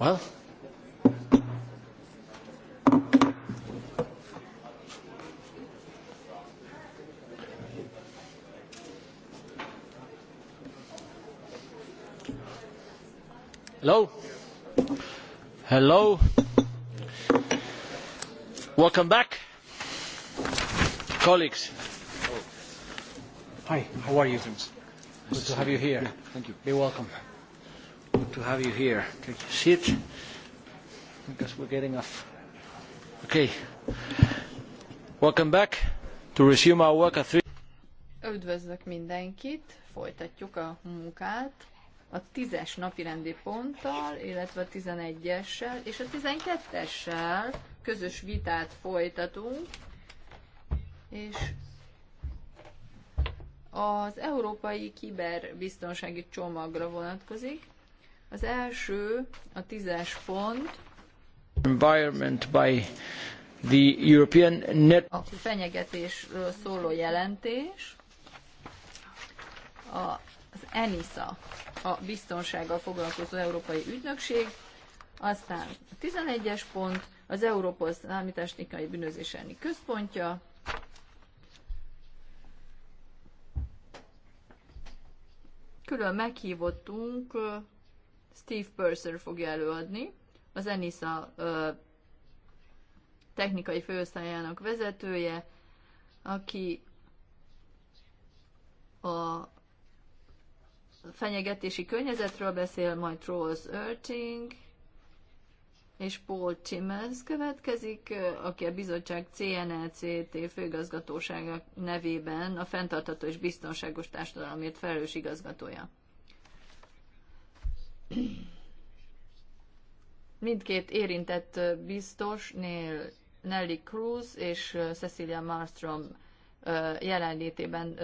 Well, Hello. Hello. Welcome back, colleagues. Hi, how are you? Good to have you here. Thank you. Be welcome to have you here. Can you sit? because we're getting off. Okay. Welcome back to resume our work at three. Üdvözlök mindenkit, folytatjuk a munkát a tízes napi rendi ponttal, illetve a tizenegyessel és a tizenkettessel közös vitát folytatunk, és az európai kiberbiztonsági csomagra vonatkozik. Az első, a tízes pont. Environment by the European Net. A fenyegetésről szóló jelentés. A, az ENISA, a biztonsággal foglalkozó Európai Ügynökség. Aztán a 11-es pont, az Európa számítástechnikai bűnözés elleni központja, külön meghívottunk Steve Purser fogja előadni, az ENISA technikai főosztályának vezetője, aki a fenyegetési környezetről beszél, majd Rose Erting, és Paul Chimels következik, aki a bizottság CNLCT főigazgatósága nevében a fenntartható és biztonságos társadalomért felelős igazgatója. Mindkét érintett biztos, Neil, Nelly Cruz és Cecilia Marstrom jelenlétében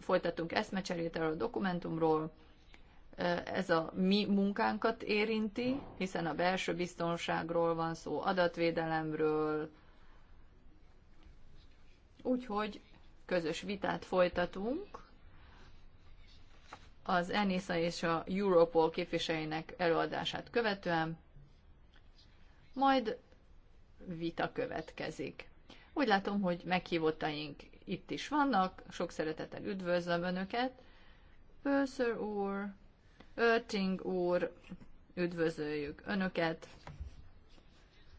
folytatunk eszmecserét erről a dokumentumról. Ez a mi munkánkat érinti, hiszen a belső biztonságról van szó, adatvédelemről, úgyhogy közös vitát folytatunk az ENISA és a Europol képviselőinek előadását követően, majd vita következik. Úgy látom, hogy meghívottaink itt is vannak, sok szeretettel üdvözlöm Önöket. Pörször úr, Örting úr, üdvözöljük Önöket,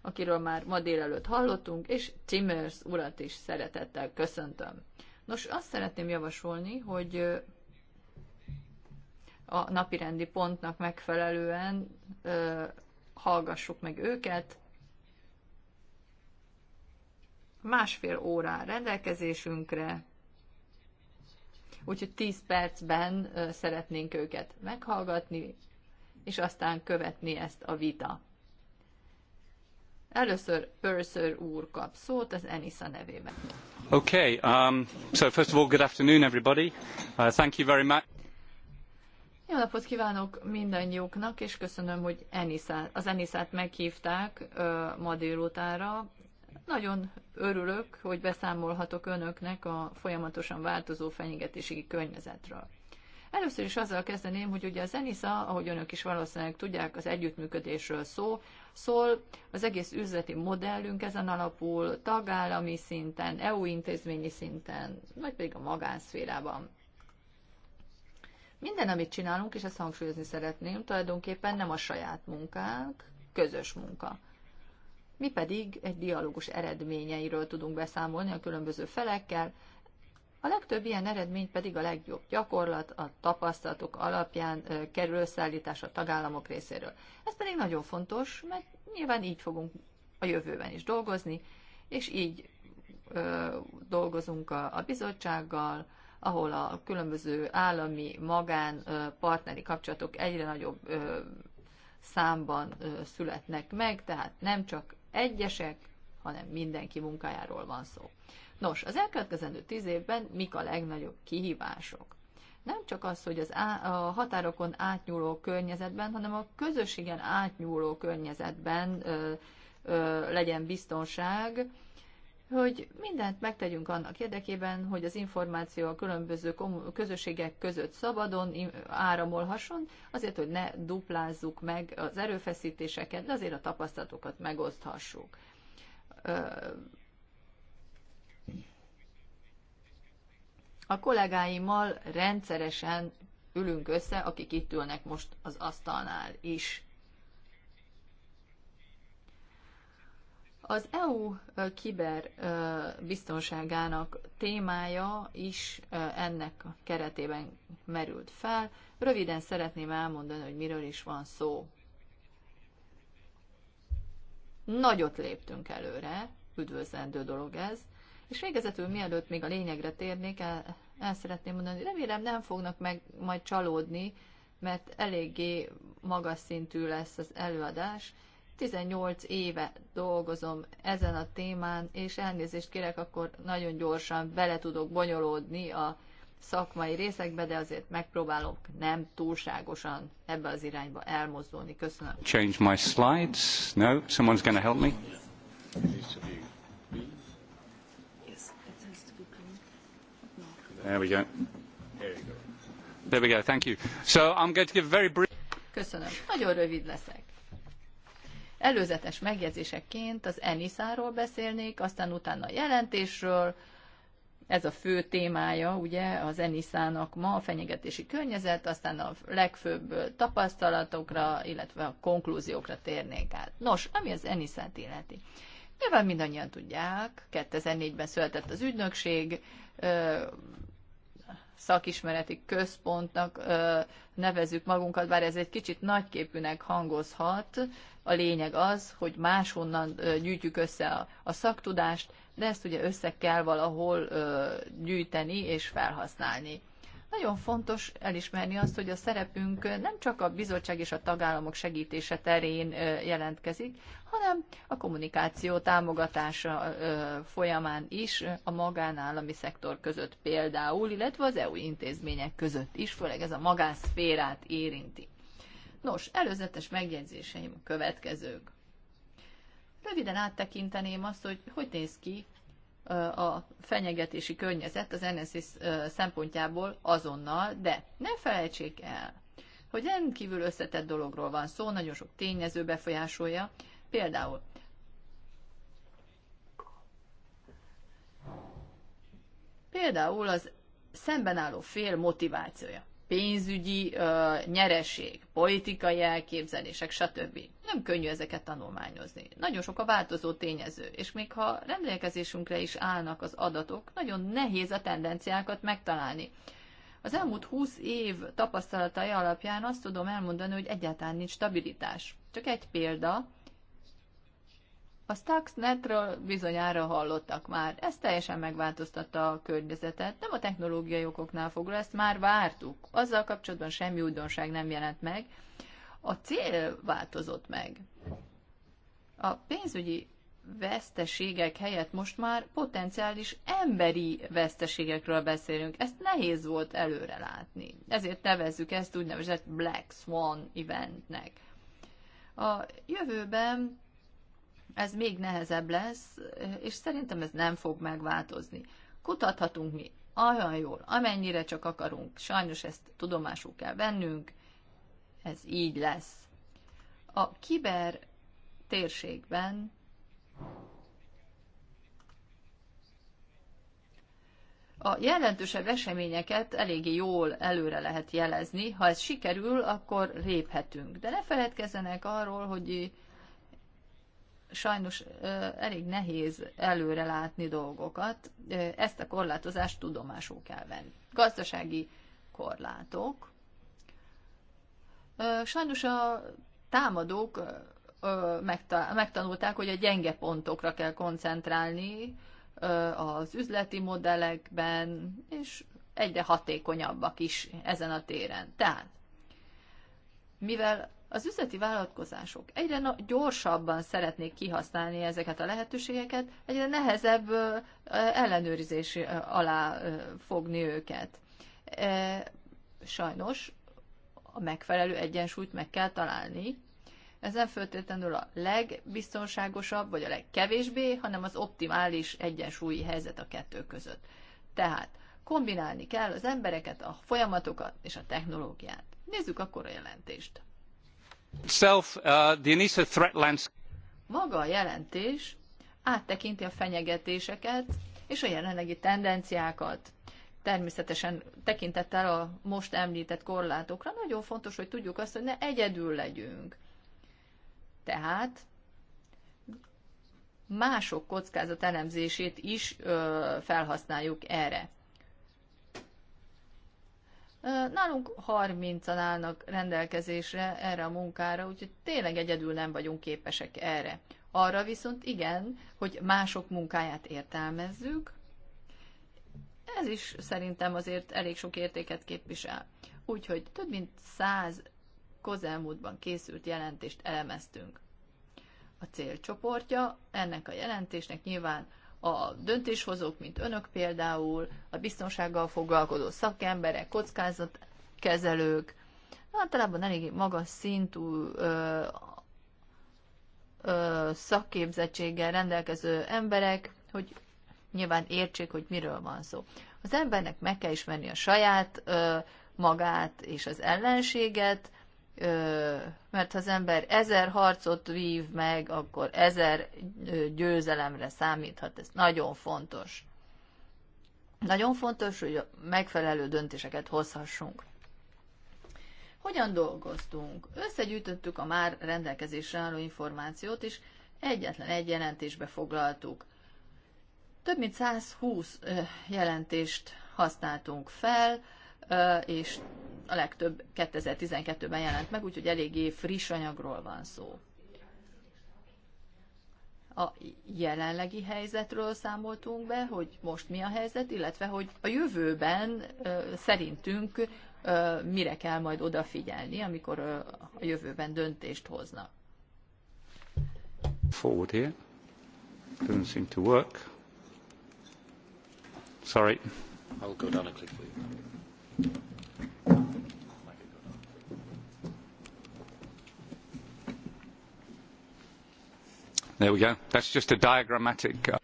akiről már ma délelőtt hallottunk, és Timmers urat is szeretettel köszöntöm. Nos, azt szeretném javasolni, hogy a napirendi pontnak megfelelően ö, hallgassuk meg őket. Másfél órá rendelkezésünkre, úgyhogy 10 percben ö, szeretnénk őket meghallgatni, és aztán követni ezt a vita. Először Purser úr kap szót az Enisa nevében. Okay, um, so first of all, good afternoon everybody. Uh, thank you very much. Jó napot kívánok mindannyiuknak, és köszönöm, hogy Eniszát, az Eniszát meghívták ö, ma délutánra. Nagyon örülök, hogy beszámolhatok önöknek a folyamatosan változó fenyegetési környezetről. Először is azzal kezdeném, hogy ugye a Zenisza, ahogy önök is valószínűleg tudják, az együttműködésről szó, szól, az egész üzleti modellünk ezen alapul, tagállami szinten, EU intézményi szinten, vagy pedig a magánszférában. Minden, amit csinálunk, és ezt hangsúlyozni szeretném, tulajdonképpen nem a saját munkánk, közös munka. Mi pedig egy dialógus eredményeiről tudunk beszámolni a különböző felekkel, a legtöbb ilyen eredmény pedig a legjobb gyakorlat, a tapasztalatok alapján kerül összeállítás a tagállamok részéről. Ez pedig nagyon fontos, mert nyilván így fogunk a jövőben is dolgozni, és így dolgozunk a, a bizottsággal, ahol a különböző állami, magán, partneri kapcsolatok egyre nagyobb számban születnek meg, tehát nem csak egyesek, hanem mindenki munkájáról van szó. Nos, az elkövetkezendő tíz évben mik a legnagyobb kihívások? Nem csak az, hogy az á, a határokon átnyúló környezetben, hanem a közösségen átnyúló környezetben ö, ö, legyen biztonság, hogy mindent megtegyünk annak érdekében, hogy az információ a különböző közösségek között szabadon áramolhasson, azért, hogy ne duplázzuk meg az erőfeszítéseket, de azért a tapasztalatokat megoszthassuk. A kollégáimmal rendszeresen ülünk össze, akik itt ülnek most az asztalnál is. Az EU kiber biztonságának témája is ennek a keretében merült fel. Röviden szeretném elmondani, hogy miről is van szó. Nagyot léptünk előre, üdvözlendő dolog ez, és végezetül mielőtt még a lényegre térnék, el, el szeretném mondani, hogy remélem nem fognak meg majd csalódni, mert eléggé magas szintű lesz az előadás, 18 éve dolgozom ezen a témán, és elnézést kérek, akkor nagyon gyorsan bele tudok bonyolódni a szakmai részekbe, de azért megpróbálok nem túlságosan ebbe az irányba elmozdulni. Köszönöm. Change my slides. No, someone's going to help me. There we go. There we go. Thank you. So I'm going to give very brief. Köszönöm. Nagyon rövid leszek előzetes megjegyzéseként az Enisáról beszélnék, aztán utána a jelentésről, ez a fő témája ugye az Eniszának ma a fenyegetési környezet, aztán a legfőbb tapasztalatokra, illetve a konklúziókra térnék át. Nos, ami az Eniszát illeti. Nyilván mindannyian tudják, 2004-ben született az ügynökség, szakismereti központnak nevezük magunkat, bár ez egy kicsit nagyképűnek hangozhat. A lényeg az, hogy máshonnan gyűjtjük össze a, a szaktudást, de ezt ugye össze kell valahol gyűjteni és felhasználni. Nagyon fontos elismerni azt, hogy a szerepünk nem csak a bizottság és a tagállamok segítése terén jelentkezik, hanem a kommunikáció támogatása folyamán is, a magánállami szektor között például, illetve az EU intézmények között is, főleg ez a magánszférát érinti. Nos, előzetes megjegyzéseim a következők. Röviden áttekinteném azt, hogy hogy néz ki a fenyegetési környezet az NSZ szempontjából azonnal, de ne felejtsék el, hogy rendkívül összetett dologról van szó, nagyon sok tényező befolyásolja, például például az szemben álló fél motivációja pénzügyi uh, nyereség, politikai elképzelések, stb. Nem könnyű ezeket tanulmányozni. Nagyon sok a változó tényező, és még ha rendelkezésünkre is állnak az adatok, nagyon nehéz a tendenciákat megtalálni. Az elmúlt 20 év tapasztalatai alapján azt tudom elmondani, hogy egyáltalán nincs stabilitás. Csak egy példa, a Stuxnetről bizonyára hallottak már. Ez teljesen megváltoztatta a környezetet. Nem a technológiai okoknál fogva, ezt már vártuk. Azzal kapcsolatban semmi újdonság nem jelent meg. A cél változott meg. A pénzügyi veszteségek helyett most már potenciális emberi veszteségekről beszélünk. Ezt nehéz volt előre látni. Ezért nevezzük ezt úgynevezett Black Swan eventnek. A jövőben ez még nehezebb lesz, és szerintem ez nem fog megváltozni. Kutathatunk mi olyan jól, amennyire csak akarunk. Sajnos ezt tudomásul kell vennünk, ez így lesz. A kiber térségben a jelentősebb eseményeket eléggé jól előre lehet jelezni. Ha ez sikerül, akkor léphetünk. De ne feledkezzenek arról, hogy sajnos elég nehéz előrelátni dolgokat, ezt a korlátozást tudomásul kell venni. Gazdasági korlátok. Sajnos a támadók megtanulták, hogy a gyenge pontokra kell koncentrálni az üzleti modellekben, és egyre hatékonyabbak is ezen a téren. Tehát, mivel az üzleti vállalkozások egyre gyorsabban szeretnék kihasználni ezeket a lehetőségeket, egyre nehezebb ellenőrizés alá fogni őket. E, sajnos a megfelelő egyensúlyt meg kell találni. Ez nem föltétlenül a legbiztonságosabb, vagy a legkevésbé, hanem az optimális egyensúlyi helyzet a kettő között. Tehát kombinálni kell az embereket, a folyamatokat és a technológiát. Nézzük akkor a jelentést. Uh, Maga a jelentés áttekinti a fenyegetéseket és a jelenlegi tendenciákat. Természetesen tekintettel a most említett korlátokra nagyon fontos, hogy tudjuk azt, hogy ne egyedül legyünk. Tehát mások kockázatelemzését is ö, felhasználjuk erre. Nálunk 30-an állnak rendelkezésre erre a munkára, úgyhogy tényleg egyedül nem vagyunk képesek erre. Arra viszont igen, hogy mások munkáját értelmezzük, ez is szerintem azért elég sok értéket képvisel. Úgyhogy több mint száz közelmúltban készült jelentést elemeztünk. A célcsoportja ennek a jelentésnek nyilván a döntéshozók, mint önök például, a biztonsággal foglalkozó szakemberek, kockázatkezelők, általában elég magas szintű ö, ö, szakképzettséggel rendelkező emberek, hogy nyilván értsék, hogy miről van szó. Az embernek meg kell ismerni a saját ö, magát és az ellenséget, mert ha az ember ezer harcot vív meg, akkor ezer győzelemre számíthat. Ez nagyon fontos. Nagyon fontos, hogy megfelelő döntéseket hozhassunk. Hogyan dolgoztunk? Összegyűjtöttük a már rendelkezésre álló információt, és egyetlen egy jelentésbe foglaltuk. Több mint 120 jelentést használtunk fel, és a legtöbb 2012-ben jelent meg, úgyhogy eléggé friss anyagról van szó. A jelenlegi helyzetről számoltunk be, hogy most mi a helyzet, illetve hogy a jövőben szerintünk mire kell majd odafigyelni, amikor a jövőben döntést hoznak. Forward here. Doesn't seem to work. Sorry. I'll go down and click for you. There we go. That's just a diagrammatic. Uh,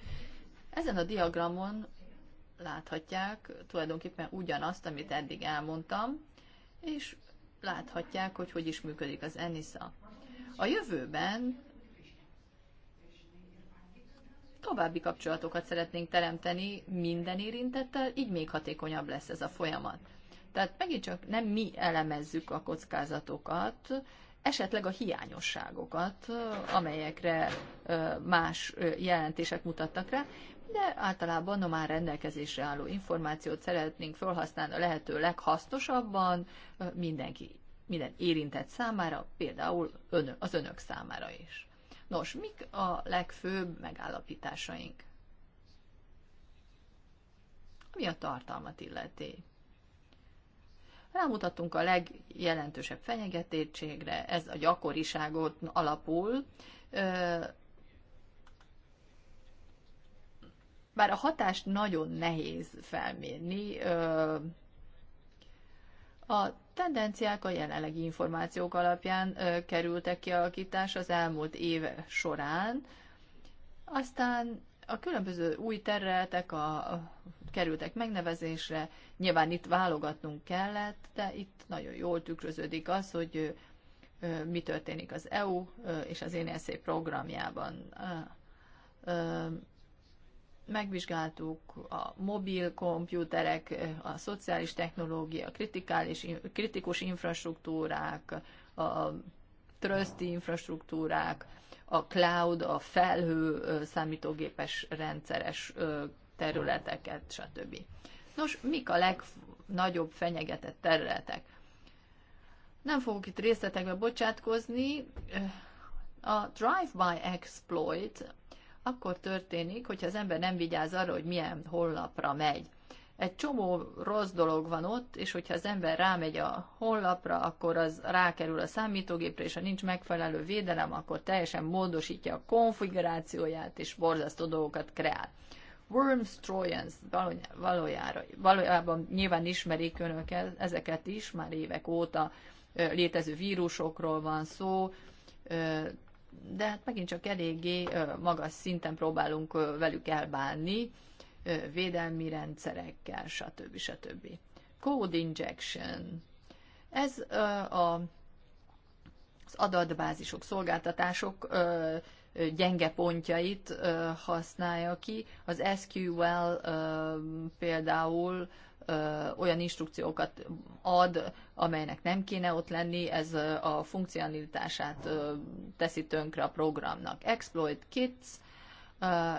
Ezen a diagramon láthatják tulajdonképpen ugyanazt, amit eddig elmondtam, és láthatják, hogy hogy is működik az ENISA. A jövőben további kapcsolatokat szeretnénk teremteni minden érintettel, így még hatékonyabb lesz ez a folyamat. Tehát megint csak nem mi elemezzük a kockázatokat, esetleg a hiányosságokat, amelyekre más jelentések mutattak rá, de általában a már rendelkezésre álló információt szeretnénk felhasználni a lehető leghasznosabban mindenki, minden érintett számára, például önök, az önök számára is. Nos, mik a legfőbb megállapításaink? Ami a tartalmat illeti rámutattunk a legjelentősebb fenyegetétségre, ez a gyakoriságot alapul, bár a hatást nagyon nehéz felmérni, a tendenciák a jelenlegi információk alapján kerültek kialakítás az elmúlt éve során, aztán a különböző új területek, a kerültek megnevezésre. Nyilván itt válogatnunk kellett, de itt nagyon jól tükröződik az, hogy mi történik az EU és az NSZ programjában. Megvizsgáltuk a mobil komputerek, a szociális technológia, kritikális, kritikus infrastruktúrák, a tröszti infrastruktúrák, a cloud, a felhő számítógépes rendszeres területeket, stb. Nos, mik a legnagyobb fenyegetett területek? Nem fogok itt részletekbe bocsátkozni. A drive-by exploit akkor történik, hogyha az ember nem vigyáz arra, hogy milyen honlapra megy. Egy csomó rossz dolog van ott, és hogyha az ember rámegy a honlapra, akkor az rákerül a számítógépre, és ha nincs megfelelő védelem, akkor teljesen módosítja a konfigurációját, és borzasztó dolgokat kreál. Worms Trojans valójára, valójában nyilván ismerik önök ezeket is, már évek óta létező vírusokról van szó, de hát megint csak eléggé magas szinten próbálunk velük elbánni, védelmi rendszerekkel, stb. stb. Code injection. Ez a, az adatbázisok, szolgáltatások gyenge pontjait használja ki. Az SQL például olyan instrukciókat ad, amelynek nem kéne ott lenni, ez a funkcionalitását teszi tönkre a programnak. Exploit kits,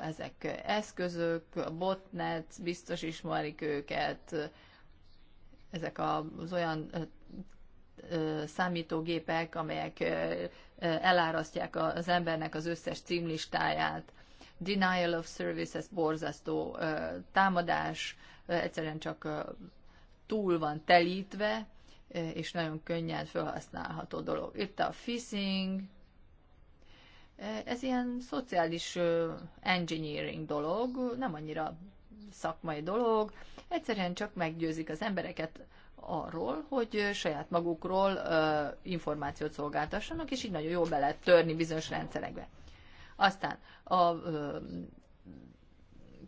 ezek eszközök, botnet, biztos ismerik őket, ezek az olyan számítógépek, amelyek elárasztják az embernek az összes címlistáját. Denial of service, ez borzasztó támadás, egyszerűen csak túl van telítve, és nagyon könnyen felhasználható dolog. Itt a phishing, ez ilyen szociális engineering dolog, nem annyira szakmai dolog, egyszerűen csak meggyőzik az embereket arról, hogy saját magukról információt szolgáltassanak, és így nagyon jól be lehet törni bizonyos rendszerekbe. Aztán a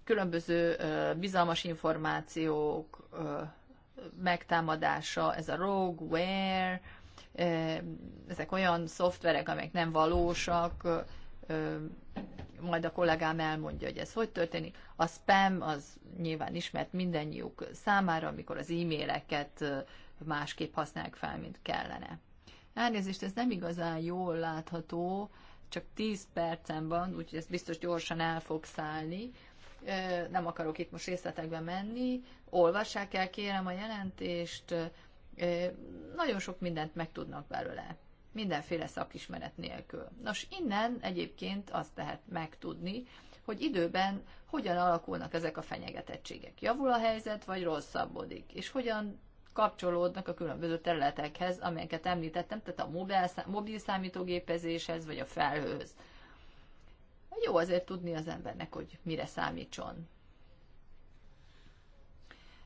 különböző bizalmas információk megtámadása, ez a rogueware, ezek olyan szoftverek, amelyek nem valósak, majd a kollégám elmondja, hogy ez hogy történik. A spam az nyilván ismert mindennyiuk számára, amikor az e-maileket másképp használják fel, mint kellene. Elnézést, ez nem igazán jól látható, csak 10 percen van, úgyhogy ez biztos gyorsan el fog szállni. Nem akarok itt most részletekbe menni. Olvassák el, kérem a jelentést. Nagyon sok mindent megtudnak belőle mindenféle szakismeret nélkül. Nos, innen egyébként azt lehet megtudni, hogy időben hogyan alakulnak ezek a fenyegetettségek. Javul a helyzet, vagy rosszabbodik, és hogyan kapcsolódnak a különböző területekhez, amelyeket említettem, tehát a mobil, mobil számítógépezéshez, vagy a felhőz. Jó azért tudni az embernek, hogy mire számítson.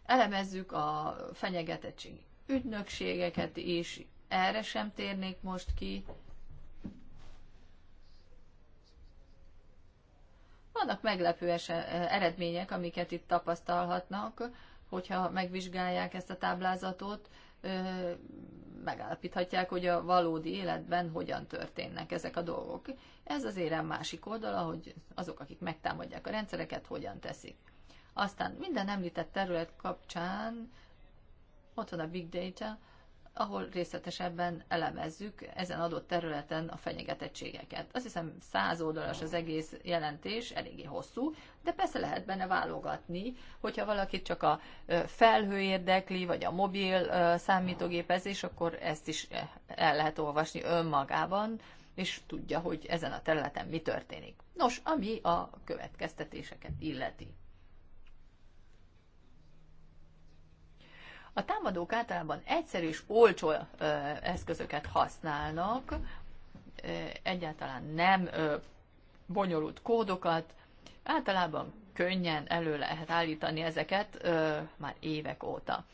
Elemezzük a fenyegetettség ügynökségeket is, erre sem térnék most ki. Vannak meglepő eredmények, amiket itt tapasztalhatnak, hogyha megvizsgálják ezt a táblázatot, megállapíthatják, hogy a valódi életben hogyan történnek ezek a dolgok. Ez az érem másik oldala, hogy azok, akik megtámadják a rendszereket, hogyan teszik. Aztán minden említett terület kapcsán ott van a big data, ahol részletesebben elemezzük ezen adott területen a fenyegetettségeket. Azt hiszem száz oldalas az egész jelentés, eléggé hosszú, de persze lehet benne válogatni, hogyha valakit csak a felhő érdekli, vagy a mobil számítógépezés, akkor ezt is el lehet olvasni önmagában, és tudja, hogy ezen a területen mi történik. Nos, ami a következtetéseket illeti. A támadók általában egyszerű és olcsó eszközöket használnak, egyáltalán nem bonyolult kódokat, általában könnyen elő lehet állítani ezeket már évek óta.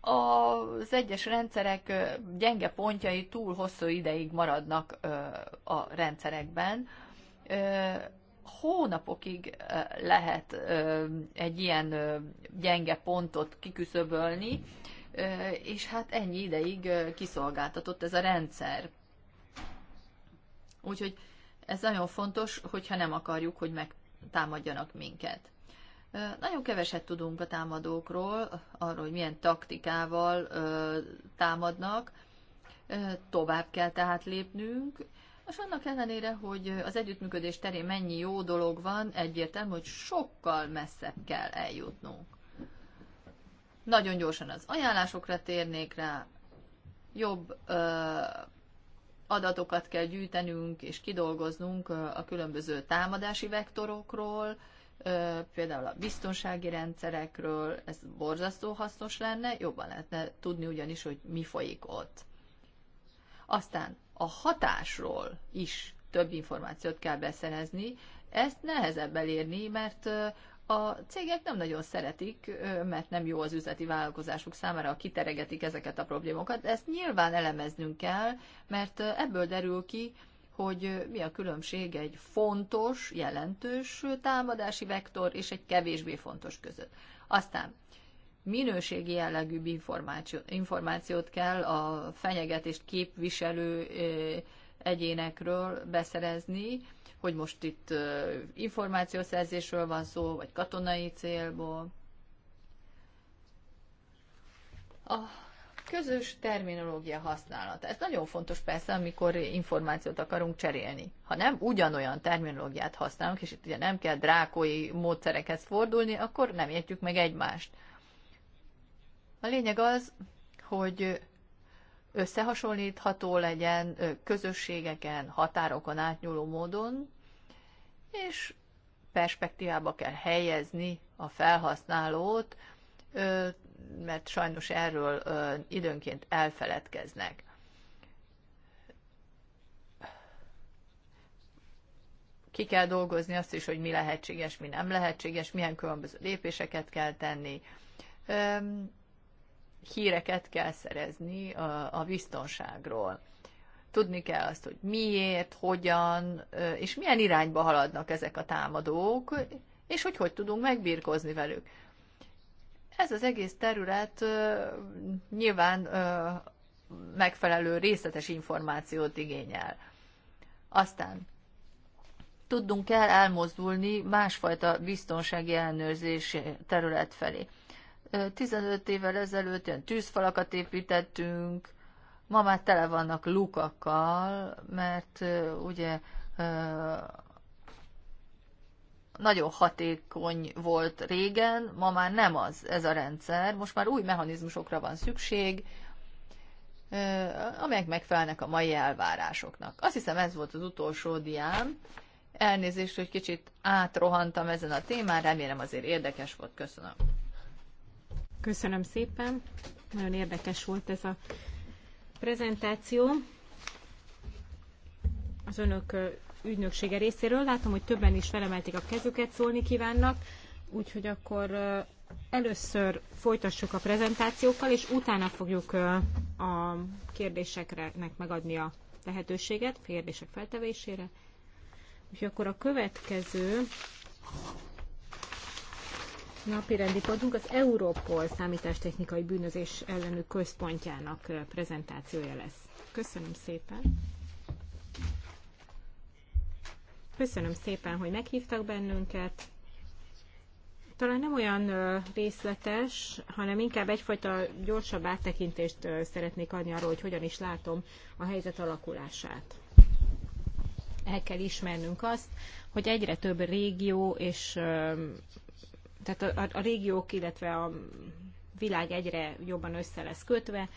Az egyes rendszerek gyenge pontjai túl hosszú ideig maradnak a rendszerekben, hónapokig lehet egy ilyen gyenge pontot kiküszöbölni, és hát ennyi ideig kiszolgáltatott ez a rendszer. Úgyhogy ez nagyon fontos, hogyha nem akarjuk, hogy megtámadjanak minket. Nagyon keveset tudunk a támadókról, arról, hogy milyen taktikával támadnak. Tovább kell tehát lépnünk, most annak ellenére, hogy az együttműködés terén mennyi jó dolog van, egyértelmű, hogy sokkal messzebb kell eljutnunk. Nagyon gyorsan az ajánlásokra térnék rá, jobb ö, adatokat kell gyűjtenünk és kidolgoznunk a különböző támadási vektorokról, ö, például a biztonsági rendszerekről, ez borzasztó hasznos lenne, jobban lehetne tudni ugyanis, hogy mi folyik ott. Aztán a hatásról is több információt kell beszerezni. Ezt nehezebb elérni, mert a cégek nem nagyon szeretik, mert nem jó az üzleti vállalkozásuk számára, ha kiteregetik ezeket a problémokat. Ezt nyilván elemeznünk kell, mert ebből derül ki, hogy mi a különbség egy fontos, jelentős támadási vektor és egy kevésbé fontos között. Aztán minőségi jellegű információ, információt kell a fenyegetést képviselő egyénekről beszerezni, hogy most itt információszerzésről van szó, vagy katonai célból. A közös terminológia használata. Ez nagyon fontos persze, amikor információt akarunk cserélni. Ha nem ugyanolyan terminológiát használunk, és itt ugye nem kell drákói módszerekhez fordulni, akkor nem értjük meg egymást. A lényeg az, hogy összehasonlítható legyen közösségeken, határokon átnyúló módon, és perspektívába kell helyezni a felhasználót, mert sajnos erről időnként elfeledkeznek. Ki kell dolgozni azt is, hogy mi lehetséges, mi nem lehetséges, milyen különböző lépéseket kell tenni híreket kell szerezni a, a biztonságról. Tudni kell azt, hogy miért, hogyan, és milyen irányba haladnak ezek a támadók, és hogy hogy tudunk megbírkozni velük. Ez az egész terület nyilván megfelelő részletes információt igényel. Aztán tudnunk kell elmozdulni másfajta biztonsági ellenőrzés terület felé. 15 évvel ezelőtt ilyen tűzfalakat építettünk, ma már tele vannak lukakkal, mert ugye nagyon hatékony volt régen, ma már nem az ez a rendszer, most már új mechanizmusokra van szükség, amelyek megfelelnek a mai elvárásoknak. Azt hiszem ez volt az utolsó diám. Elnézést, hogy kicsit átrohantam ezen a témán, remélem azért érdekes volt. Köszönöm. Köszönöm szépen. Nagyon érdekes volt ez a prezentáció. Az önök ügynöksége részéről. Látom, hogy többen is felemelték a kezüket, szólni kívánnak. Úgyhogy akkor először folytassuk a prezentációkkal, és utána fogjuk a kérdéseknek megadni a lehetőséget, kérdések feltevésére. Úgyhogy akkor a következő napi rendi pontunk az Európol számítástechnikai bűnözés ellenű központjának eh, prezentációja lesz. Köszönöm szépen! Köszönöm szépen, hogy meghívtak bennünket. Talán nem olyan eh, részletes, hanem inkább egyfajta gyorsabb áttekintést eh, szeretnék adni arról, hogy hogyan is látom a helyzet alakulását el kell ismernünk azt, hogy egyre több régió és tehát a, a, a régiók, illetve a világ egyre jobban össze lesz kötve,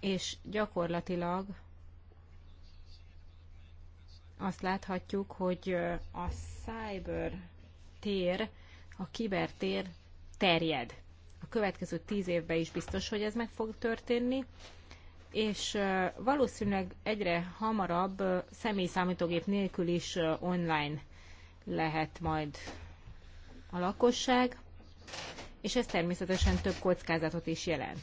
és gyakorlatilag azt láthatjuk, hogy a cyber tér, a kibertér terjed. A következő tíz évben is biztos, hogy ez meg fog történni, és valószínűleg egyre hamarabb személyszámítógép nélkül is online lehet majd a lakosság, és ez természetesen több kockázatot is jelent.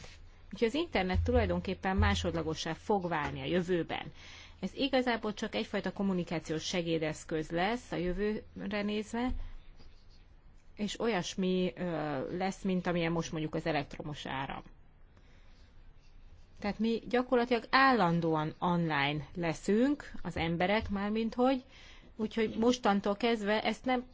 Úgyhogy az internet tulajdonképpen másodlagossá fog válni a jövőben. Ez igazából csak egyfajta kommunikációs segédeszköz lesz a jövőre nézve, és olyasmi lesz, mint amilyen most mondjuk az elektromos áram. Tehát mi gyakorlatilag állandóan online leszünk, az emberek már, mint hogy, úgyhogy mostantól kezdve ezt nem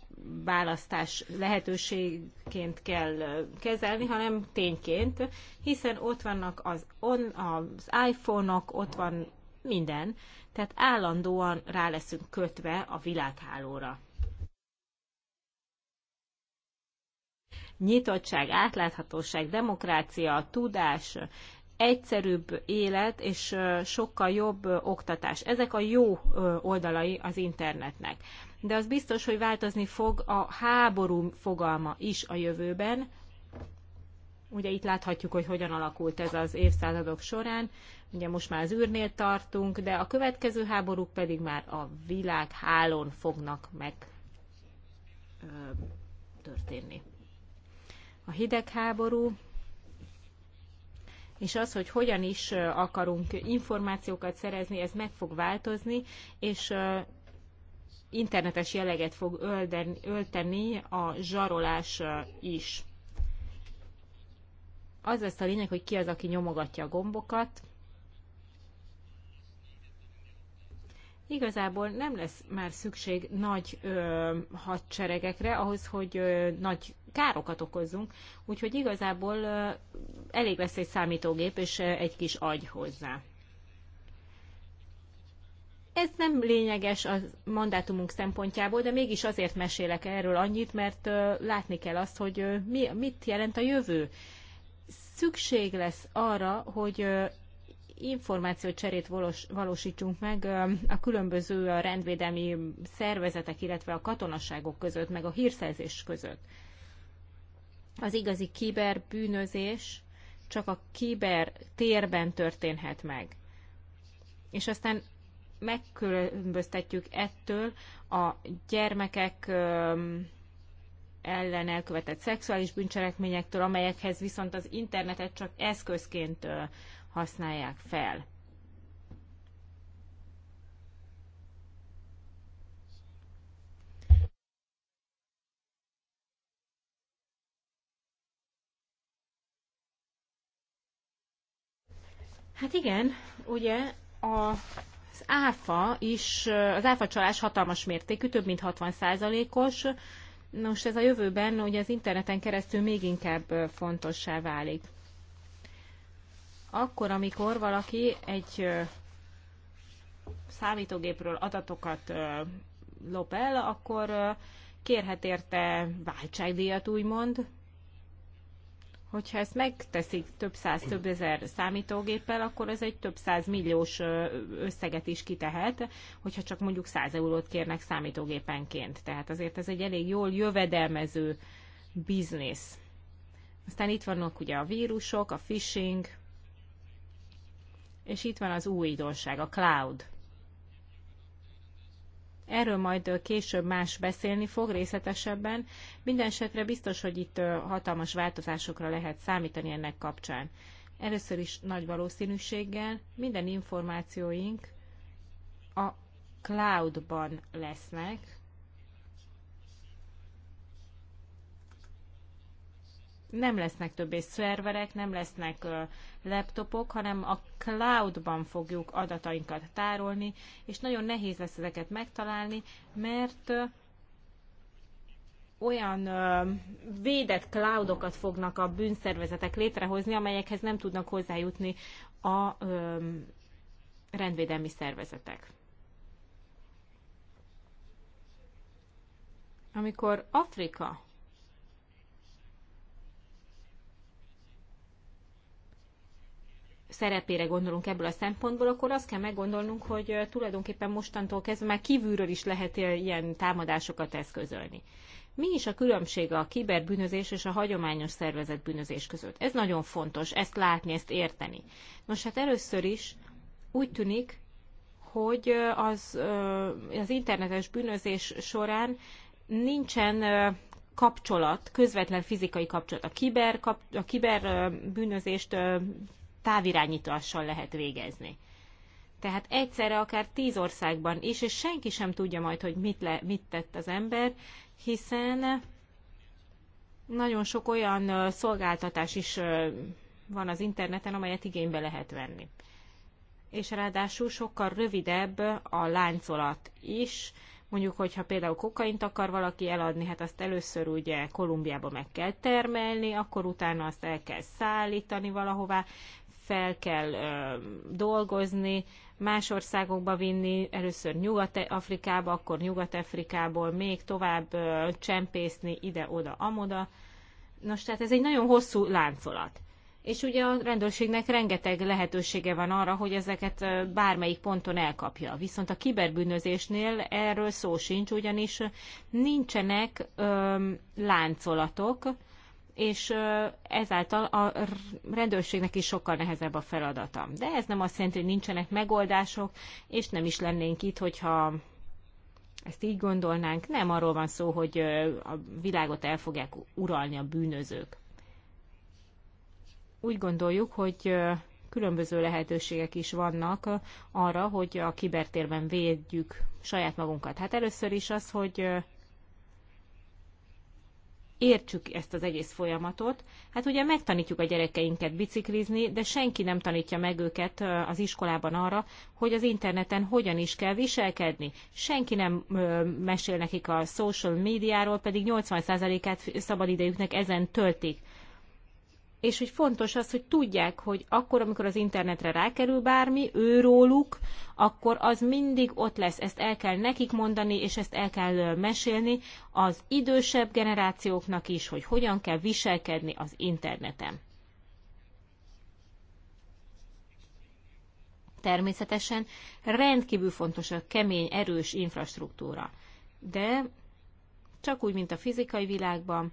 választás lehetőségként kell kezelni, hanem tényként, hiszen ott vannak az, on, az iPhone-ok, ott van minden, tehát állandóan rá leszünk kötve a világhálóra. Nyitottság, átláthatóság, demokrácia, tudás, egyszerűbb élet és sokkal jobb oktatás. Ezek a jó oldalai az internetnek de az biztos, hogy változni fog a háború fogalma is a jövőben. Ugye itt láthatjuk, hogy hogyan alakult ez az évszázadok során. Ugye most már az űrnél tartunk, de a következő háborúk pedig már a világ hálón fognak meg ö, történni. A hidegháború és az, hogy hogyan is akarunk információkat szerezni, ez meg fog változni, és internetes jelleget fog ölteni a zsarolás is. Az lesz a lényeg, hogy ki az, aki nyomogatja a gombokat. Igazából nem lesz már szükség nagy ö, hadseregekre ahhoz, hogy ö, nagy károkat okozzunk, úgyhogy igazából ö, elég lesz egy számítógép és ö, egy kis agy hozzá. Ez nem lényeges a mandátumunk szempontjából, de mégis azért mesélek erről annyit, mert látni kell azt, hogy mi, mit jelent a jövő. Szükség lesz arra, hogy információcserét valós, valósítsunk meg a különböző a rendvédelmi szervezetek, illetve a katonaságok között, meg a hírszerzés között. Az igazi kiberbűnözés csak a kiber térben történhet meg. És aztán megkülönböztetjük ettől a gyermekek ellen elkövetett szexuális bűncselekményektől, amelyekhez viszont az internetet csak eszközként használják fel. Hát igen, ugye a áfa is, az áfa csalás hatalmas mértékű, több mint 60 százalékos. Nos, ez a jövőben ugye az interneten keresztül még inkább fontossá válik. Akkor, amikor valaki egy számítógépről adatokat lop el, akkor kérhet érte váltságdíjat, úgymond, hogyha ezt megteszik több száz, több ezer számítógéppel, akkor ez egy több száz milliós összeget is kitehet, hogyha csak mondjuk 100 eurót kérnek számítógépenként. Tehát azért ez egy elég jól jövedelmező biznisz. Aztán itt vannak ugye a vírusok, a phishing, és itt van az újdonság, a cloud. Erről majd később más beszélni fog részletesebben. Mindenesetre biztos, hogy itt hatalmas változásokra lehet számítani ennek kapcsán. Először is nagy valószínűséggel minden információink a cloudban lesznek, nem lesznek többé szerverek, nem lesznek laptopok, hanem a cloudban fogjuk adatainkat tárolni, és nagyon nehéz lesz ezeket megtalálni, mert olyan védett cloudokat fognak a bűnszervezetek létrehozni, amelyekhez nem tudnak hozzájutni a rendvédelmi szervezetek. Amikor Afrika szerepére gondolunk ebből a szempontból, akkor azt kell meggondolnunk, hogy tulajdonképpen mostantól kezdve már kívülről is lehet ilyen támadásokat eszközölni. Mi is a különbség a kiberbűnözés és a hagyományos szervezetbűnözés bűnözés között? Ez nagyon fontos, ezt látni, ezt érteni. Nos, hát először is úgy tűnik, hogy az, az internetes bűnözés során nincsen kapcsolat, közvetlen fizikai kapcsolat. A kiber, kap, a kiber bűnözést távirányítással lehet végezni. Tehát egyszerre akár tíz országban is, és senki sem tudja majd, hogy mit, le, mit tett az ember, hiszen nagyon sok olyan szolgáltatás is van az interneten, amelyet igénybe lehet venni. És ráadásul sokkal rövidebb a láncolat is. Mondjuk, hogyha például kokaint akar valaki eladni, hát azt először ugye Kolumbiába meg kell termelni, akkor utána azt el kell szállítani valahová, fel kell ö, dolgozni, más országokba vinni, először Nyugat-Afrikába, akkor Nyugat-Afrikából még tovább ö, csempészni ide-oda, amoda. Nos, tehát ez egy nagyon hosszú láncolat. És ugye a rendőrségnek rengeteg lehetősége van arra, hogy ezeket bármelyik ponton elkapja. Viszont a kiberbűnözésnél erről szó sincs, ugyanis nincsenek ö, láncolatok, és ezáltal a rendőrségnek is sokkal nehezebb a feladata. De ez nem azt jelenti, hogy nincsenek megoldások, és nem is lennénk itt, hogyha ezt így gondolnánk. Nem arról van szó, hogy a világot el fogják uralni a bűnözők. Úgy gondoljuk, hogy különböző lehetőségek is vannak arra, hogy a kibertérben védjük saját magunkat. Hát először is az, hogy értsük ezt az egész folyamatot. Hát ugye megtanítjuk a gyerekeinket biciklizni, de senki nem tanítja meg őket az iskolában arra, hogy az interneten hogyan is kell viselkedni. Senki nem mesél nekik a social médiáról, pedig 80%-át szabadidejüknek ezen töltik és hogy fontos az, hogy tudják, hogy akkor, amikor az internetre rákerül bármi, róluk, akkor az mindig ott lesz. Ezt el kell nekik mondani, és ezt el kell mesélni az idősebb generációknak is, hogy hogyan kell viselkedni az interneten. Természetesen rendkívül fontos a kemény, erős infrastruktúra. De csak úgy, mint a fizikai világban,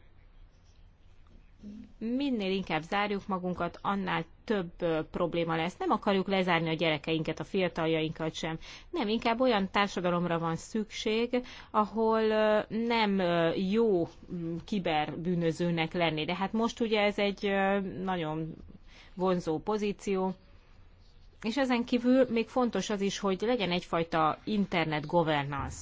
minél inkább zárjuk magunkat, annál több probléma lesz. Nem akarjuk lezárni a gyerekeinket, a fiataljainkat sem. Nem, inkább olyan társadalomra van szükség, ahol nem jó kiberbűnözőnek lenni. De hát most ugye ez egy nagyon vonzó pozíció. És ezen kívül még fontos az is, hogy legyen egyfajta internet governance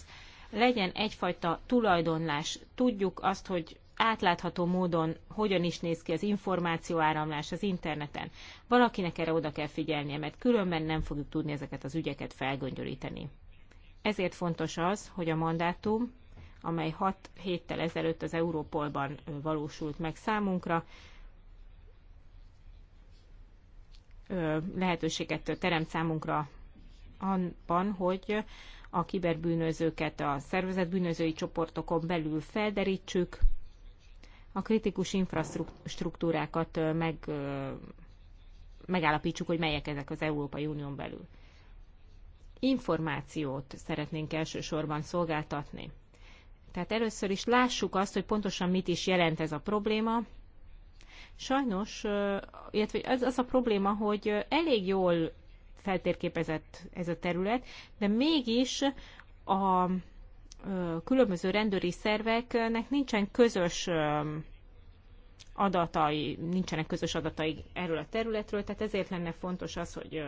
legyen egyfajta tulajdonlás. Tudjuk azt, hogy átlátható módon hogyan is néz ki az információáramlás az interneten. Valakinek erre oda kell figyelnie, mert különben nem fogjuk tudni ezeket az ügyeket felgöngyölíteni. Ezért fontos az, hogy a mandátum, amely 6 héttel ezelőtt az Európolban valósult meg számunkra, lehetőséget teremt számunkra abban, hogy a kiberbűnözőket a szervezetbűnözői csoportokon belül felderítsük, a kritikus infrastruktúrákat meg, megállapítsuk, hogy melyek ezek az Európai Unión belül. Információt szeretnénk elsősorban szolgáltatni. Tehát először is lássuk azt, hogy pontosan mit is jelent ez a probléma. Sajnos, illetve az, az a probléma, hogy elég jól feltérképezett ez a terület, de mégis a különböző rendőri szerveknek nincsen közös adatai, nincsenek közös adatai erről a területről, tehát ezért lenne fontos az, hogy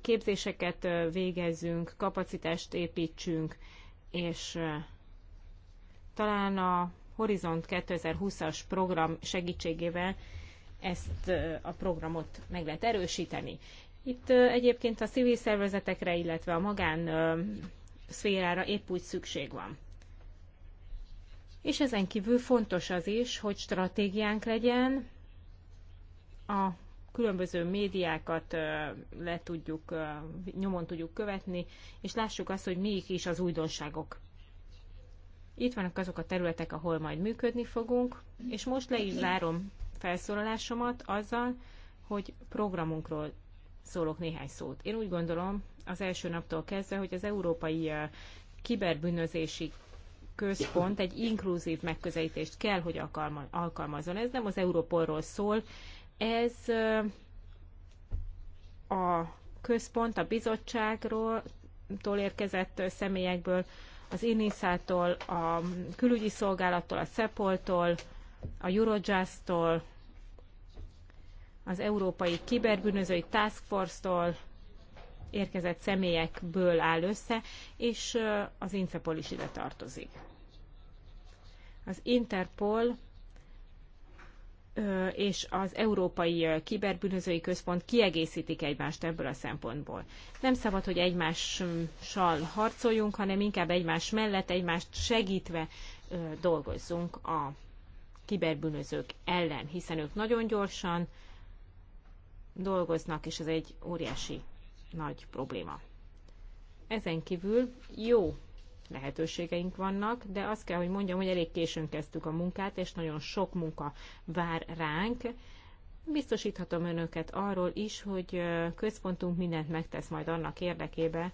képzéseket végezzünk, kapacitást építsünk, és talán a Horizont 2020-as program segítségével ezt a programot meg lehet erősíteni. Itt egyébként a civil szervezetekre, illetve a magán szférára épp úgy szükség van. És ezen kívül fontos az is, hogy stratégiánk legyen, a különböző médiákat le tudjuk, nyomon tudjuk követni, és lássuk azt, hogy mik is az újdonságok. Itt vannak azok a területek, ahol majd működni fogunk, és most le is zárom felszólalásomat azzal, hogy programunkról szólok néhány szót. Én úgy gondolom, az első naptól kezdve, hogy az Európai Kiberbűnözési Központ egy inkluzív megközelítést kell, hogy alkalmazzon. Ez nem az Európolról szól, ez a központ a bizottságról tól érkezett személyekből, az INISZ-tól, a külügyi szolgálattól, a CEPOL-tól, a Eurojust-tól, az Európai Kiberbűnözői Task Force-tól, érkezett személyekből áll össze, és az Interpol is ide tartozik. Az Interpol és az Európai Kiberbűnözői Központ kiegészítik egymást ebből a szempontból. Nem szabad, hogy egymással harcoljunk, hanem inkább egymás mellett, egymást segítve dolgozzunk a kiberbűnözők ellen, hiszen ők nagyon gyorsan dolgoznak, és ez egy óriási nagy probléma. Ezen kívül jó lehetőségeink vannak, de azt kell, hogy mondjam, hogy elég későn kezdtük a munkát, és nagyon sok munka vár ránk. Biztosíthatom önöket arról is, hogy központunk mindent megtesz majd annak érdekébe,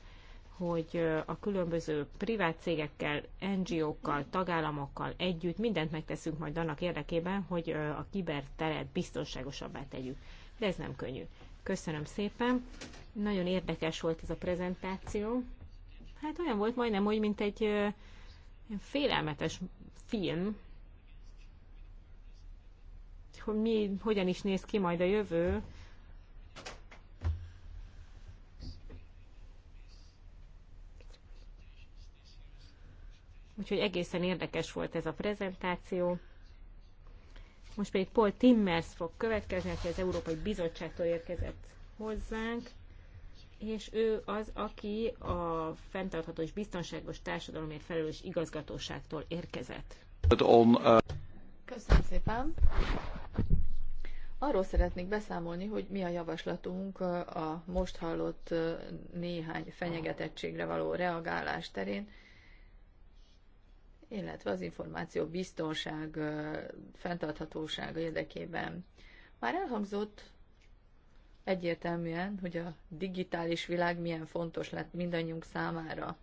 hogy a különböző privát cégekkel, NGO-kkal, tagállamokkal együtt mindent megteszünk majd annak érdekében, hogy a kiberteret biztonságosabbá tegyük. De ez nem könnyű. Köszönöm szépen. Nagyon érdekes volt ez a prezentáció. Hát olyan volt majdnem úgy, mint egy félelmetes film, hogy mi, hogyan is néz ki majd a jövő. Úgyhogy egészen érdekes volt ez a prezentáció. Most pedig Paul Timmers fog következni, aki az Európai Bizottságtól érkezett hozzánk, és ő az, aki a fenntartható és biztonságos társadalomért felelős igazgatóságtól érkezett. Uh, Köszönöm szépen! Arról szeretnék beszámolni, hogy mi a javaslatunk uh, a most hallott uh, néhány fenyegetettségre való reagálás terén, illetve az információ biztonság, fenntarthatósága érdekében. Már elhangzott egyértelműen, hogy a digitális világ milyen fontos lett mindannyiunk számára.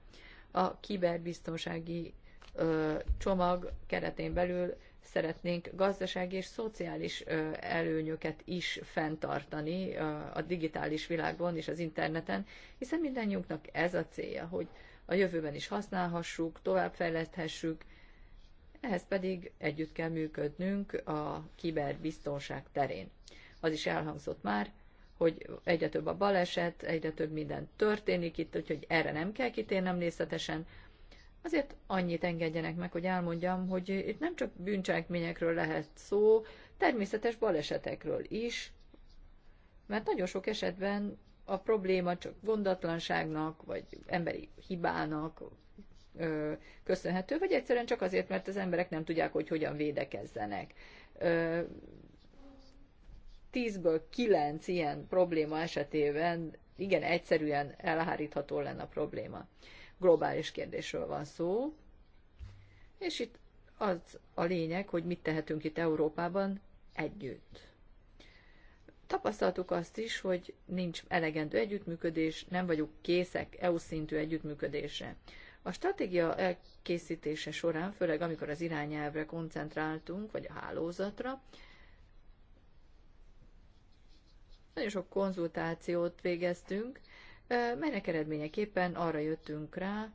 A kiberbiztonsági ö, csomag keretén belül szeretnénk gazdasági és szociális ö, előnyöket is fenntartani ö, a digitális világban és az interneten, hiszen mindannyiunknak ez a célja, hogy a jövőben is használhassuk, továbbfejleszthessük. ehhez pedig együtt kell működnünk a kiberbiztonság terén. Az is elhangzott már, hogy egyre több a baleset, egyre több minden történik itt, úgyhogy erre nem kell kitérnem részletesen. Azért annyit engedjenek meg, hogy elmondjam, hogy itt nem csak bűncselekményekről lehet szó, természetes balesetekről is, mert nagyon sok esetben a probléma csak gondatlanságnak, vagy emberi hibának ö, köszönhető, vagy egyszerűen csak azért, mert az emberek nem tudják, hogy hogyan védekezzenek. Ö, tízből kilenc ilyen probléma esetében igen egyszerűen elhárítható lenne a probléma. Globális kérdésről van szó, és itt az a lényeg, hogy mit tehetünk itt Európában együtt. Tapasztaltuk azt is, hogy nincs elegendő együttműködés, nem vagyunk készek EU szintű együttműködésre. A stratégia elkészítése során, főleg amikor az irányelvre koncentráltunk, vagy a hálózatra, nagyon sok konzultációt végeztünk, melynek eredményeképpen arra jöttünk rá,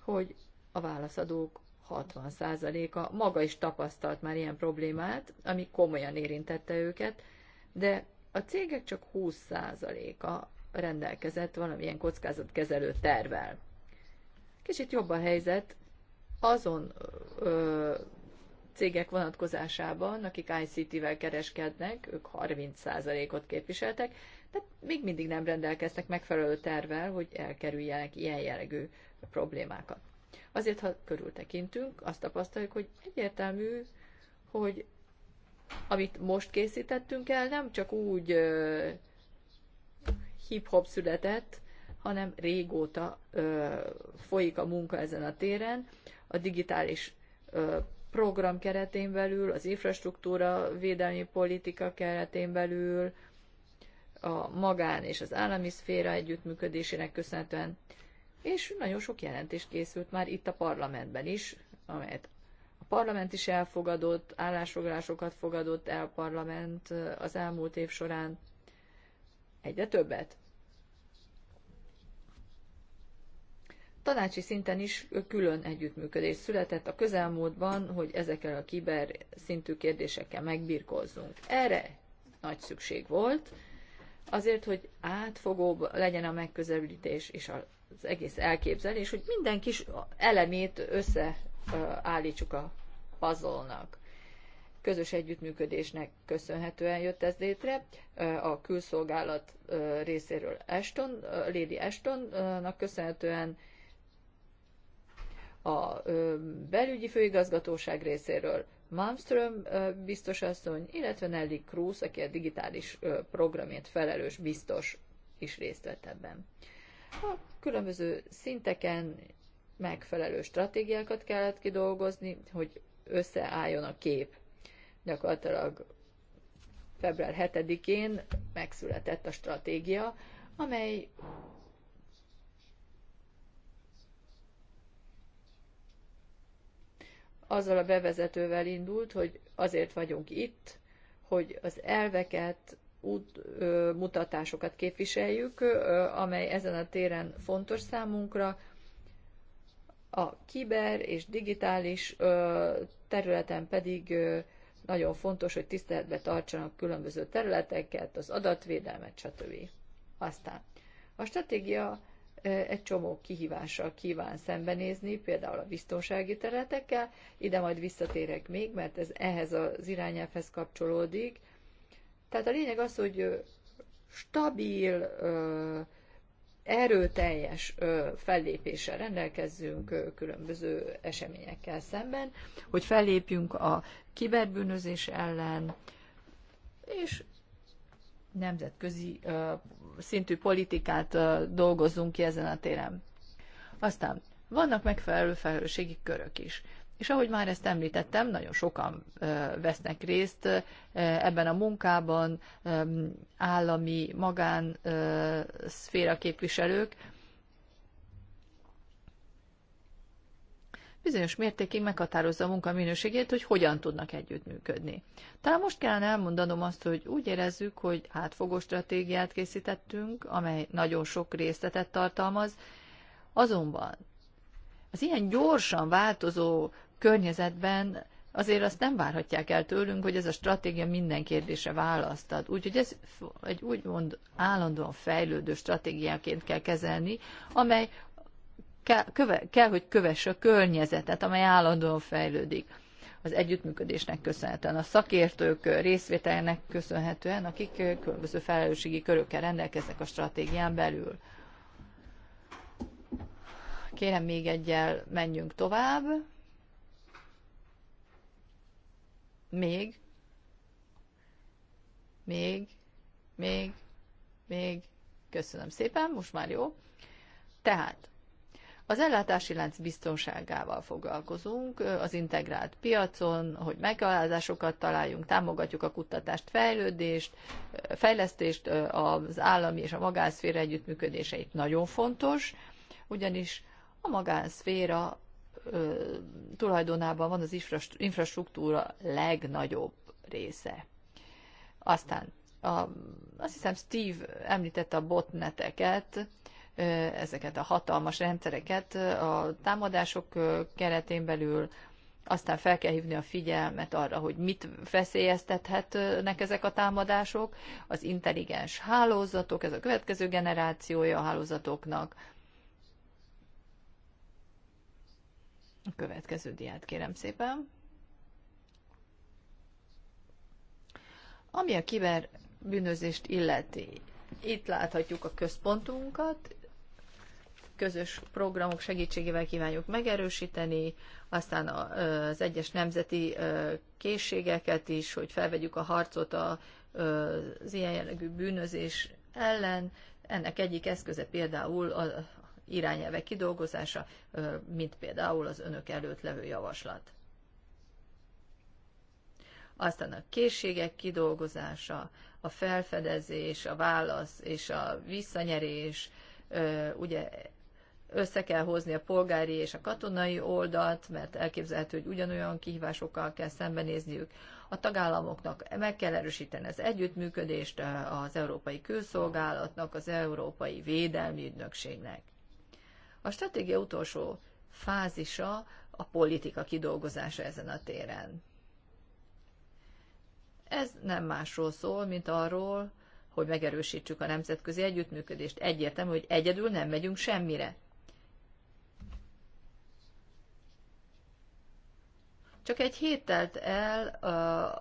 hogy a válaszadók 60%-a maga is tapasztalt már ilyen problémát, ami komolyan érintette őket, de a cégek csak 20%-a rendelkezett valamilyen kockázatkezelő tervel. Kicsit jobb a helyzet azon ö, cégek vonatkozásában, akik ICT-vel kereskednek, ők 30%-ot képviseltek, de még mindig nem rendelkeztek megfelelő tervel, hogy elkerüljenek ilyen jellegű problémákat. Azért, ha körültekintünk, azt tapasztaljuk, hogy egyértelmű, hogy amit most készítettünk el, nem csak úgy ö, hip-hop született, hanem régóta ö, folyik a munka ezen a téren. A digitális ö, program keretén belül, az infrastruktúra védelmi politika keretén belül, a magán és az állami szféra együttműködésének köszönhetően, és nagyon sok jelentés készült már itt a parlamentben is, amelyet a parlament is elfogadott, állásfoglalásokat fogadott el parlament eh, az elmúlt év során. Egyre többet. Tanácsi szinten is külön együttműködés született a közelmúltban, hogy ezekkel a kiber szintű kérdésekkel megbirkózzunk. Erre nagy szükség volt, azért, hogy átfogóbb legyen a megközelítés és az egész elképzelés, hogy minden kis elemét össze állítsuk a puzzle-nak. Közös együttműködésnek köszönhetően jött ez létre. A külszolgálat részéről Ashton, Lady Ashtonnak köszönhetően a belügyi főigazgatóság részéről Malmström biztos asszony, illetve Nelly Cruz, aki a digitális programért felelős biztos is részt vett ebben. A különböző szinteken megfelelő stratégiákat kellett kidolgozni, hogy összeálljon a kép. Gyakorlatilag február 7-én megszületett a stratégia, amely azzal a bevezetővel indult, hogy azért vagyunk itt, hogy az elveket, út, ö, mutatásokat képviseljük, ö, amely ezen a téren fontos számunkra, a kiber és digitális területen pedig nagyon fontos, hogy tiszteletbe tartsanak különböző területeket, az adatvédelmet, stb. Aztán a stratégia egy csomó kihívással kíván szembenézni, például a biztonsági területekkel. Ide majd visszatérek még, mert ez ehhez az irányelvhez kapcsolódik. Tehát a lényeg az, hogy stabil erőteljes fellépéssel rendelkezzünk különböző eseményekkel szemben, hogy fellépjünk a kiberbűnözés ellen, és nemzetközi szintű politikát dolgozzunk ki ezen a téren. Aztán vannak megfelelő felelősségi körök is. És ahogy már ezt említettem, nagyon sokan vesznek részt ebben a munkában, állami, magán szféra képviselők. Bizonyos mértékig meghatározza a munka minőségét, hogy hogyan tudnak együttműködni. Talán most kellene elmondanom azt, hogy úgy érezzük, hogy átfogó stratégiát készítettünk, amely nagyon sok részletet tartalmaz, azonban az ilyen gyorsan változó környezetben azért azt nem várhatják el tőlünk, hogy ez a stratégia minden kérdése választ ad. Úgyhogy ez egy úgymond állandóan fejlődő stratégiáként kell kezelni, amely kell, köve, kell hogy kövesse a környezetet, amely állandóan fejlődik. Az együttműködésnek köszönhetően, a szakértők részvételnek köszönhetően, akik különböző felelősségi körökkel rendelkeznek a stratégián belül. Kérem még egyel menjünk tovább. Még. Még. Még. Még. Köszönöm szépen, most már jó. Tehát, az ellátási lánc biztonságával foglalkozunk, az integrált piacon, hogy megoldásokat találjunk, támogatjuk a kutatást, fejlődést, fejlesztést, az állami és a magánszféra együttműködéseit nagyon fontos, ugyanis a magánszféra tulajdonában van az infrastruktúra legnagyobb része. Aztán a, azt hiszem Steve említette a botneteket, ezeket a hatalmas rendszereket a támadások keretén belül, aztán fel kell hívni a figyelmet arra, hogy mit feszélyeztethetnek ezek a támadások, az intelligens hálózatok, ez a következő generációja a hálózatoknak, A következő diát kérem szépen. Ami a kiberbűnözést illeti, itt láthatjuk a központunkat, közös programok segítségével kívánjuk megerősíteni, aztán az egyes nemzeti készségeket is, hogy felvegyük a harcot az ilyen jellegű bűnözés ellen. Ennek egyik eszköze például irányelvek kidolgozása, mint például az önök előtt levő javaslat. Aztán a készségek kidolgozása, a felfedezés, a válasz és a visszanyerés, ugye össze kell hozni a polgári és a katonai oldalt, mert elképzelhető, hogy ugyanolyan kihívásokkal kell szembenézniük. A tagállamoknak meg kell erősíteni az együttműködést az Európai Külszolgálatnak, az Európai Védelmi Ügynökségnek. A stratégia utolsó fázisa a politika kidolgozása ezen a téren. Ez nem másról szól, mint arról, hogy megerősítsük a nemzetközi együttműködést. Egyértelmű, hogy egyedül nem megyünk semmire. Csak egy hét telt el a,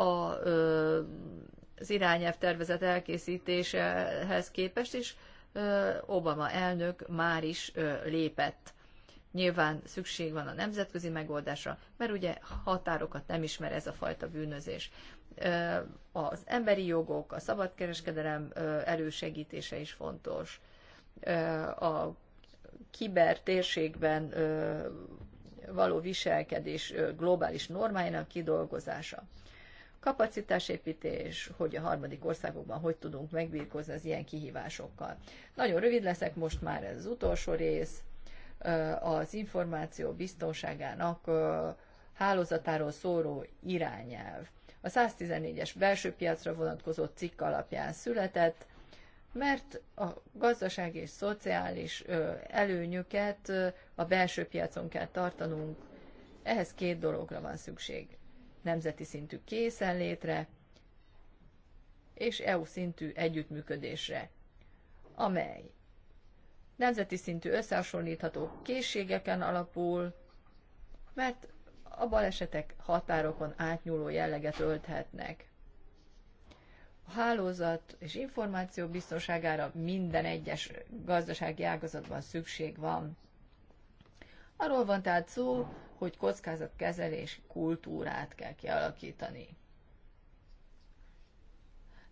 a, az irányelv tervezet elkészítésehez képest, és Obama elnök már is lépett. Nyilván szükség van a nemzetközi megoldásra, mert ugye határokat nem ismer ez a fajta bűnözés. Az emberi jogok, a szabadkereskedelem elősegítése is fontos. A kiber térségben való viselkedés globális normáinak kidolgozása kapacitásépítés, hogy a harmadik országokban hogy tudunk megbírkozni az ilyen kihívásokkal. Nagyon rövid leszek, most már ez az utolsó rész, az információ biztonságának hálózatáról szóró irányelv. A 114-es belső piacra vonatkozó cikk alapján született, mert a gazdasági és szociális előnyöket a belső piacon kell tartanunk, ehhez két dologra van szükség nemzeti szintű készenlétre és EU szintű együttműködésre, amely nemzeti szintű összehasonlítható készségeken alapul, mert a balesetek határokon átnyúló jelleget ölthetnek. A hálózat és információ biztonságára minden egyes gazdasági ágazatban szükség van. Arról van tehát szó, hogy kockázatkezelési kultúrát kell kialakítani.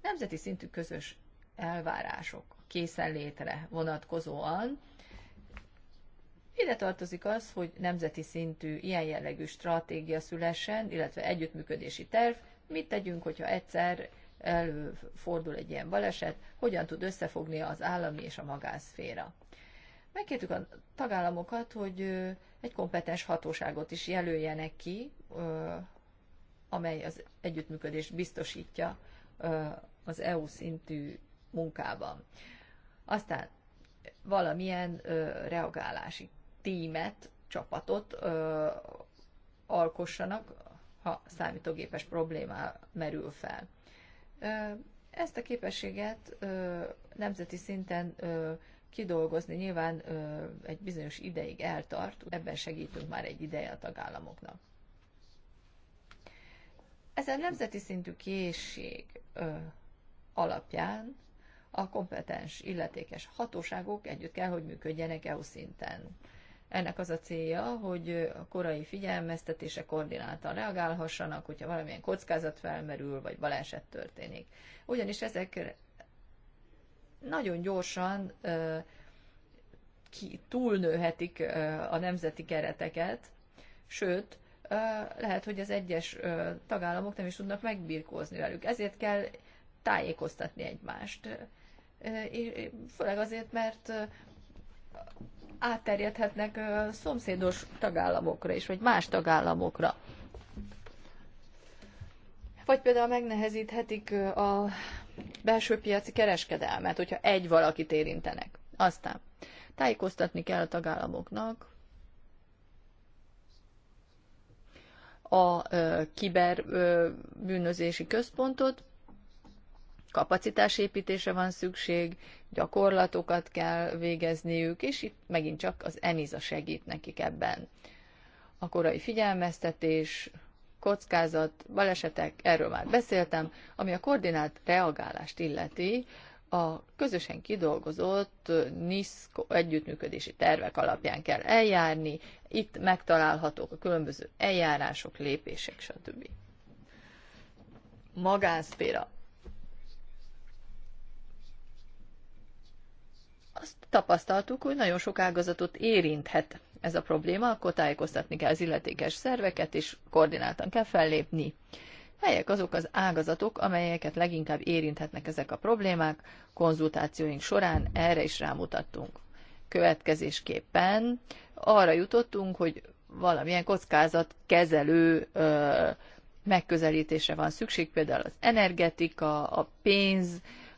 Nemzeti szintű közös elvárások készenlétre vonatkozóan. Ide tartozik az, hogy nemzeti szintű ilyen jellegű stratégia szülessen, illetve együttműködési terv, mit tegyünk, hogyha egyszer előfordul egy ilyen baleset, hogyan tud összefogni az állami és a magánszféra. Megkértük a tagállamokat, hogy egy kompetens hatóságot is jelöljenek ki, amely az együttműködést biztosítja az EU szintű munkában. Aztán valamilyen reagálási tímet, csapatot alkossanak, ha számítógépes problémá merül fel. Ezt a képességet nemzeti szinten kidolgozni. Nyilván egy bizonyos ideig eltart, ebben segítünk már egy ideje a tagállamoknak. Ezen nemzeti szintű készség alapján a kompetens, illetékes hatóságok együtt kell, hogy működjenek EU szinten. Ennek az a célja, hogy a korai figyelmeztetése koordináltan reagálhassanak, hogyha valamilyen kockázat felmerül, vagy baleset történik. Ugyanis ezek nagyon gyorsan ki, túlnőhetik a nemzeti kereteket, sőt, lehet, hogy az egyes tagállamok nem is tudnak megbirkózni velük. Ezért kell tájékoztatni egymást. Főleg azért, mert átterjedhetnek szomszédos tagállamokra is, vagy más tagállamokra. Vagy például megnehezíthetik a belső piaci kereskedelmet, hogyha egy valakit érintenek. Aztán tájékoztatni kell a tagállamoknak a ö, kiber ö, bűnözési központot, kapacitásépítésre van szükség, gyakorlatokat kell végezniük, és itt megint csak az ENISA segít nekik ebben. A korai figyelmeztetés, kockázat, balesetek, erről már beszéltem, ami a koordinált reagálást illeti, a közösen kidolgozott NISZ együttműködési tervek alapján kell eljárni, itt megtalálhatók a különböző eljárások, lépések, stb. Magánszféra. Azt tapasztaltuk, hogy nagyon sok ágazatot érinthet ez a probléma, akkor tájékoztatni kell az illetékes szerveket, és koordináltan kell fellépni. Melyek azok az ágazatok, amelyeket leginkább érinthetnek ezek a problémák, konzultációink során erre is rámutattunk. Következésképpen arra jutottunk, hogy valamilyen kockázat ö, megközelítésre van szükség, például az energetika, a pénz,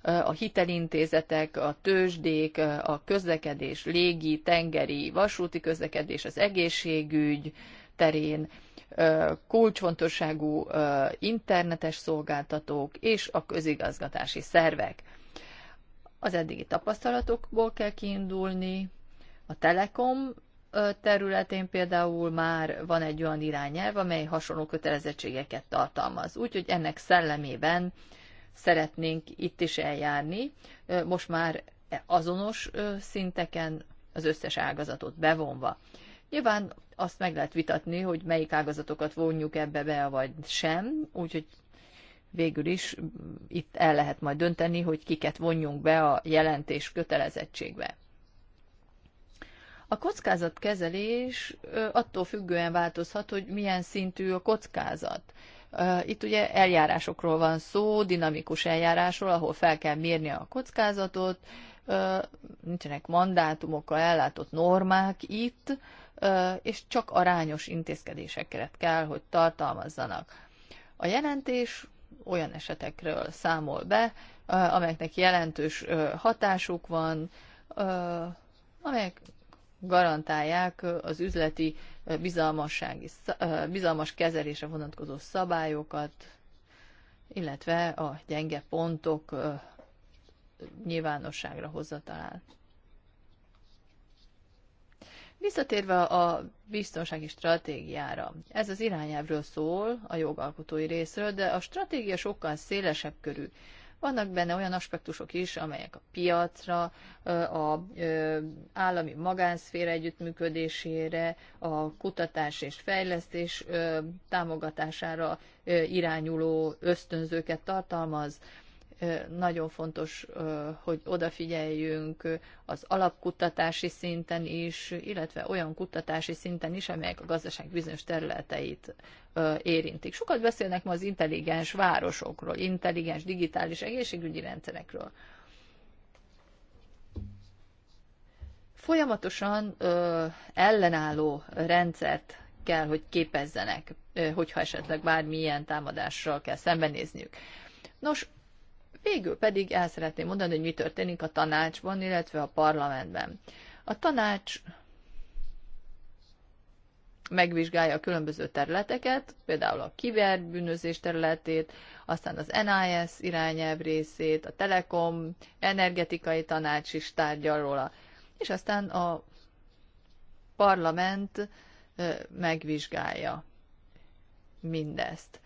a hitelintézetek, a tőzsdék, a közlekedés, légi, tengeri, vasúti közlekedés, az egészségügy terén, kulcsfontosságú internetes szolgáltatók és a közigazgatási szervek. Az eddigi tapasztalatokból kell kiindulni. A Telekom területén például már van egy olyan irányelv, amely hasonló kötelezettségeket tartalmaz. Úgyhogy ennek szellemében szeretnénk itt is eljárni. Most már azonos szinteken az összes ágazatot bevonva. Nyilván azt meg lehet vitatni, hogy melyik ágazatokat vonjuk ebbe be, vagy sem, úgyhogy végül is itt el lehet majd dönteni, hogy kiket vonjunk be a jelentés kötelezettségbe. A kockázatkezelés attól függően változhat, hogy milyen szintű a kockázat. Itt ugye eljárásokról van szó, dinamikus eljárásról, ahol fel kell mérni a kockázatot, nincsenek mandátumokkal ellátott normák itt, és csak arányos intézkedéseket kell, hogy tartalmazzanak. A jelentés olyan esetekről számol be, amelyeknek jelentős hatásuk van, amelyek garantálják az üzleti bizalmassági, bizalmas kezelése vonatkozó szabályokat, illetve a gyenge pontok nyilvánosságra hozzatalál. Visszatérve a biztonsági stratégiára, ez az irányelvről szól, a jogalkotói részről, de a stratégia sokkal szélesebb körül. Vannak benne olyan aspektusok is, amelyek a piacra, a állami magánszféra együttműködésére, a kutatás és fejlesztés támogatására irányuló ösztönzőket tartalmaz nagyon fontos, hogy odafigyeljünk az alapkutatási szinten is, illetve olyan kutatási szinten is, amelyek a gazdaság bizonyos területeit érintik. Sokat beszélnek ma az intelligens városokról, intelligens digitális egészségügyi rendszerekről. Folyamatosan ellenálló rendszert kell, hogy képezzenek, hogyha esetleg bármilyen támadással kell szembenézniük. Nos, Végül pedig el szeretném mondani, hogy mi történik a tanácsban, illetve a parlamentben. A tanács megvizsgálja a különböző területeket, például a kiberbűnözés területét, aztán az NIS irányelv részét, a Telekom, energetikai tanács is tárgyal róla, és aztán a parlament megvizsgálja mindezt.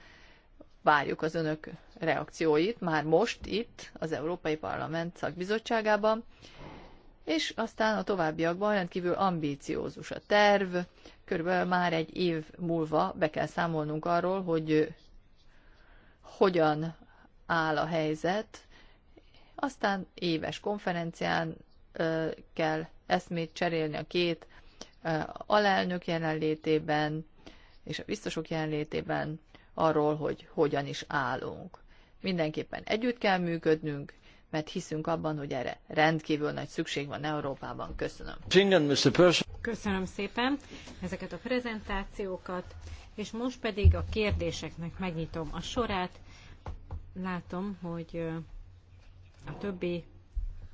Várjuk az önök reakcióit már most itt, az Európai Parlament szakbizottságában, és aztán a továbbiakban rendkívül ambíciózus a terv, körülbelül már egy év múlva be kell számolnunk arról, hogy hogyan áll a helyzet, aztán éves konferencián kell eszmét cserélni a két alelnök jelenlétében és a biztosok jelenlétében arról, hogy hogyan is állunk. Mindenképpen együtt kell működnünk, mert hiszünk abban, hogy erre rendkívül nagy szükség van Európában. Köszönöm. Köszönöm szépen ezeket a prezentációkat, és most pedig a kérdéseknek megnyitom a sorát. Látom, hogy a többi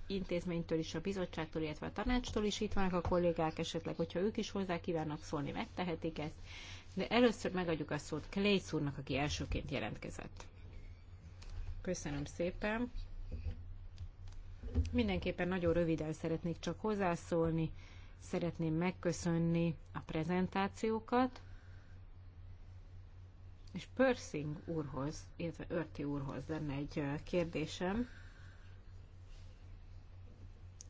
intézménytől is, a bizottságtól, illetve a tanácstól is itt vannak a kollégák, esetleg, hogyha ők is hozzá kívánnak szólni, megtehetik ezt. De először megadjuk a szót Klész úrnak, aki elsőként jelentkezett. Köszönöm szépen. Mindenképpen nagyon röviden szeretnék csak hozzászólni. Szeretném megköszönni a prezentációkat. És Pörszing úrhoz, illetve Örti úrhoz lenne egy kérdésem.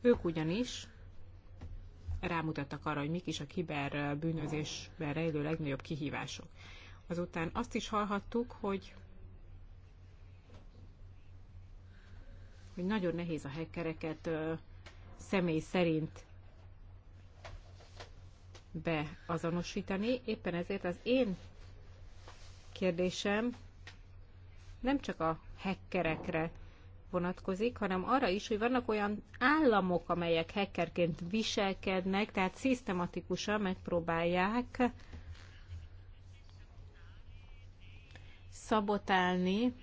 Ők ugyanis rámutattak arra, hogy mik is a bűnözésben rejlő legnagyobb kihívások. Azután azt is hallhattuk, hogy hogy nagyon nehéz a hackereket személy szerint beazonosítani. Éppen ezért az én kérdésem nem csak a hackerekre vonatkozik, hanem arra is, hogy vannak olyan államok, amelyek hackerként viselkednek, tehát szisztematikusan megpróbálják szabotálni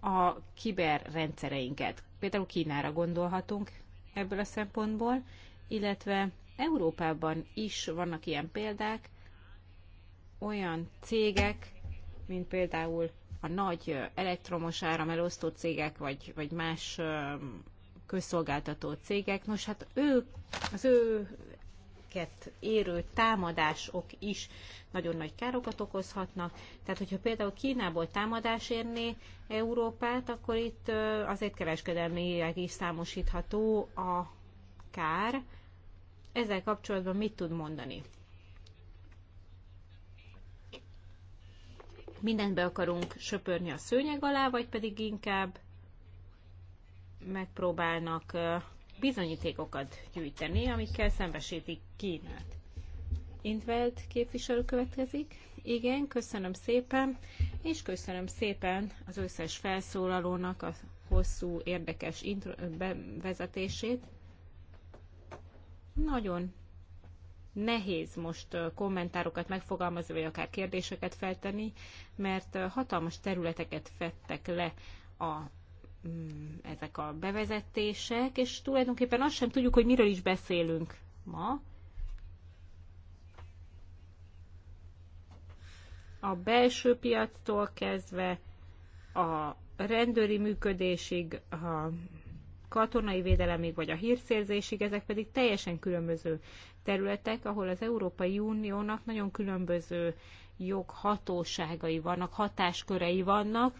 a kiberrendszereinket. Például Kínára gondolhatunk ebből a szempontból, illetve Európában is vannak ilyen példák, olyan cégek, mint például a nagy elektromos áramelosztó cégek, vagy, vagy más közszolgáltató cégek, nos hát ő, az ő embereket érő támadások is nagyon nagy károkat okozhatnak. Tehát, hogyha például Kínából támadás érné Európát, akkor itt azért kereskedelmileg is számosítható a kár. Ezzel kapcsolatban mit tud mondani? Mindent be akarunk söpörni a szőnyeg alá, vagy pedig inkább megpróbálnak bizonyítékokat gyűjteni, amikkel szembesítik Kínát. Intveld képviselő következik. Igen, köszönöm szépen, és köszönöm szépen az összes felszólalónak a hosszú, érdekes bevezetését. Nagyon nehéz most kommentárokat megfogalmazni, vagy akár kérdéseket feltenni, mert hatalmas területeket fettek le a Mm, ezek a bevezetések, és tulajdonképpen azt sem tudjuk, hogy miről is beszélünk ma. A belső piactól kezdve a rendőri működésig, a katonai védelemig vagy a hírszérzésig, ezek pedig teljesen különböző területek, ahol az Európai Uniónak nagyon különböző joghatóságai vannak, hatáskörei vannak,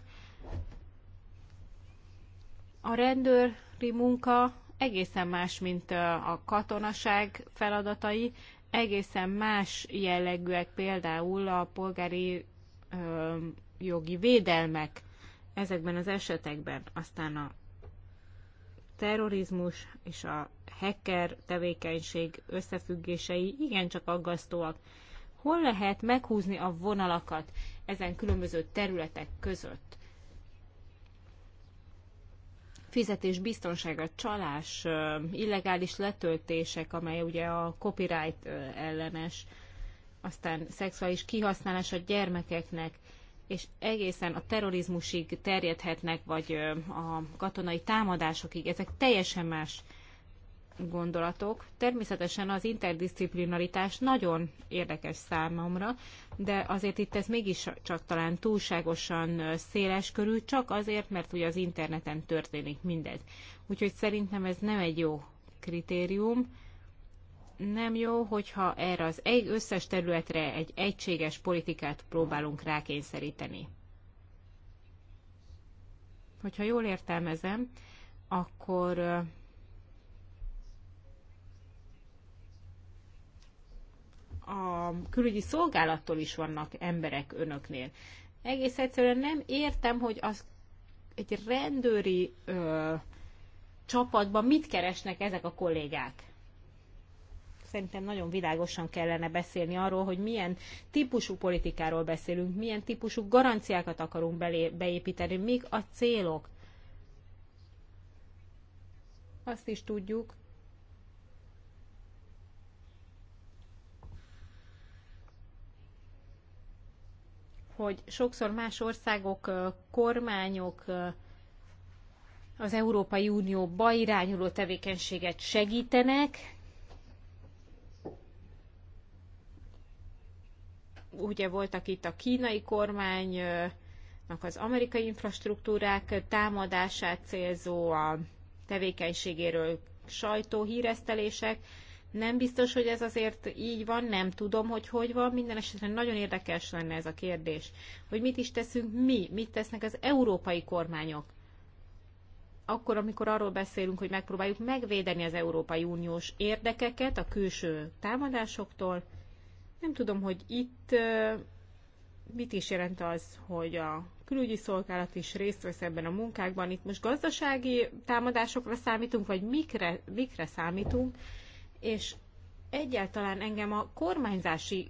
a rendőri munka egészen más, mint a katonaság feladatai, egészen más jellegűek például a polgári ö, jogi védelmek ezekben az esetekben, aztán a terrorizmus és a hacker tevékenység összefüggései igencsak aggasztóak. Hol lehet meghúzni a vonalakat ezen különböző területek között? fizetés biztonsága, csalás, illegális letöltések, amely ugye a copyright ellenes, aztán szexuális kihasználás a gyermekeknek, és egészen a terrorizmusig terjedhetnek, vagy a katonai támadásokig, ezek teljesen más gondolatok. Természetesen az interdisziplinaritás nagyon érdekes számomra, de azért itt ez mégis csak talán túlságosan széles körül, csak azért, mert ugye az interneten történik mindez. Úgyhogy szerintem ez nem egy jó kritérium. Nem jó, hogyha erre az egy összes területre egy egységes politikát próbálunk rákényszeríteni. Hogyha jól értelmezem, akkor külügyi szolgálattól is vannak emberek önöknél. Egész egyszerűen nem értem, hogy az egy rendőri ö, csapatban mit keresnek ezek a kollégák. Szerintem nagyon világosan kellene beszélni arról, hogy milyen típusú politikáról beszélünk, milyen típusú garanciákat akarunk belé, beépíteni, mik a célok. Azt is tudjuk, hogy sokszor más országok, kormányok az Európai Unió bajrányuló tevékenységet segítenek, ugye voltak itt a kínai kormánynak az amerikai infrastruktúrák támadását célzó a tevékenységéről sajtóhíresztelések, nem biztos, hogy ez azért így van, nem tudom, hogy hogy van. Minden esetre nagyon érdekes lenne ez a kérdés, hogy mit is teszünk mi, mit tesznek az európai kormányok. Akkor, amikor arról beszélünk, hogy megpróbáljuk megvédeni az Európai Uniós érdekeket a külső támadásoktól, nem tudom, hogy itt mit is jelent az, hogy a külügyi szolgálat is részt vesz ebben a munkákban. Itt most gazdasági támadásokra számítunk, vagy mikre, mikre számítunk, és egyáltalán engem a kormányzási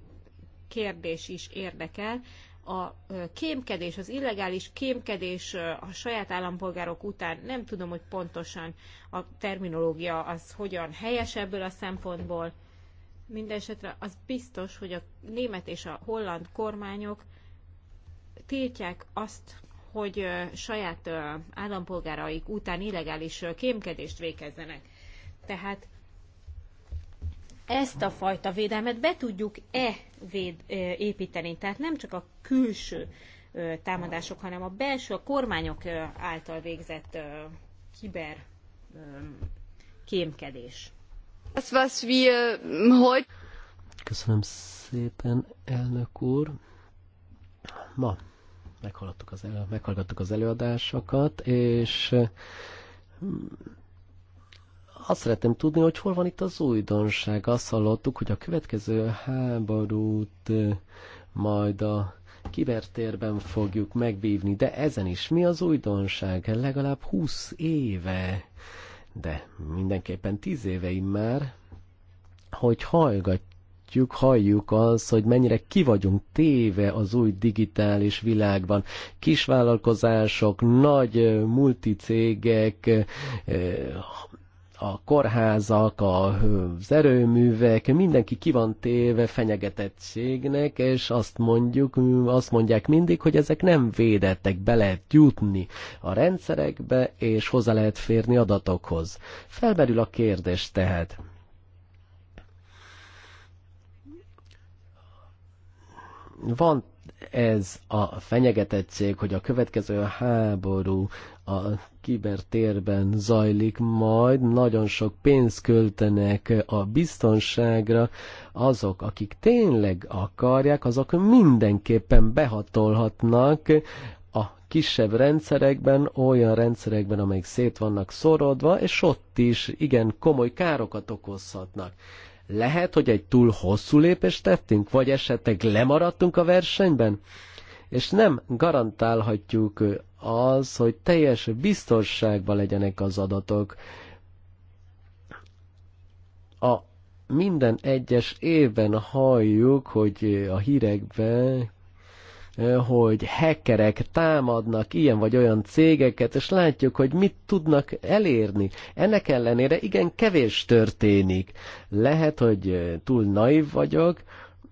kérdés is érdekel, a kémkedés, az illegális kémkedés a saját állampolgárok után, nem tudom, hogy pontosan a terminológia az hogyan helyes ebből a szempontból. Mindenesetre az biztos, hogy a német és a holland kormányok tiltják azt, hogy saját állampolgáraik után illegális kémkedést végezzenek. Tehát ezt a fajta védelmet be tudjuk-e véd, építeni. Tehát nem csak a külső támadások, hanem a belső, a kormányok által végzett kiber kémkedés. Az, was wir hogy... Köszönöm szépen, elnök úr. Ma meghallgattuk az, elő, meghallgattuk az előadásokat, és azt szeretném tudni, hogy hol van itt az újdonság. Azt hallottuk, hogy a következő háborút majd a kibertérben fogjuk megbívni, de ezen is mi az újdonság? Legalább 20 éve, de mindenképpen 10 éveim már, hogy hallgatjuk, halljuk az, hogy mennyire ki vagyunk téve az új digitális világban. Kisvállalkozások, nagy multicégek, a kórházak, az erőművek, mindenki ki van téve fenyegetettségnek, és azt mondjuk, azt mondják mindig, hogy ezek nem védettek, be lehet jutni a rendszerekbe, és hozzá lehet férni adatokhoz. Felmerül a kérdés tehát. Van ez a fenyegetettség, hogy a következő háború a kibertérben zajlik majd, nagyon sok pénzt költenek a biztonságra, azok, akik tényleg akarják, azok mindenképpen behatolhatnak a kisebb rendszerekben, olyan rendszerekben, amelyek szét vannak szorodva, és ott is igen komoly károkat okozhatnak. Lehet, hogy egy túl hosszú lépést tettünk, vagy esetleg lemaradtunk a versenyben? és nem garantálhatjuk az, hogy teljes biztonságban legyenek az adatok. A minden egyes évben halljuk, hogy a hírekben, hogy hackerek támadnak ilyen vagy olyan cégeket, és látjuk, hogy mit tudnak elérni. Ennek ellenére igen kevés történik. Lehet, hogy túl naiv vagyok,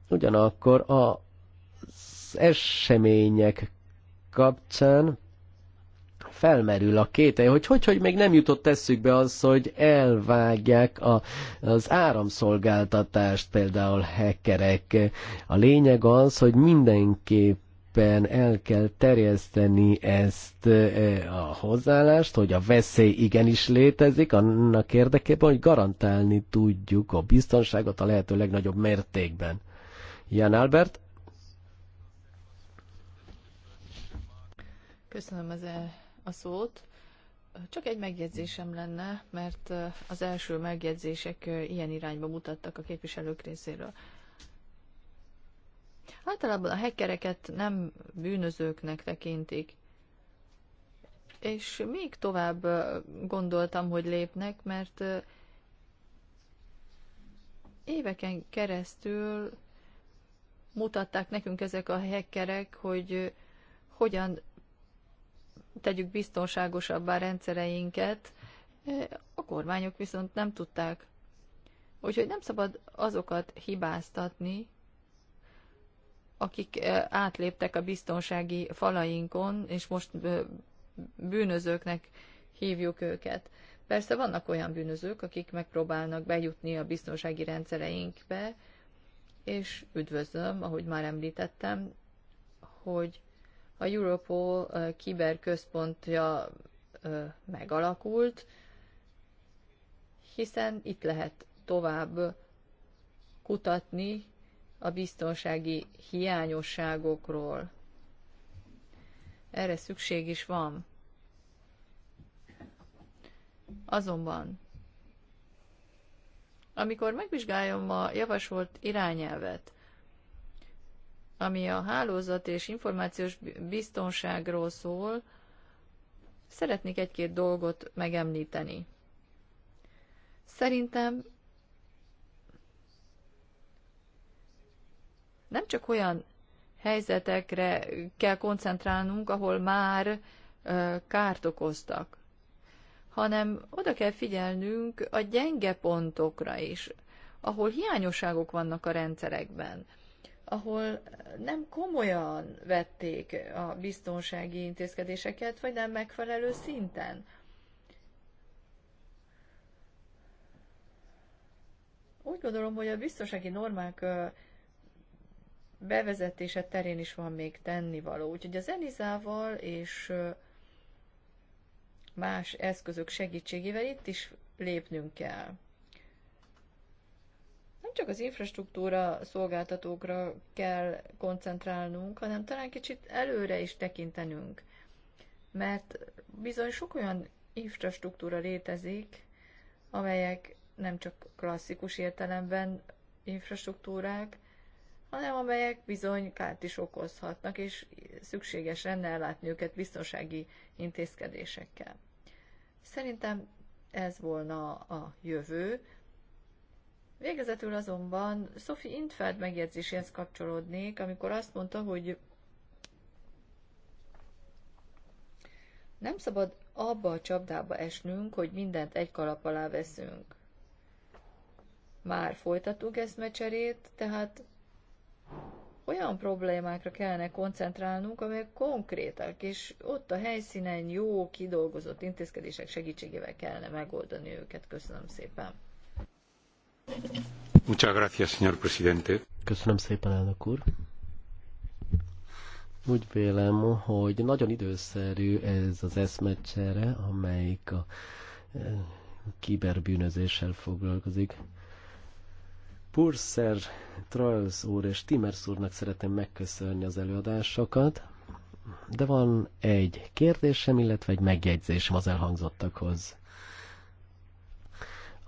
ugyanakkor az események kapcsán felmerül a kételj, hogy, hogy hogy még nem jutott tesszük be az, hogy elvágják a, az áramszolgáltatást például hackerek. A lényeg az, hogy mindenképp mindenképpen el kell terjeszteni ezt e, a hozzáállást, hogy a veszély igenis létezik, annak érdekében, hogy garantálni tudjuk a biztonságot a lehető legnagyobb mértékben. Jan Albert? Köszönöm az a szót. Csak egy megjegyzésem lenne, mert az első megjegyzések ilyen irányba mutattak a képviselők részéről. Általában a hekkereket nem bűnözőknek tekintik. És még tovább gondoltam, hogy lépnek, mert éveken keresztül mutatták nekünk ezek a hekkerek, hogy hogyan tegyük biztonságosabbá rendszereinket, e, a kormányok viszont nem tudták. Úgyhogy nem szabad azokat hibáztatni, akik e, átléptek a biztonsági falainkon, és most e, bűnözőknek hívjuk őket. Persze vannak olyan bűnözők, akik megpróbálnak bejutni a biztonsági rendszereinkbe, és üdvözlöm, ahogy már említettem, hogy a Europol kiberközpontja megalakult, hiszen itt lehet tovább kutatni a biztonsági hiányosságokról. Erre szükség is van. Azonban, amikor megvizsgáljam a javasolt irányelvet, ami a hálózat és információs biztonságról szól, szeretnék egy-két dolgot megemlíteni. Szerintem nem csak olyan helyzetekre kell koncentrálnunk, ahol már kárt okoztak, hanem oda kell figyelnünk a gyenge pontokra is, ahol hiányosságok vannak a rendszerekben ahol nem komolyan vették a biztonsági intézkedéseket, vagy nem megfelelő szinten. Úgy gondolom, hogy a biztonsági normák bevezetése terén is van még tennivaló. Úgyhogy az Enizával és más eszközök segítségével itt is lépnünk kell csak az infrastruktúra szolgáltatókra kell koncentrálnunk, hanem talán kicsit előre is tekintenünk. Mert bizony sok olyan infrastruktúra létezik, amelyek nem csak klasszikus értelemben infrastruktúrák, hanem amelyek bizony kárt is okozhatnak, és szükséges lenne ellátni őket biztonsági intézkedésekkel. Szerintem ez volna a jövő, Végezetül azonban Sophie Intfeld megjegyzéséhez kapcsolódnék, amikor azt mondta, hogy nem szabad abba a csapdába esnünk, hogy mindent egy kalap alá veszünk. Már folytattuk eszmecserét, tehát olyan problémákra kellene koncentrálnunk, amelyek konkrétak, és ott a helyszínen jó, kidolgozott intézkedések segítségével kellene megoldani őket. Köszönöm szépen! Muchas gracias, señor presidente. Köszönöm szépen, elnök úr. Úgy vélem, hogy nagyon időszerű ez az eszmecsere, amelyik a eh, kiberbűnözéssel foglalkozik. Purser, Trolls úr és Timers úrnak szeretném megköszönni az előadásokat, de van egy kérdésem, illetve egy megjegyzésem az elhangzottakhoz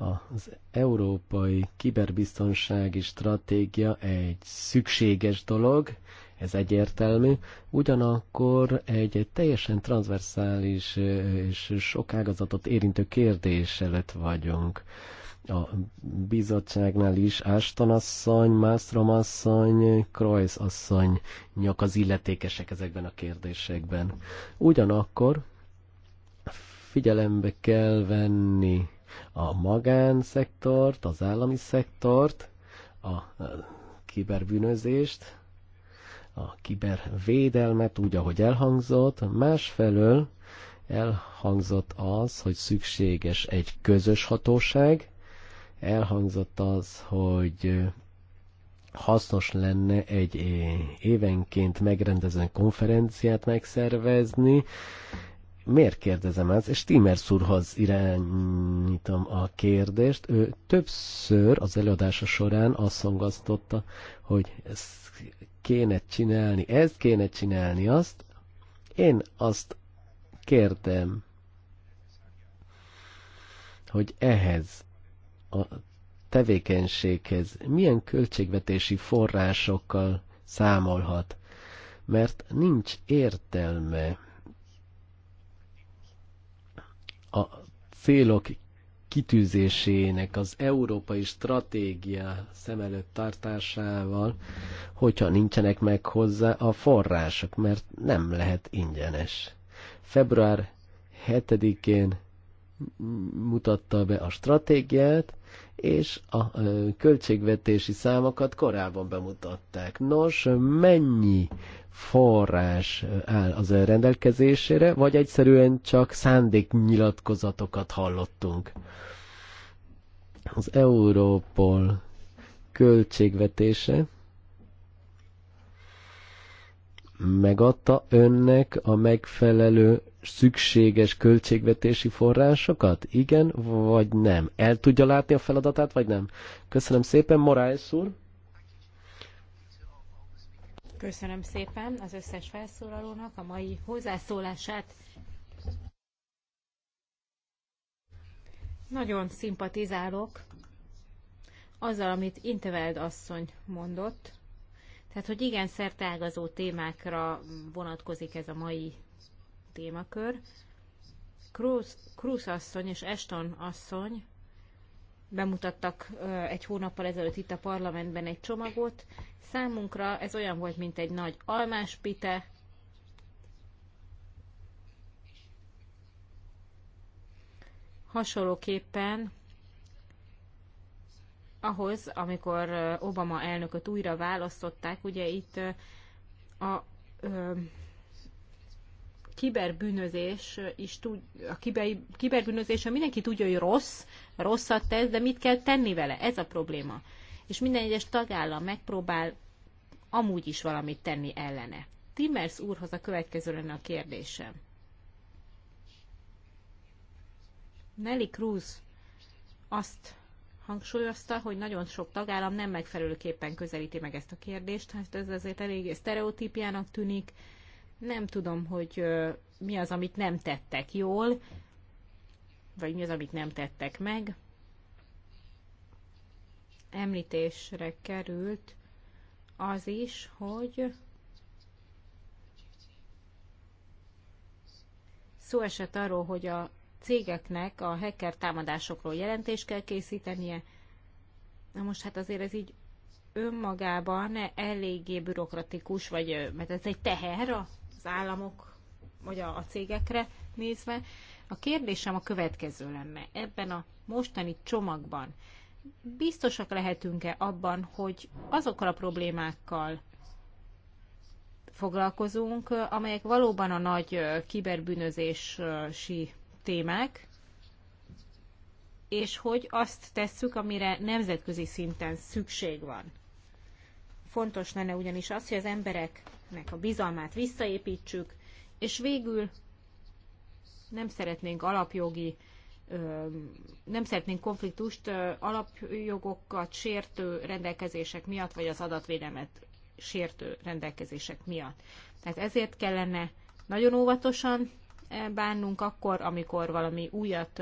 az európai kiberbiztonsági stratégia egy szükséges dolog, ez egyértelmű, ugyanakkor egy, egy teljesen transversális és sok ágazatot érintő kérdés előtt vagyunk. A bizottságnál is Ashton asszony, Mastrom asszony, Kreuz asszony nyak az illetékesek ezekben a kérdésekben. Ugyanakkor figyelembe kell venni a magánszektort, az állami szektort, a kiberbűnözést, a kibervédelmet, úgy, ahogy elhangzott, másfelől elhangzott az, hogy szükséges egy közös hatóság, elhangzott az, hogy hasznos lenne egy évenként megrendező konferenciát megszervezni, Miért kérdezem ezt? És Timers úrhoz irányítom a kérdést. Ő többször az előadása során azt hangasztotta, hogy ezt kéne csinálni, ezt kéne csinálni, azt. Én azt kérdem, hogy ehhez a tevékenységhez milyen költségvetési forrásokkal számolhat, mert nincs értelme a célok kitűzésének az európai stratégia szem előtt tartásával, hogyha nincsenek meg hozzá a források, mert nem lehet ingyenes. Február 7-én mutatta be a stratégiát, és a költségvetési számokat korábban bemutatták. Nos, mennyi forrás áll az rendelkezésére, vagy egyszerűen csak szándéknyilatkozatokat hallottunk. Az Európol költségvetése megadta önnek a megfelelő szükséges költségvetési forrásokat? Igen, vagy nem? El tudja látni a feladatát, vagy nem? Köszönöm szépen, Morális úr! Köszönöm szépen az összes felszólalónak a mai hozzászólását. Nagyon szimpatizálok azzal, amit Inteveld asszony mondott. Tehát, hogy igen, szertágazó témákra vonatkozik ez a mai témakör. Krusz Cruz asszony és Eston asszony bemutattak egy hónappal ezelőtt itt a parlamentben egy csomagot. Számunkra ez olyan volt, mint egy nagy almáspite. Hasonlóképpen ahhoz, amikor Obama elnököt újra választották, ugye itt a kiberbűnözés is tud, a kiberbűnözés, mindenki tudja, hogy rossz, rosszat tesz, de mit kell tenni vele? Ez a probléma. És minden egyes tagállam megpróbál amúgy is valamit tenni ellene. Timmers úrhoz a következő lenne a kérdésem. Nelly Cruz azt hangsúlyozta, hogy nagyon sok tagállam nem megfelelőképpen közelíti meg ezt a kérdést, hát ez azért elég sztereotípiának tűnik. Nem tudom, hogy mi az, amit nem tettek jól, vagy mi az, amit nem tettek meg. Említésre került az is, hogy szó esett arról, hogy a cégeknek a hacker támadásokról jelentést kell készítenie. Na most hát azért ez így önmagában eléggé bürokratikus, vagy mert ez egy teher az államok vagy a, a cégekre nézve, a kérdésem a következő lenne. Ebben a mostani csomagban biztosak lehetünk-e abban, hogy azokkal a problémákkal foglalkozunk, amelyek valóban a nagy kiberbűnözési témák, és hogy azt tesszük, amire nemzetközi szinten szükség van. Fontos lenne ugyanis az, hogy az embereknek a bizalmát visszaépítsük, és végül nem szeretnénk alapjogi, nem szeretnénk konfliktust alapjogokat sértő rendelkezések miatt, vagy az adatvédelmet sértő rendelkezések miatt. Tehát ezért kellene nagyon óvatosan bánnunk akkor, amikor valami újat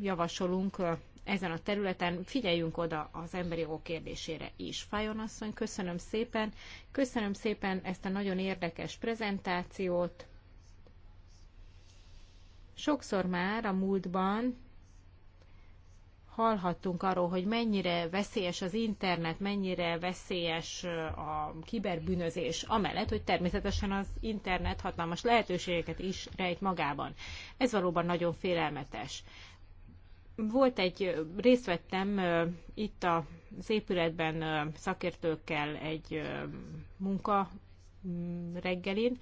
javasolunk ezen a területen, figyeljünk oda az emberi jogok kérdésére is. Fajon asszony, köszönöm szépen, köszönöm szépen ezt a nagyon érdekes prezentációt, Sokszor már a múltban hallhattunk arról, hogy mennyire veszélyes az internet, mennyire veszélyes a kiberbűnözés, amellett, hogy természetesen az internet hatalmas lehetőségeket is rejt magában. Ez valóban nagyon félelmetes. Volt egy, részt vettem itt az épületben szakértőkkel egy munka reggelin,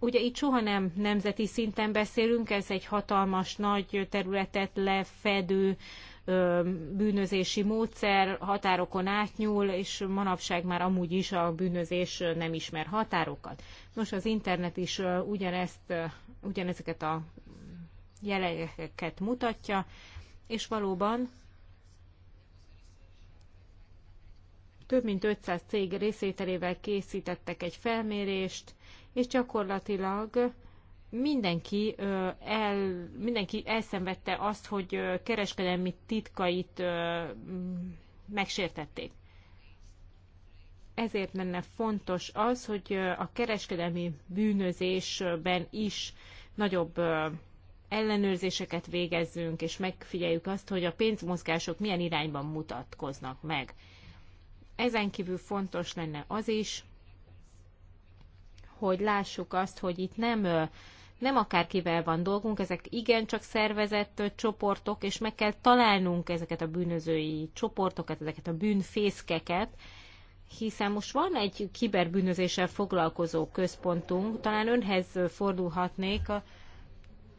Ugye itt soha nem nemzeti szinten beszélünk, ez egy hatalmas, nagy területet lefedő bűnözési módszer, határokon átnyúl, és manapság már amúgy is a bűnözés nem ismer határokat. Nos, az internet is ugyanezt, ugyanezeket a jeleket mutatja, és valóban több mint 500 cég részételével készítettek egy felmérést, és gyakorlatilag mindenki, el, mindenki elszenvedte azt, hogy kereskedelmi titkait megsértették. Ezért lenne fontos az, hogy a kereskedelmi bűnözésben is nagyobb ellenőrzéseket végezzünk, és megfigyeljük azt, hogy a pénzmozgások milyen irányban mutatkoznak meg. Ezen kívül fontos lenne az is, hogy lássuk azt, hogy itt nem nem akárkivel van dolgunk, ezek igencsak szervezett csoportok, és meg kell találnunk ezeket a bűnözői csoportokat, ezeket a bűnfészkeket, hiszen most van egy kiberbűnözéssel foglalkozó központunk, talán önhez fordulhatnék,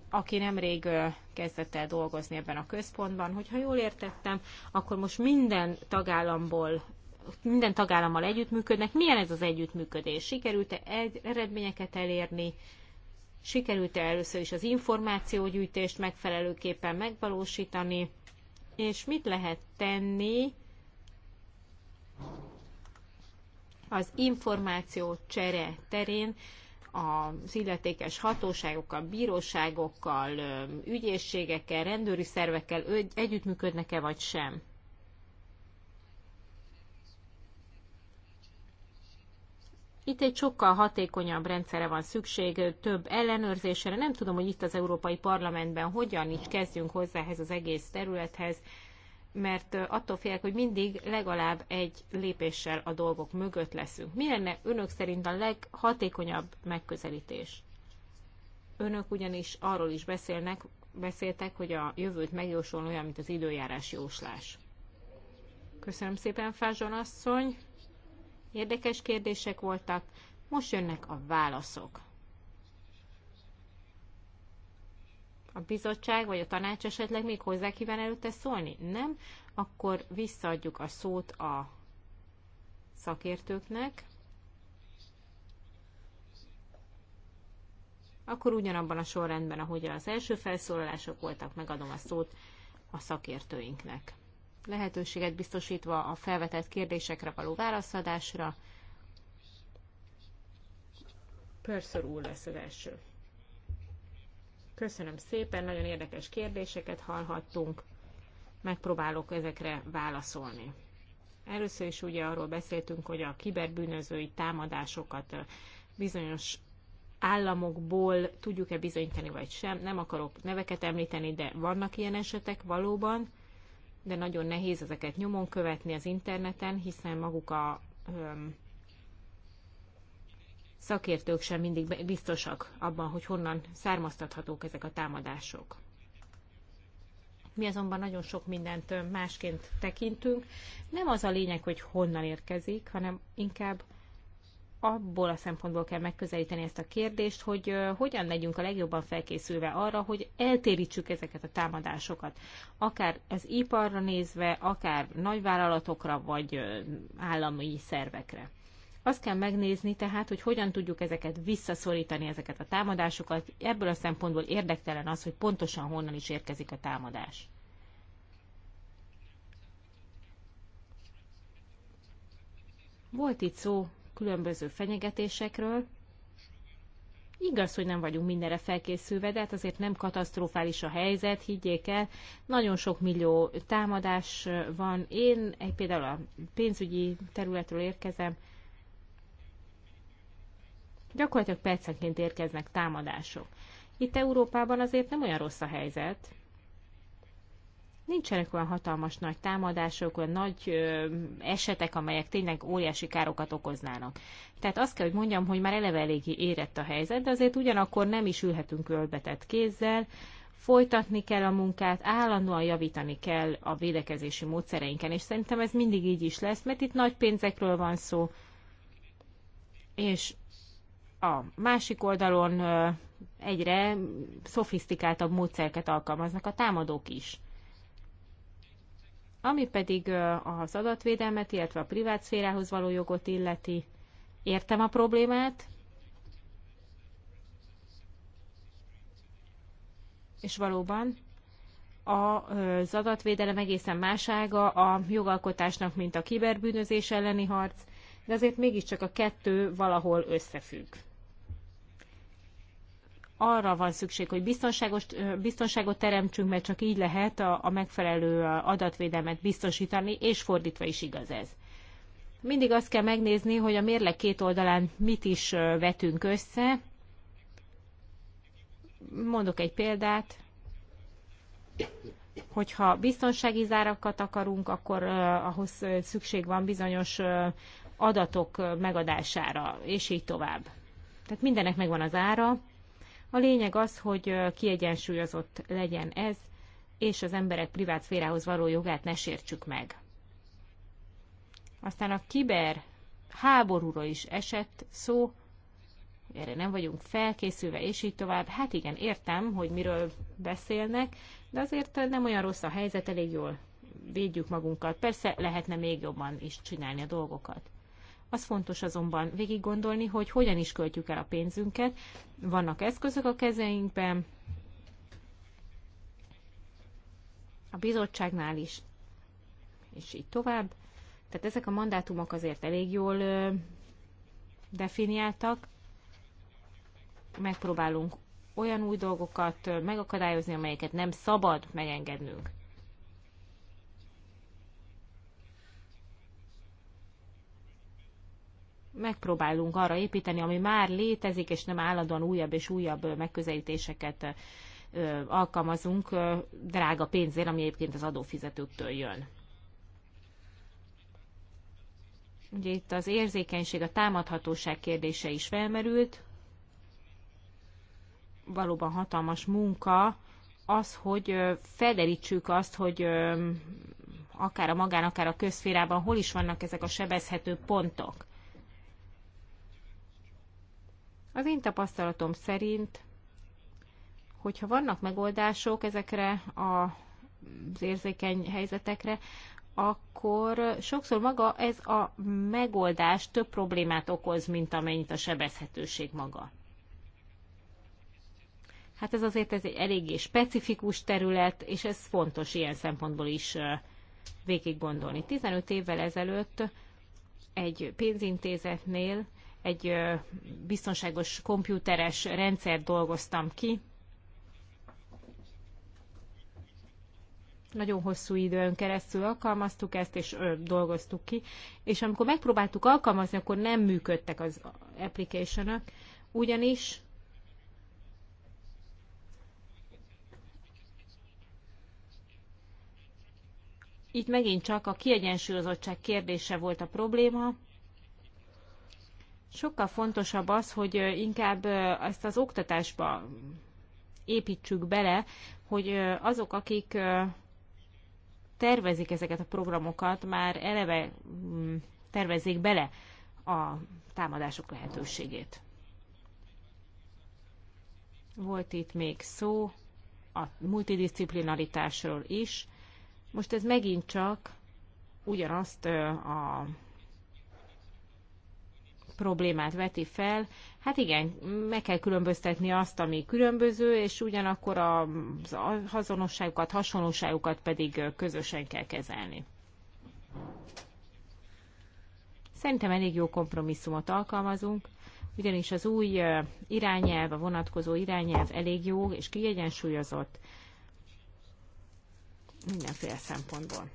aki nemrég kezdett el dolgozni ebben a központban, hogyha jól értettem, akkor most minden tagállamból minden tagállammal együttműködnek. Milyen ez az együttműködés? Sikerült-e eredményeket elérni? Sikerült-e először is az információgyűjtést megfelelőképpen megvalósítani? És mit lehet tenni az információ csere terén az illetékes hatóságokkal, bíróságokkal, ügyészségekkel, rendőri szervekkel együttműködnek-e vagy sem? Itt egy sokkal hatékonyabb rendszerre van szükség, több ellenőrzésre. Nem tudom, hogy itt az Európai Parlamentben hogyan is kezdjünk hozzá ehhez az egész területhez, mert attól félek, hogy mindig legalább egy lépéssel a dolgok mögött leszünk. Mi lenne önök szerint a leghatékonyabb megközelítés? Önök ugyanis arról is beszélnek, beszéltek, hogy a jövőt megjósolni olyan, mint az időjárás jóslás. Köszönöm szépen, Fázson asszony! Érdekes kérdések voltak, most jönnek a válaszok. A bizottság vagy a tanács esetleg még hozzá kíván előtte szólni? Nem? Akkor visszaadjuk a szót a szakértőknek. Akkor ugyanabban a sorrendben, ahogy az első felszólalások voltak, megadom a szót a szakértőinknek lehetőséget biztosítva a felvetett kérdésekre való válaszadásra. Pörször úr lesz az első. Köszönöm szépen, nagyon érdekes kérdéseket hallhattunk. Megpróbálok ezekre válaszolni. Először is ugye arról beszéltünk, hogy a kiberbűnözői támadásokat bizonyos államokból tudjuk-e bizonyítani, vagy sem. Nem akarok neveket említeni, de vannak ilyen esetek valóban de nagyon nehéz ezeket nyomon követni az interneten, hiszen maguk a öm, szakértők sem mindig biztosak abban, hogy honnan származtathatók ezek a támadások. Mi azonban nagyon sok mindent másként tekintünk. Nem az a lényeg, hogy honnan érkezik, hanem inkább abból a szempontból kell megközelíteni ezt a kérdést, hogy hogyan legyünk a legjobban felkészülve arra, hogy eltérítsük ezeket a támadásokat. Akár az iparra nézve, akár nagyvállalatokra, vagy állami szervekre. Azt kell megnézni tehát, hogy hogyan tudjuk ezeket visszaszorítani, ezeket a támadásokat. Ebből a szempontból érdektelen az, hogy pontosan honnan is érkezik a támadás. Volt itt szó különböző fenyegetésekről. Igaz, hogy nem vagyunk mindenre felkészülve, de hát azért nem katasztrofális a helyzet, higgyék el. Nagyon sok millió támadás van. Én egy például a pénzügyi területről érkezem. Gyakorlatilag percenként érkeznek támadások. Itt Európában azért nem olyan rossz a helyzet, nincsenek olyan hatalmas nagy támadások, olyan nagy ö, esetek, amelyek tényleg óriási károkat okoznának. Tehát azt kell, hogy mondjam, hogy már eleve eléggé érett a helyzet, de azért ugyanakkor nem is ülhetünk ölbetett kézzel, folytatni kell a munkát, állandóan javítani kell a védekezési módszereinken, és szerintem ez mindig így is lesz, mert itt nagy pénzekről van szó, és a másik oldalon egyre szofisztikáltabb módszereket alkalmaznak a támadók is. Ami pedig az adatvédelmet, illetve a privát szférához való jogot illeti, értem a problémát, és valóban az adatvédelem egészen másága a jogalkotásnak, mint a kiberbűnözés elleni harc, de azért mégiscsak a kettő valahol összefügg arra van szükség, hogy biztonságos, biztonságot teremtsünk, mert csak így lehet a, a megfelelő adatvédelmet biztosítani, és fordítva is igaz ez. Mindig azt kell megnézni, hogy a mérleg két oldalán mit is vetünk össze. Mondok egy példát. Hogyha biztonsági zárakat akarunk, akkor ahhoz szükség van bizonyos adatok megadására, és így tovább. Tehát mindennek megvan az ára a lényeg az, hogy kiegyensúlyozott legyen ez, és az emberek privát szférához való jogát ne sértsük meg. Aztán a kiber háborúra is esett szó, erre nem vagyunk felkészülve, és így tovább. Hát igen, értem, hogy miről beszélnek, de azért nem olyan rossz a helyzet, elég jól védjük magunkat. Persze lehetne még jobban is csinálni a dolgokat. Az fontos azonban végig gondolni, hogy hogyan is költjük el a pénzünket. Vannak eszközök a kezeinkben, a bizottságnál is, és így tovább. Tehát ezek a mandátumok azért elég jól ö, definiáltak. Megpróbálunk olyan új dolgokat megakadályozni, amelyeket nem szabad megengednünk. megpróbálunk arra építeni, ami már létezik, és nem állandóan újabb és újabb megközelítéseket alkalmazunk drága pénzért, ami egyébként az adófizetőktől jön. Ugye itt az érzékenység, a támadhatóság kérdése is felmerült. Valóban hatalmas munka az, hogy felderítsük azt, hogy akár a magán, akár a közférában hol is vannak ezek a sebezhető pontok. Az én tapasztalatom szerint, hogyha vannak megoldások ezekre az érzékeny helyzetekre, akkor sokszor maga ez a megoldás több problémát okoz, mint amennyit a sebezhetőség maga. Hát ez azért ez egy eléggé specifikus terület, és ez fontos ilyen szempontból is végig gondolni. 15 évvel ezelőtt egy pénzintézetnél egy biztonságos komputeres rendszert dolgoztam ki. Nagyon hosszú időn keresztül alkalmaztuk ezt, és dolgoztuk ki. És amikor megpróbáltuk alkalmazni, akkor nem működtek az application ugyanis itt megint csak a kiegyensúlyozottság kérdése volt a probléma, sokkal fontosabb az, hogy inkább ezt az oktatásba építsük bele, hogy azok, akik tervezik ezeket a programokat, már eleve mm, tervezik bele a támadások lehetőségét. Volt itt még szó a multidisciplinaritásról is. Most ez megint csak ugyanazt a problémát veti fel, hát igen, meg kell különböztetni azt, ami különböző, és ugyanakkor a hazonosságokat, hasonlóságokat pedig közösen kell kezelni. Szerintem elég jó kompromisszumot alkalmazunk, ugyanis az új irányelv, a vonatkozó irányelv elég jó és kiegyensúlyozott mindenféle szempontból.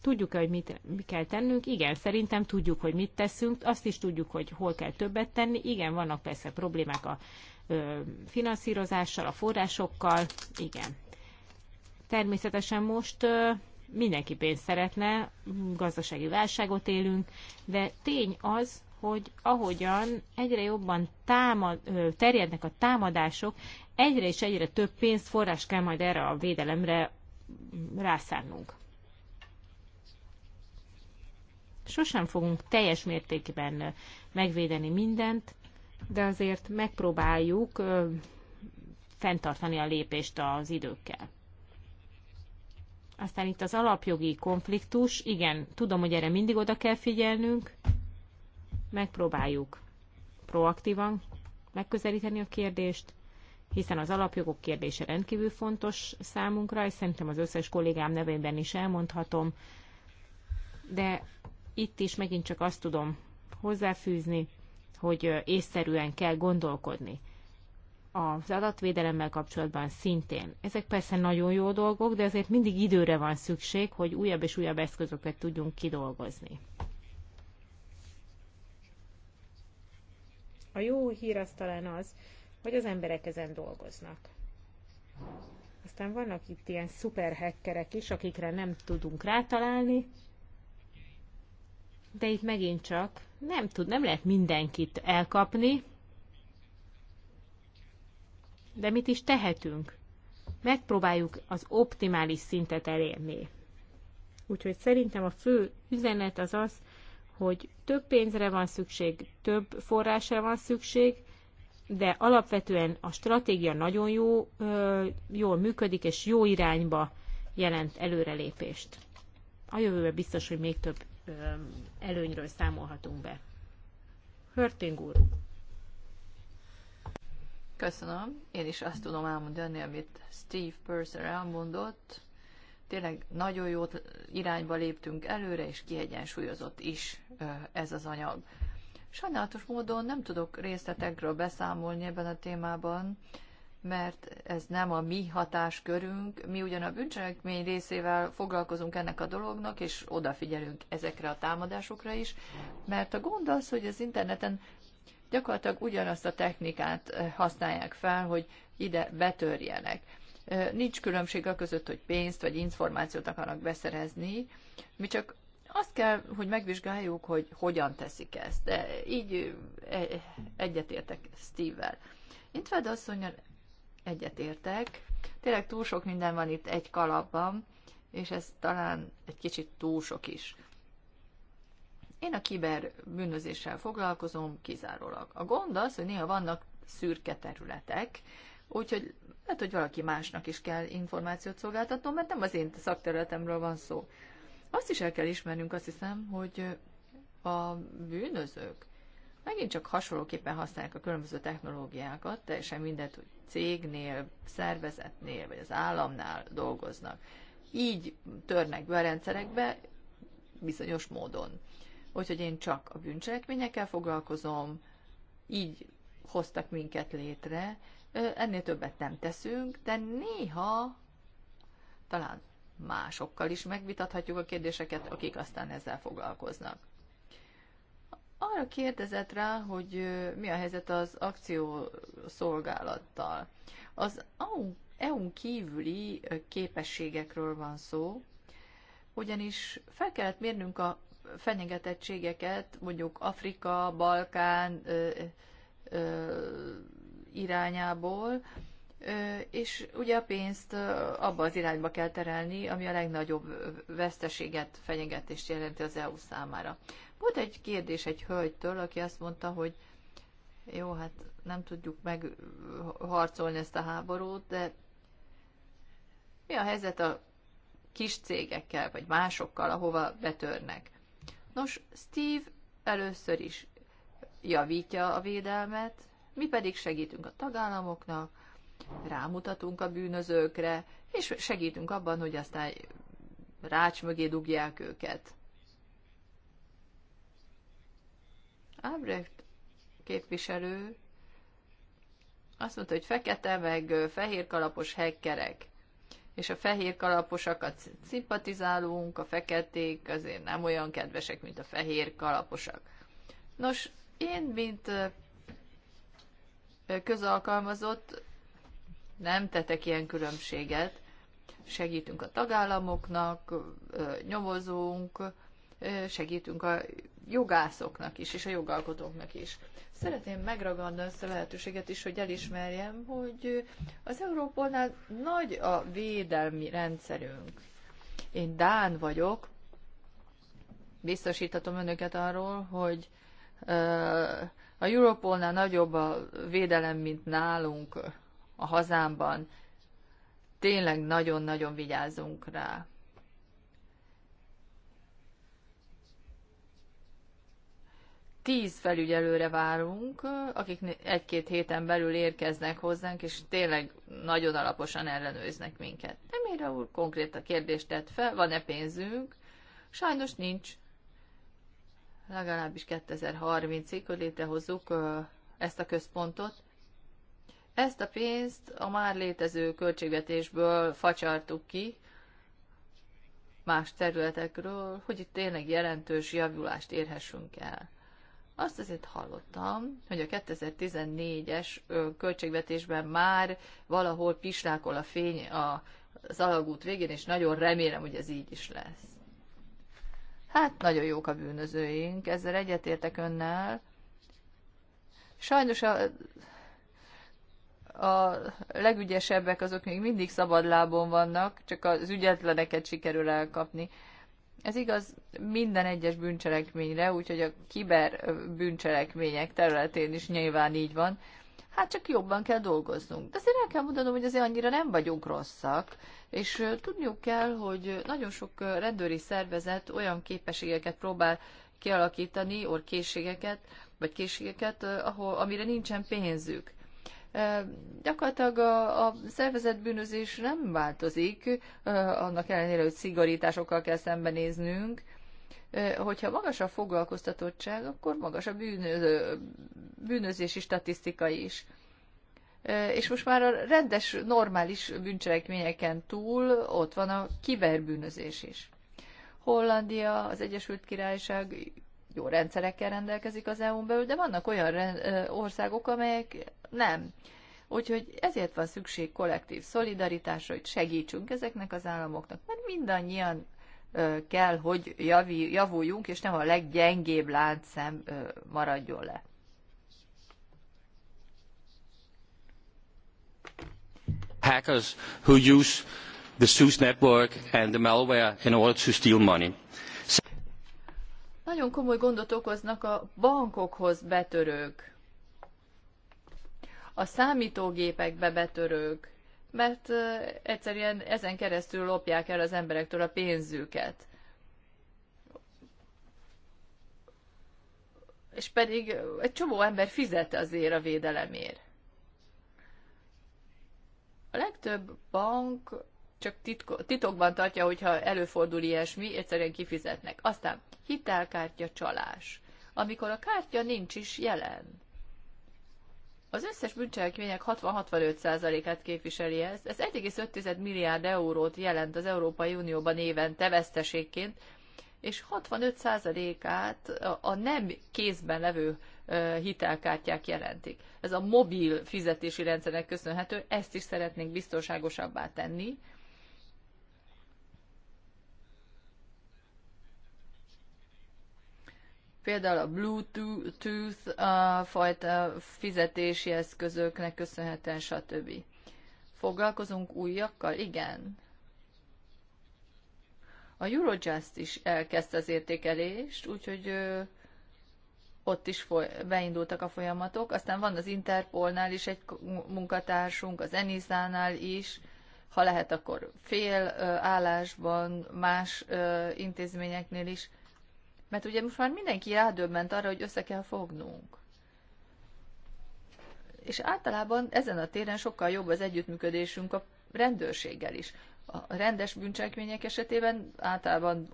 Tudjuk-e, hogy mit, mi kell tennünk? Igen, szerintem tudjuk, hogy mit teszünk, azt is tudjuk, hogy hol kell többet tenni. Igen, vannak persze problémák a ö, finanszírozással, a forrásokkal, igen. Természetesen most ö, mindenki pénzt szeretne, gazdasági válságot élünk, de tény az, hogy ahogyan egyre jobban támad, terjednek a támadások, egyre és egyre több pénzt, forrás kell majd erre a védelemre rászánnunk. Sosem fogunk teljes mértékben megvédeni mindent, de azért megpróbáljuk fenntartani a lépést az időkkel. Aztán itt az alapjogi konfliktus, igen, tudom, hogy erre mindig oda kell figyelnünk, megpróbáljuk proaktívan megközelíteni a kérdést, hiszen az alapjogok kérdése rendkívül fontos számunkra, és szerintem az összes kollégám nevében is elmondhatom, de itt is megint csak azt tudom hozzáfűzni, hogy észszerűen kell gondolkodni. Az adatvédelemmel kapcsolatban szintén. Ezek persze nagyon jó dolgok, de azért mindig időre van szükség, hogy újabb és újabb eszközöket tudjunk kidolgozni. A jó hír az talán az, hogy az emberek ezen dolgoznak. Aztán vannak itt ilyen hackerek is, akikre nem tudunk rátalálni, de itt megint csak nem tud, nem lehet mindenkit elkapni, de mit is tehetünk? Megpróbáljuk az optimális szintet elérni. Úgyhogy szerintem a fő üzenet az az, hogy több pénzre van szükség, több forrásra van szükség, de alapvetően a stratégia nagyon jó, jól működik, és jó irányba jelent előrelépést. A jövőben biztos, hogy még több előnyről számolhatunk be. Hörting úr. Köszönöm. Én is azt tudom elmondani, amit Steve Purser elmondott. Tényleg nagyon jó irányba léptünk előre, és kiegyensúlyozott is ez az anyag. Sajnálatos módon nem tudok részletekről beszámolni ebben a témában, mert ez nem a mi hatáskörünk, mi ugyan a bűncselekmény részével foglalkozunk ennek a dolognak, és odafigyelünk ezekre a támadásokra is, mert a gond az, hogy az interneten gyakorlatilag ugyanazt a technikát eh, használják fel, hogy ide betörjenek. Eh, nincs különbség a között, hogy pénzt vagy információt akarnak beszerezni, mi csak azt kell, hogy megvizsgáljuk, hogy hogyan teszik ezt. De így eh, egyetértek Steve-vel. Intved asszonyon egyetértek. Tényleg túl sok minden van itt egy kalapban, és ez talán egy kicsit túl sok is. Én a kiber bűnözéssel foglalkozom kizárólag. A gond az, hogy néha vannak szürke területek, úgyhogy lehet, hogy valaki másnak is kell információt szolgáltatnom, mert nem az én szakterületemről van szó. Azt is el kell ismernünk, azt hiszem, hogy a bűnözők megint csak hasonlóképpen használják a különböző technológiákat, teljesen mindent hogy cégnél, szervezetnél, vagy az államnál dolgoznak. Így törnek be a rendszerekbe bizonyos módon. Úgyhogy én csak a bűncselekményekkel foglalkozom, így hoztak minket létre, ennél többet nem teszünk, de néha talán másokkal is megvitathatjuk a kérdéseket, akik aztán ezzel foglalkoznak arra kérdezett rá, hogy mi a helyzet az akciószolgálattal. Az EU-n kívüli képességekről van szó, ugyanis fel kellett mérnünk a fenyegetettségeket, mondjuk Afrika, Balkán ö, ö, irányából, és ugye a pénzt abba az irányba kell terelni, ami a legnagyobb veszteséget, fenyegetést jelenti az EU számára. Volt egy kérdés egy hölgytől, aki azt mondta, hogy jó, hát nem tudjuk megharcolni ezt a háborút, de mi a helyzet a kis cégekkel, vagy másokkal, ahova betörnek? Nos, Steve először is javítja a védelmet, mi pedig segítünk a tagállamoknak, rámutatunk a bűnözőkre, és segítünk abban, hogy aztán rács mögé dugják őket. Ábrecht képviselő azt mondta, hogy fekete meg fehér kalapos hekkerek. És a fehér kalaposakat szimpatizálunk, a feketék azért nem olyan kedvesek, mint a fehér kalaposak. Nos, én, mint közalkalmazott, nem tettek ilyen különbséget. Segítünk a tagállamoknak, nyomozunk, segítünk a jogászoknak is, és a jogalkotóknak is. Szeretném megragadni ezt a lehetőséget is, hogy elismerjem, hogy az Európolnál nagy a védelmi rendszerünk. Én Dán vagyok, biztosíthatom önöket arról, hogy a Europolnál nagyobb a védelem, mint nálunk a hazámban. Tényleg nagyon-nagyon vigyázzunk rá. Tíz felügyelőre várunk, akik egy-két héten belül érkeznek hozzánk, és tényleg nagyon alaposan ellenőznek minket. ér, úr konkrét a kérdést tett fel, van-e pénzünk? Sajnos nincs. Legalábbis 2030-ig, hogy létrehozzuk ezt a központot. Ezt a pénzt a már létező költségvetésből facsartuk ki más területekről, hogy itt tényleg jelentős javulást érhessünk el. Azt azért hallottam, hogy a 2014-es költségvetésben már valahol pislákol a fény az alagút végén, és nagyon remélem, hogy ez így is lesz. Hát nagyon jók a bűnözőink, ezzel egyetértek önnel. Sajnos a a legügyesebbek azok még mindig szabadlábon vannak, csak az ügyetleneket sikerül elkapni. Ez igaz minden egyes bűncselekményre, úgyhogy a kiber bűncselekmények területén is nyilván így van. Hát csak jobban kell dolgoznunk. De azért el kell mondanom, hogy azért annyira nem vagyunk rosszak, és tudniuk kell, hogy nagyon sok rendőri szervezet olyan képességeket próbál kialakítani, or készségeket, vagy készségeket, ahol, amire nincsen pénzük. Gyakorlatilag a, a szervezetbűnözés nem változik, annak ellenére, hogy szigorításokkal kell szembenéznünk. Hogyha magas a foglalkoztatottság, akkor magas a bűnöző, bűnözési statisztika is. És most már a rendes, normális bűncselekményeken túl ott van a kiberbűnözés is. Hollandia, az Egyesült Királyság, jó rendszerekkel rendelkezik az EU-n belül, de vannak olyan országok, amelyek nem. Úgyhogy ezért van szükség kollektív szolidaritásra, hogy segítsünk ezeknek az államoknak, mert mindannyian kell, hogy javuljunk, és nem a leggyengébb láncszem maradjon le. Hackers who use the SUS network and the malware in order to steal money nagyon komoly gondot okoznak a bankokhoz betörők, a számítógépekbe betörők, mert egyszerűen ezen keresztül lopják el az emberektől a pénzüket. És pedig egy csomó ember fizet azért a védelemért. A legtöbb bank csak titko, titokban tartja, hogyha előfordul ilyesmi, egyszerűen kifizetnek. Aztán hitelkártya csalás, amikor a kártya nincs is jelen. Az összes bűncselekmények 60-65%-át képviseli ez. Ez 1,5 milliárd eurót jelent az Európai Unióban évente veszteségként, és 65%-át a nem kézben levő hitelkártyák jelentik. Ez a mobil fizetési rendszernek köszönhető, ezt is szeretnénk biztonságosabbá tenni, Például a Bluetooth a fajta fizetési eszközöknek köszönhetően, stb. Foglalkozunk újakkal? Igen. A Eurojust is elkezdte az értékelést, úgyhogy ott is beindultak a folyamatok. Aztán van az Interpolnál is egy munkatársunk, az Enisánál is, ha lehet, akkor fél állásban, más intézményeknél is. Mert ugye most már mindenki rádöbbent arra, hogy össze kell fognunk. És általában ezen a téren sokkal jobb az együttműködésünk a rendőrséggel is. A rendes bűncselekmények esetében általában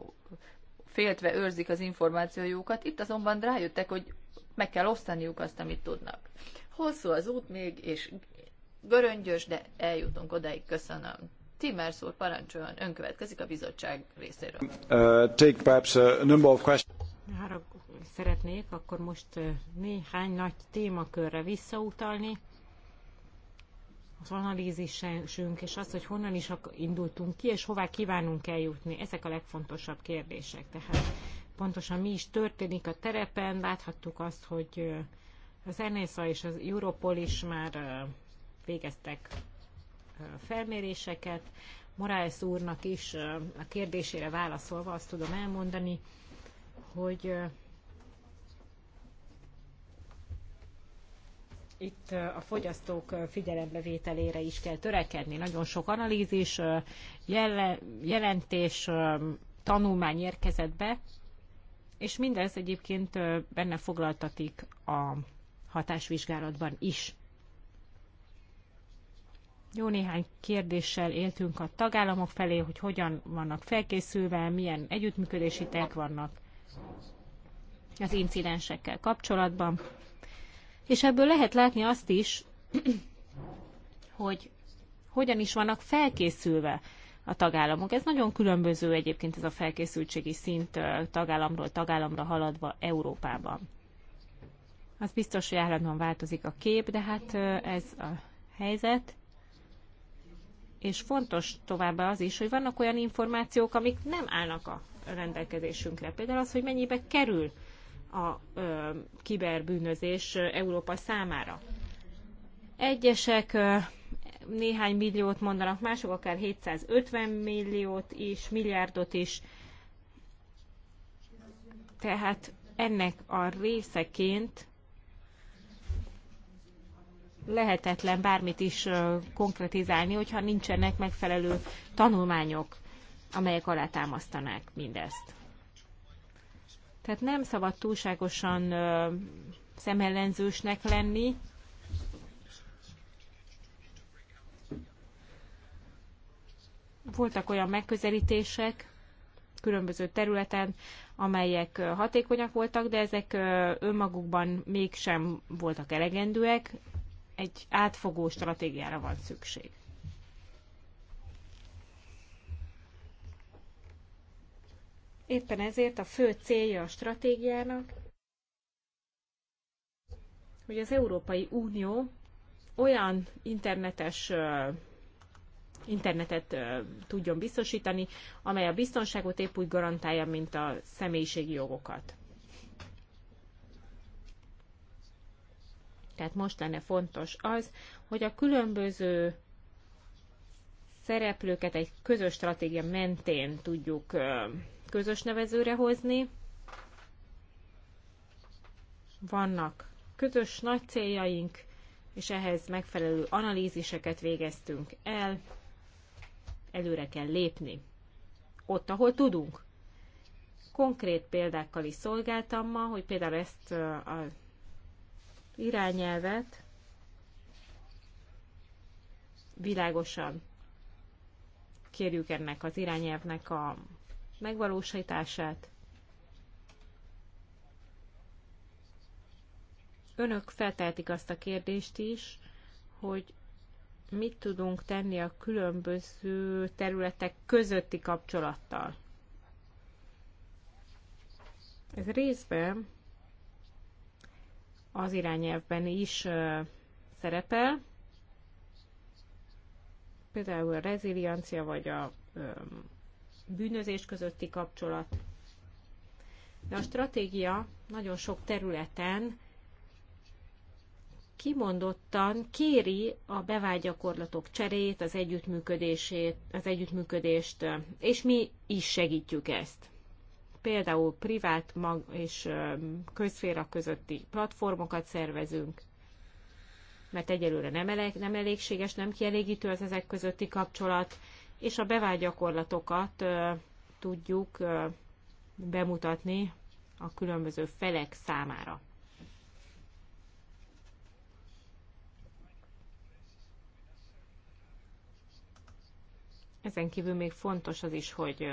féltve őrzik az információjukat, itt azonban rájöttek, hogy meg kell osztaniuk azt, amit tudnak. Hosszú az út még, és göröngyös, de eljutunk odaig. Köszönöm. Timmers úr, parancsoljon, ön következik a bizottság részéről. Uh, take perhaps a number of questions. Arra szeretnék akkor most uh, néhány nagy témakörre visszautalni. Az analízisünk, és az, hogy honnan is indultunk ki, és hová kívánunk eljutni. Ezek a legfontosabb kérdések. Tehát pontosan mi is történik a terepen, láthattuk azt, hogy uh, az NSA és az Europol is már uh, végeztek felméréseket. Morales úrnak is a kérdésére válaszolva azt tudom elmondani, hogy itt a fogyasztók figyelembevételére is kell törekedni. Nagyon sok analízis, jelentés, tanulmány érkezett be, és mindez egyébként benne foglaltatik a hatásvizsgálatban is jó néhány kérdéssel éltünk a tagállamok felé, hogy hogyan vannak felkészülve, milyen együttműködési terv vannak az incidensekkel kapcsolatban. És ebből lehet látni azt is, hogy hogyan is vannak felkészülve a tagállamok. Ez nagyon különböző egyébként ez a felkészültségi szint tagállamról tagállamra haladva Európában. Az biztos, hogy állandóan változik a kép, de hát ez a helyzet és fontos továbbá az is, hogy vannak olyan információk, amik nem állnak a rendelkezésünkre. Például az, hogy mennyibe kerül a ö, kiberbűnözés Európa számára. Egyesek ö, néhány milliót mondanak, mások akár 750 milliót is, milliárdot is. Tehát ennek a részeként lehetetlen bármit is konkretizálni, hogyha nincsenek megfelelő tanulmányok, amelyek alátámasztanák mindezt. Tehát nem szabad túlságosan szemellenzősnek lenni, voltak olyan megközelítések különböző területen, amelyek hatékonyak voltak, de ezek önmagukban mégsem voltak elegendőek, egy átfogó stratégiára van szükség. Éppen ezért a fő célja a stratégiának, hogy az Európai Unió olyan internetes internetet tudjon biztosítani, amely a biztonságot épp úgy garantálja, mint a személyiségi jogokat. Tehát most lenne fontos az, hogy a különböző szereplőket egy közös stratégia mentén tudjuk közös nevezőre hozni. Vannak közös nagy céljaink, és ehhez megfelelő analíziseket végeztünk el. Előre kell lépni. Ott, ahol tudunk. Konkrét példákkal is szolgáltam ma, hogy például ezt a irányelvet világosan kérjük ennek az irányelvnek a megvalósítását. Önök feltehetik azt a kérdést is, hogy mit tudunk tenni a különböző területek közötti kapcsolattal. Ez részben az irányelvben is szerepel, például a reziliancia vagy a bűnözés közötti kapcsolat. De a stratégia nagyon sok területen kimondottan kéri a bevágyakorlatok cserét, az együttműködését, az együttműködést, és mi is segítjük ezt például privát mag és közféra közötti platformokat szervezünk, mert egyelőre nem, elég, nem elégséges, nem kielégítő az ezek közötti kapcsolat, és a bevált gyakorlatokat ö, tudjuk ö, bemutatni a különböző felek számára. Ezen kívül még fontos az is, hogy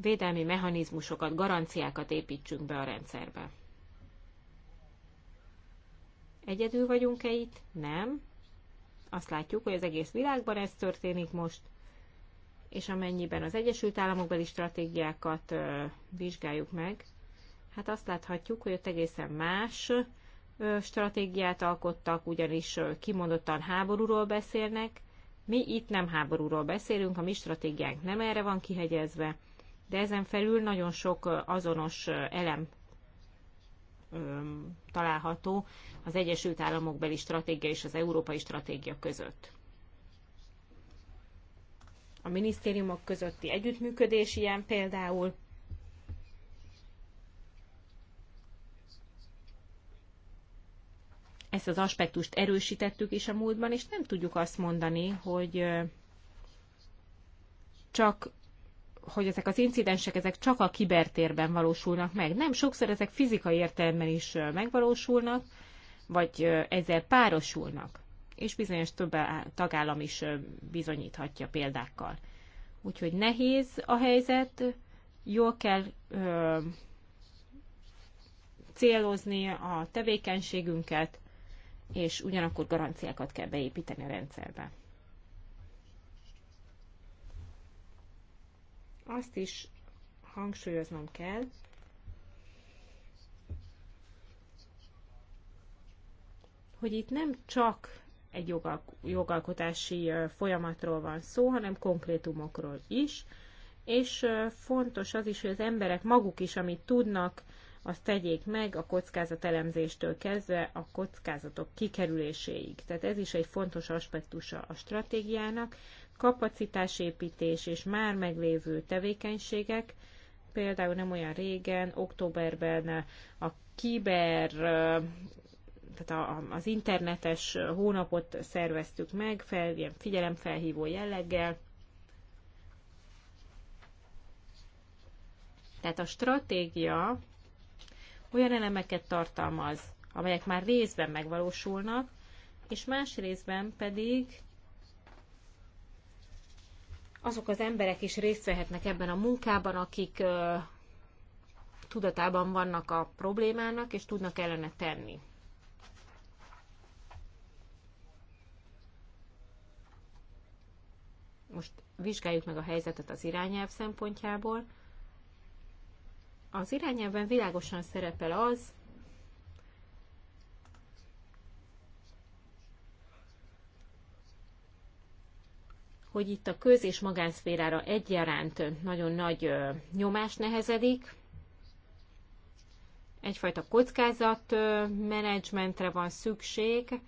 védelmi mechanizmusokat, garanciákat építsünk be a rendszerbe. Egyedül vagyunk-e itt? Nem. Azt látjuk, hogy az egész világban ez történik most, és amennyiben az Egyesült Államokbeli stratégiákat ö, vizsgáljuk meg, hát azt láthatjuk, hogy ott egészen más ö, stratégiát alkottak, ugyanis ö, kimondottan háborúról beszélnek. Mi itt nem háborúról beszélünk, a mi stratégiánk nem erre van kihegyezve, de ezen felül nagyon sok azonos elem található az Egyesült Államok beli stratégia és az európai stratégia között. A minisztériumok közötti együttműködés ilyen például, ezt az aspektust erősítettük is a múltban, és nem tudjuk azt mondani, hogy csak hogy ezek az incidensek ezek csak a kibertérben valósulnak meg. Nem, sokszor ezek fizikai értelemben is megvalósulnak, vagy ezzel párosulnak. És bizonyos több tagállam is bizonyíthatja példákkal. Úgyhogy nehéz a helyzet, jól kell ö, célozni a tevékenységünket, és ugyanakkor garanciákat kell beépíteni a rendszerbe. azt is hangsúlyoznom kell, hogy itt nem csak egy jogalkotási folyamatról van szó, hanem konkrétumokról is, és fontos az is, hogy az emberek maguk is, amit tudnak, azt tegyék meg a kockázatelemzéstől kezdve a kockázatok kikerüléséig. Tehát ez is egy fontos aspektusa a stratégiának, kapacitásépítés és már meglévő tevékenységek, például nem olyan régen, októberben a kiber, tehát az internetes hónapot szerveztük meg, fel, ilyen figyelemfelhívó jelleggel, Tehát a stratégia olyan elemeket tartalmaz, amelyek már részben megvalósulnak, és más részben pedig azok az emberek is részt vehetnek ebben a munkában, akik tudatában vannak a problémának, és tudnak ellene tenni. Most vizsgáljuk meg a helyzetet az irányelv szempontjából. Az irányelvben világosan szerepel az, hogy itt a köz- és magánszférára egyaránt nagyon nagy nyomás nehezedik, egyfajta menedzsmentre van szükség,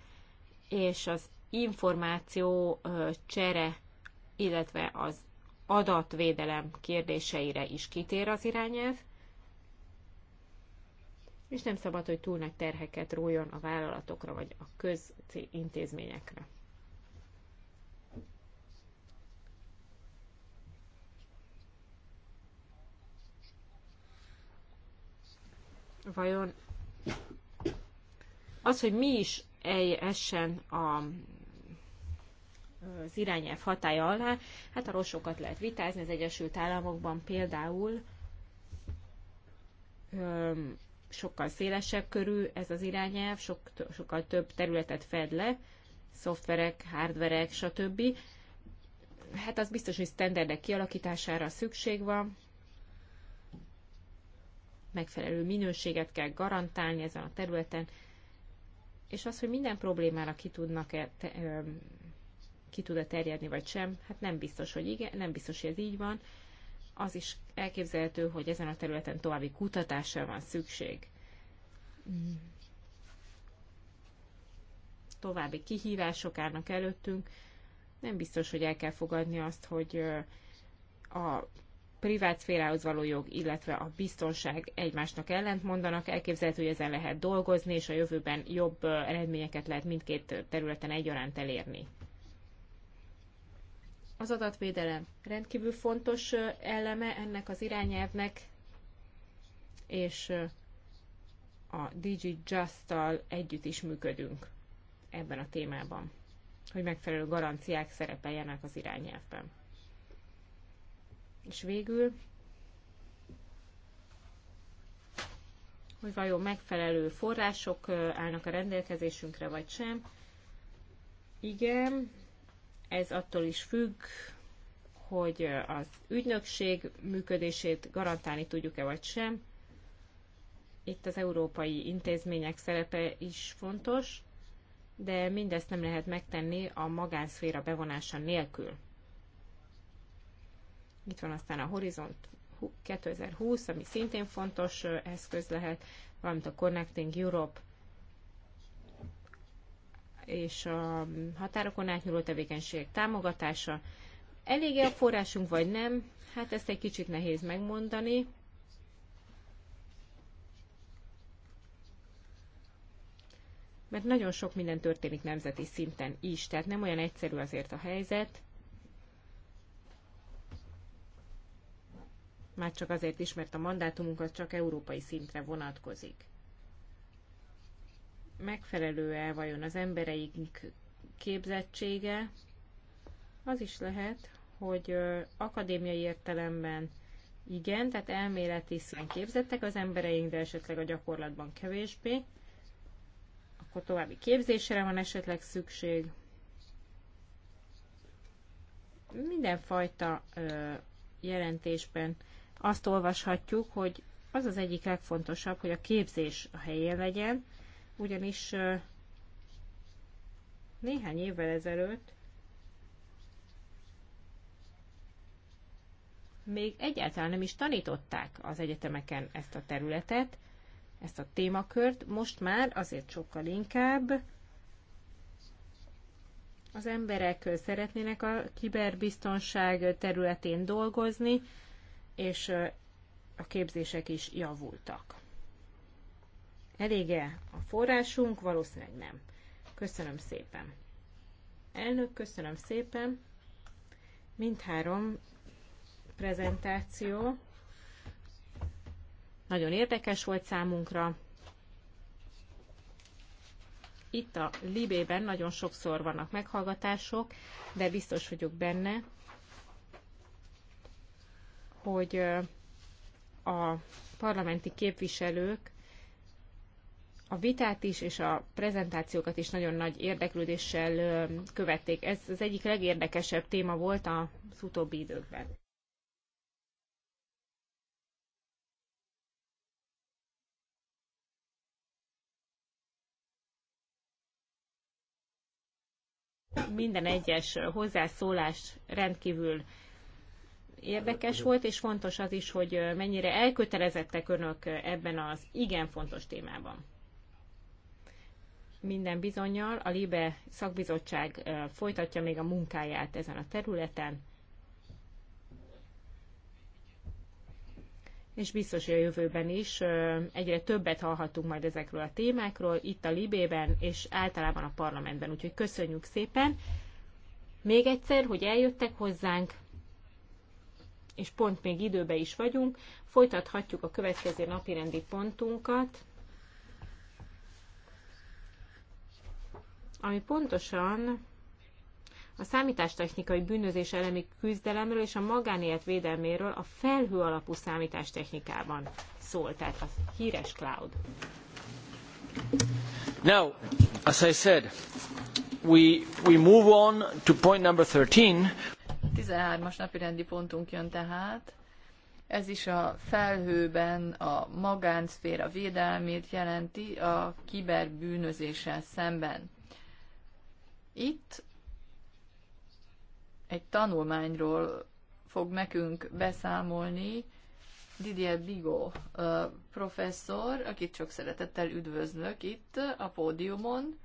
és az információ csere, illetve az adatvédelem kérdéseire is kitér az irányelv, és nem szabad, hogy túl nagy terheket rójon a vállalatokra vagy a közintézményekre. vajon az, hogy mi is essen a az irányelv hatája alá, hát arról sokat lehet vitázni. Az Egyesült Államokban például öm, sokkal szélesebb körül ez az irányelv, sok, sokkal több területet fed le, szoftverek, hardverek, stb. Hát az biztos, hogy standardek kialakítására szükség van, megfelelő minőséget kell garantálni ezen a területen, és az, hogy minden problémára ki tudnak -e, te, ki tud-e terjedni vagy sem, hát nem biztos, hogy igen, nem biztos, hogy ez így van. Az is elképzelhető, hogy ezen a területen további kutatásra van szükség. További kihívások állnak előttünk. Nem biztos, hogy el kell fogadni azt, hogy a szférához való jog, illetve a biztonság egymásnak ellent mondanak. Elképzelhető, hogy ezen lehet dolgozni, és a jövőben jobb eredményeket lehet mindkét területen egyaránt elérni. Az adatvédelem rendkívül fontos eleme ennek az irányelvnek, és a digijust tal együtt is működünk ebben a témában, hogy megfelelő garanciák szerepeljenek az irányelvben. És végül, hogy vajon megfelelő források állnak a rendelkezésünkre, vagy sem. Igen, ez attól is függ, hogy az ügynökség működését garantálni tudjuk-e, vagy sem. Itt az európai intézmények szerepe is fontos, de mindezt nem lehet megtenni a magánszféra bevonása nélkül. Itt van aztán a Horizont 2020, ami szintén fontos eszköz lehet, valamint a Connecting Europe és a határokon átnyúló tevékenységek támogatása. Elég-e a forrásunk, vagy nem? Hát ezt egy kicsit nehéz megmondani. Mert nagyon sok minden történik nemzeti szinten is, tehát nem olyan egyszerű azért a helyzet. már csak azért is, mert a mandátumunk az csak európai szintre vonatkozik. Megfelelő-e vajon az embereink képzettsége? Az is lehet, hogy akadémiai értelemben igen, tehát elméleti szinten képzettek az embereink, de esetleg a gyakorlatban kevésbé. Akkor további képzésre van esetleg szükség. Mindenfajta ö, jelentésben azt olvashatjuk, hogy az az egyik legfontosabb, hogy a képzés a helyén legyen, ugyanis néhány évvel ezelőtt még egyáltalán nem is tanították az egyetemeken ezt a területet, ezt a témakört, most már azért sokkal inkább az emberek szeretnének a kiberbiztonság területén dolgozni, és a képzések is javultak. Elége a forrásunk? Valószínűleg nem. Köszönöm szépen. Elnök, köszönöm szépen. Mindhárom prezentáció nagyon érdekes volt számunkra. Itt a Libében nagyon sokszor vannak meghallgatások, de biztos vagyok benne, hogy a parlamenti képviselők a vitát is és a prezentációkat is nagyon nagy érdeklődéssel követték. Ez az egyik legérdekesebb téma volt az utóbbi időkben. Minden egyes hozzászólás rendkívül érdekes volt, és fontos az is, hogy mennyire elkötelezettek önök ebben az igen fontos témában. Minden bizonyal a LIBE szakbizottság folytatja még a munkáját ezen a területen, és biztos, hogy a jövőben is egyre többet hallhatunk majd ezekről a témákról, itt a Libében és általában a parlamentben. Úgyhogy köszönjük szépen még egyszer, hogy eljöttek hozzánk, és pont még időbe is vagyunk, folytathatjuk a következő napirendi pontunkat, ami pontosan a számítástechnikai bűnözés elemi küzdelemről és a magánélet védelméről a felhő alapú számítástechnikában szól, tehát a híres cloud. Now, as I said, we, we move on to point number 13. 13-as napi rendi pontunk jön tehát. Ez is a felhőben a magánszféra védelmét jelenti a kiberbűnözéssel szemben. Itt egy tanulmányról fog nekünk beszámolni Didier Bigo professzor, akit sok szeretettel üdvözlök itt a pódiumon.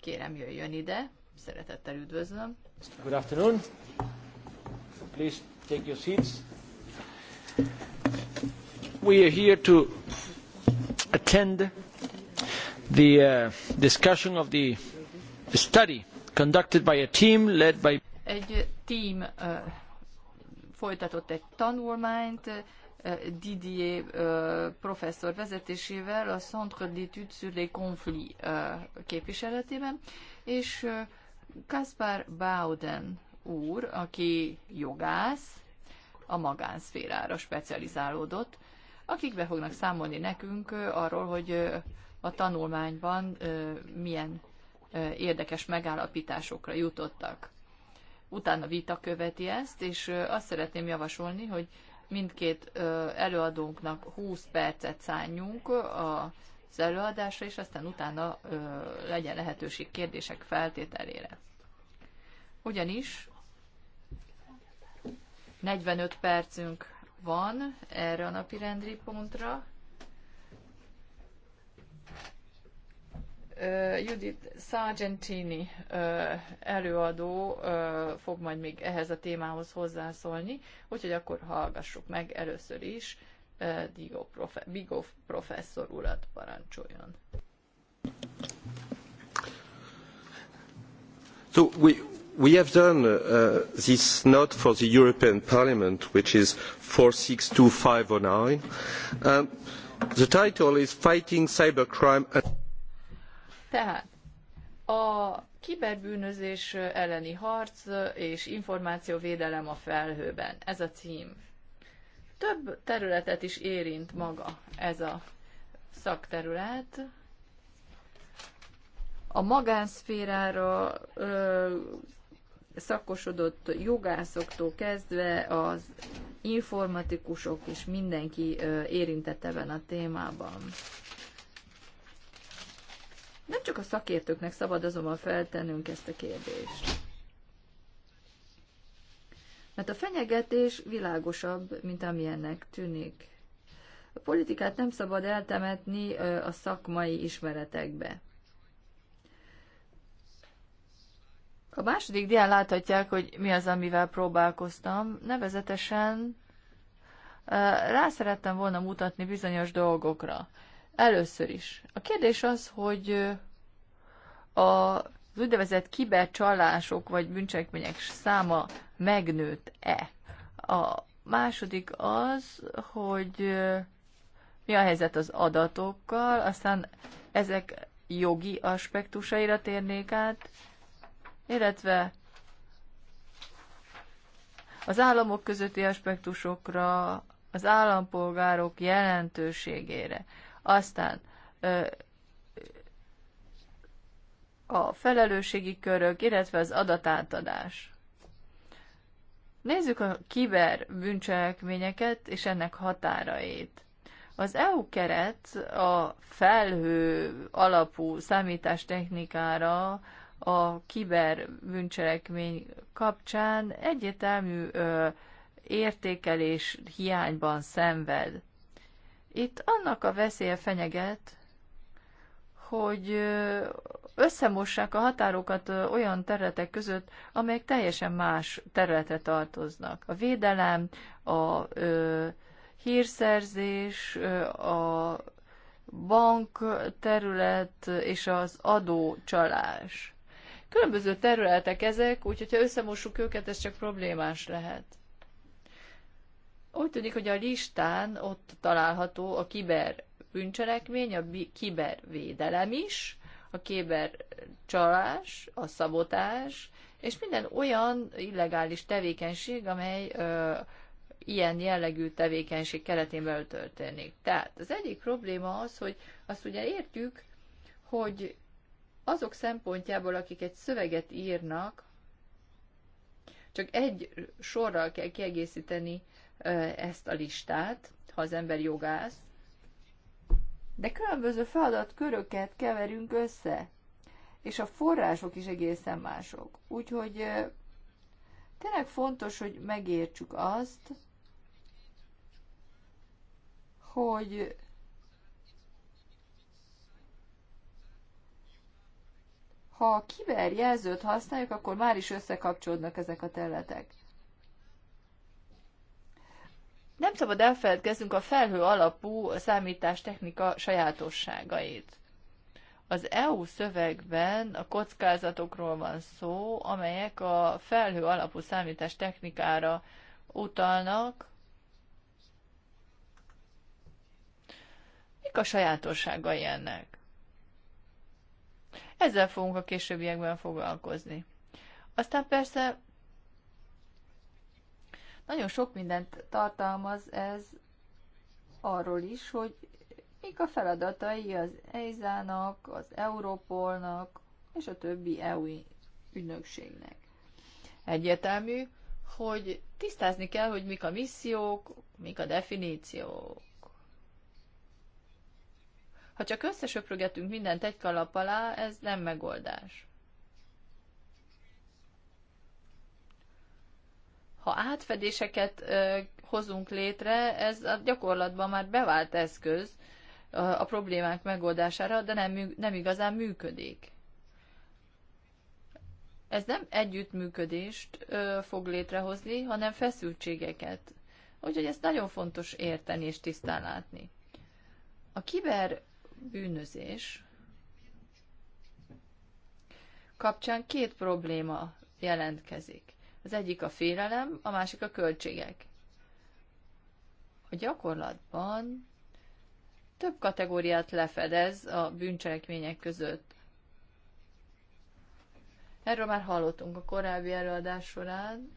Kérem, jöjjön ide. Szeretettel üdvözlöm. Good afternoon. Please take your seats. We are here to attend the uh, discussion of the study conducted by a team led by egy team uh, folytatott egy tanulmányt uh, Didier uh, professzor vezetésével a Centre d'études sur les conflits uh, képviseletében, és uh, Kaspar Bauden úr, aki jogász, a magánszférára specializálódott, akik be fognak számolni nekünk arról, hogy a tanulmányban milyen érdekes megállapításokra jutottak. Utána vita követi ezt, és azt szeretném javasolni, hogy mindkét előadónknak 20 percet szálljunk a az előadásra, és aztán utána ö, legyen lehetőség kérdések feltételére. Ugyanis 45 percünk van erre a napi rendri pontra. Uh, Judith Sargentini uh, előadó uh, fog majd még ehhez a témához hozzászólni, úgyhogy akkor hallgassuk meg először is Digo profe- Bigo professzor urat parancsoljon. So we, we have done uh, this note for the European Parliament, which is 462509. Um, the title is Fighting Cybercrime. And... Tehát a kiberbűnözés elleni harc és információvédelem a felhőben. Ez a cím. Több területet is érint maga ez a szakterület. A magánszférára ö, szakosodott jogászoktól kezdve az informatikusok és mindenki érintett ebben a témában. Nem csak a szakértőknek szabad azonban feltennünk ezt a kérdést. Mert a fenyegetés világosabb, mint amilyennek tűnik. A politikát nem szabad eltemetni a szakmai ismeretekbe. A második dián láthatják, hogy mi az, amivel próbálkoztam. Nevezetesen rá szerettem volna mutatni bizonyos dolgokra. Először is. A kérdés az, hogy a az úgynevezett kibercsalások vagy bűncselekmények száma megnőtt-e? A második az, hogy mi a helyzet az adatokkal, aztán ezek jogi aspektusaira térnék át, illetve az államok közötti aspektusokra, az állampolgárok jelentőségére. Aztán a felelősségi körök, illetve az adatátadás. Nézzük a kiber bűncselekményeket és ennek határait. Az EU keret a felhő alapú számítástechnikára a kiber bűncselekmény kapcsán egyértelmű ö, értékelés hiányban szenved. Itt annak a veszélye fenyeget, hogy összemossák a határokat olyan területek között, amelyek teljesen más területre tartoznak. A védelem, a ö, hírszerzés, a bank terület és az adócsalás. Különböző területek ezek, úgyhogy ha összemossuk őket, ez csak problémás lehet. Úgy tűnik, hogy a listán ott található a kiber bűncselekmény, a kibervédelem is, a kibercsalás, a szabotás, és minden olyan illegális tevékenység, amely ö, ilyen jellegű tevékenység keretén belül történik. Tehát az egyik probléma az, hogy azt ugye értjük, hogy azok szempontjából, akik egy szöveget írnak, csak egy sorral kell kiegészíteni ezt a listát, ha az ember jogász, de különböző feladatköröket keverünk össze, és a források is egészen mások. Úgyhogy tényleg fontos, hogy megértsük azt, hogy ha a kiber jelzőt használjuk, akkor már is összekapcsolódnak ezek a területek. Nem szabad elfeledkeznünk a felhő alapú számítástechnika sajátosságait. Az EU szövegben a kockázatokról van szó, amelyek a felhő alapú számítástechnikára utalnak. Mik a sajátosságai ennek? Ezzel fogunk a későbbiekben foglalkozni. Aztán persze nagyon sok mindent tartalmaz ez arról is, hogy mik a feladatai az EISA-nak, az Európolnak és a többi EU ügynökségnek. Egyetemű, hogy tisztázni kell, hogy mik a missziók, mik a definíciók. Ha csak összesöprögetünk mindent egy kalap alá, ez nem megoldás. ha átfedéseket hozunk létre, ez a gyakorlatban már bevált eszköz a problémák megoldására, de nem, nem igazán működik. Ez nem együttműködést fog létrehozni, hanem feszültségeket. Úgyhogy ezt nagyon fontos érteni és tisztán látni. A kiberbűnözés kapcsán két probléma jelentkezik. Az egyik a félelem, a másik a költségek. A gyakorlatban több kategóriát lefedez a bűncselekmények között. Erről már hallottunk a korábbi előadás során.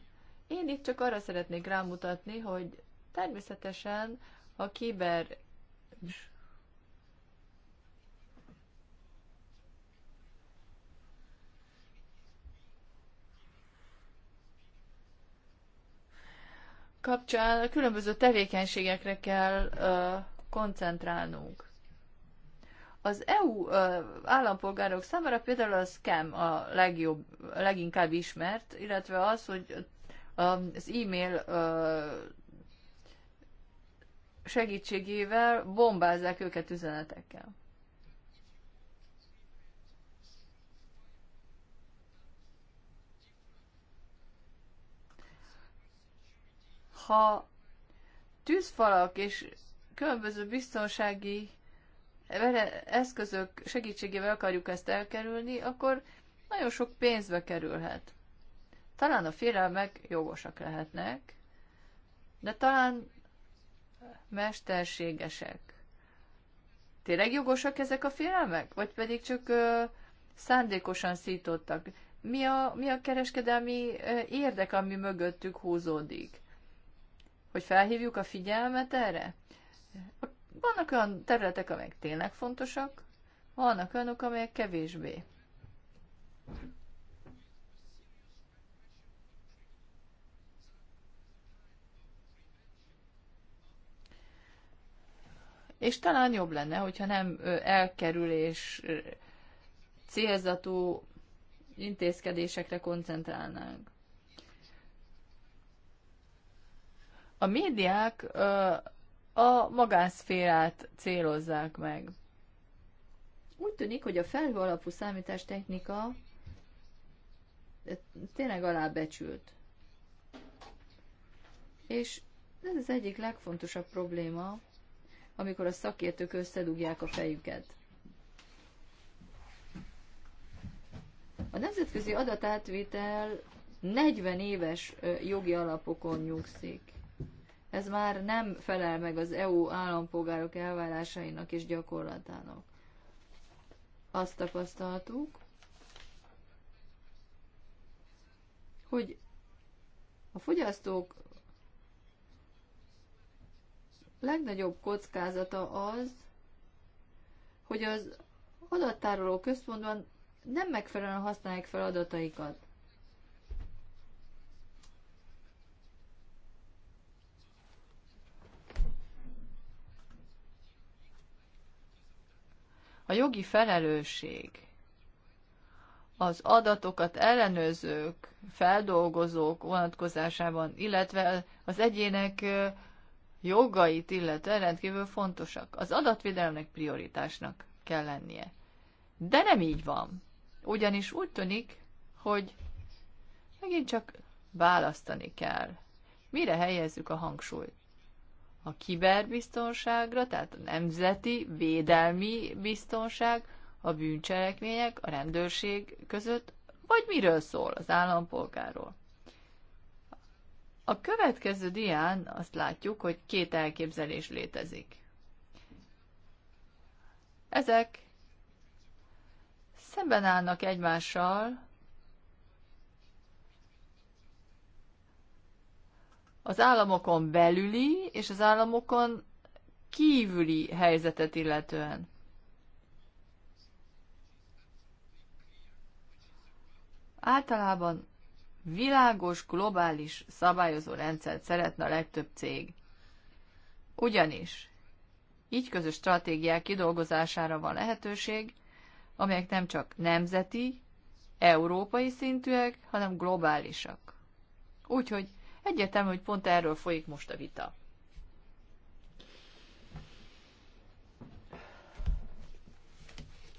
Én itt csak arra szeretnék rámutatni, hogy természetesen a kiber kapcsán különböző tevékenységekre kell ö, koncentrálnunk. Az EU ö, állampolgárok számára például a scam a legjobb, leginkább ismert, illetve az, hogy az e-mail ö, segítségével bombázzák őket üzenetekkel. ha tűzfalak és különböző biztonsági eszközök segítségével akarjuk ezt elkerülni, akkor nagyon sok pénzbe kerülhet. Talán a félelmek jogosak lehetnek, de talán mesterségesek. Tényleg jogosak ezek a félelmek? Vagy pedig csak ö, szándékosan szítottak? Mi a, mi a kereskedelmi érdek, ami mögöttük húzódik? hogy felhívjuk a figyelmet erre? Vannak olyan területek, amelyek tényleg fontosak, vannak olyanok, amelyek kevésbé. És talán jobb lenne, hogyha nem elkerülés célzatú intézkedésekre koncentrálnánk. A médiák a magánszférát célozzák meg. Úgy tűnik, hogy a felhő alapú számítástechnika eh, tényleg alábecsült. És ez az egyik legfontosabb probléma, amikor a szakértők összedugják a fejüket. A nemzetközi adatátvitel 40 éves eh, jogi alapokon nyugszik ez már nem felel meg az EU állampolgárok elvárásainak és gyakorlatának. Azt tapasztaltuk, hogy a fogyasztók legnagyobb kockázata az, hogy az adattároló központban nem megfelelően használják fel adataikat. A jogi felelősség az adatokat ellenőrzők, feldolgozók vonatkozásában, illetve az egyének jogait illetve rendkívül fontosak. Az adatvédelemnek prioritásnak kell lennie. De nem így van. Ugyanis úgy tűnik, hogy megint csak választani kell. Mire helyezzük a hangsúlyt? a kiberbiztonságra, tehát a nemzeti védelmi biztonság, a bűncselekmények, a rendőrség között, vagy miről szól az állampolgáról. A következő dián azt látjuk, hogy két elképzelés létezik. Ezek szemben állnak egymással, az államokon belüli és az államokon kívüli helyzetet illetően. Általában világos, globális szabályozó rendszert szeretne a legtöbb cég. Ugyanis így közös stratégiák kidolgozására van lehetőség, amelyek nem csak nemzeti, európai szintűek, hanem globálisak. Úgyhogy Egyértelmű, hogy pont erről folyik most a vita.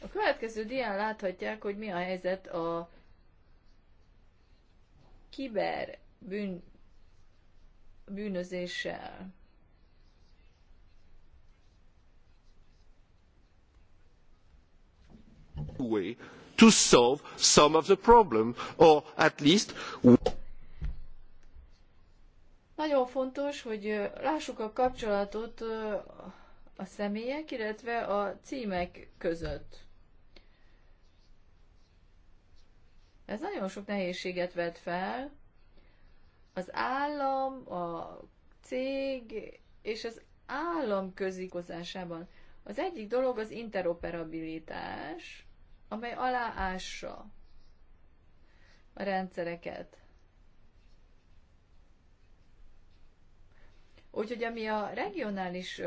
A következő dián láthatják, hogy mi a helyzet a kiber bűn, bűnözéssel. way to solve some of the problem or at least nagyon fontos, hogy lássuk a kapcsolatot a személyek, illetve a címek között. Ez nagyon sok nehézséget vet fel. Az állam, a cég és az állam közigazásában. Az egyik dolog az interoperabilitás, amely aláássa a rendszereket. Úgyhogy ami a regionális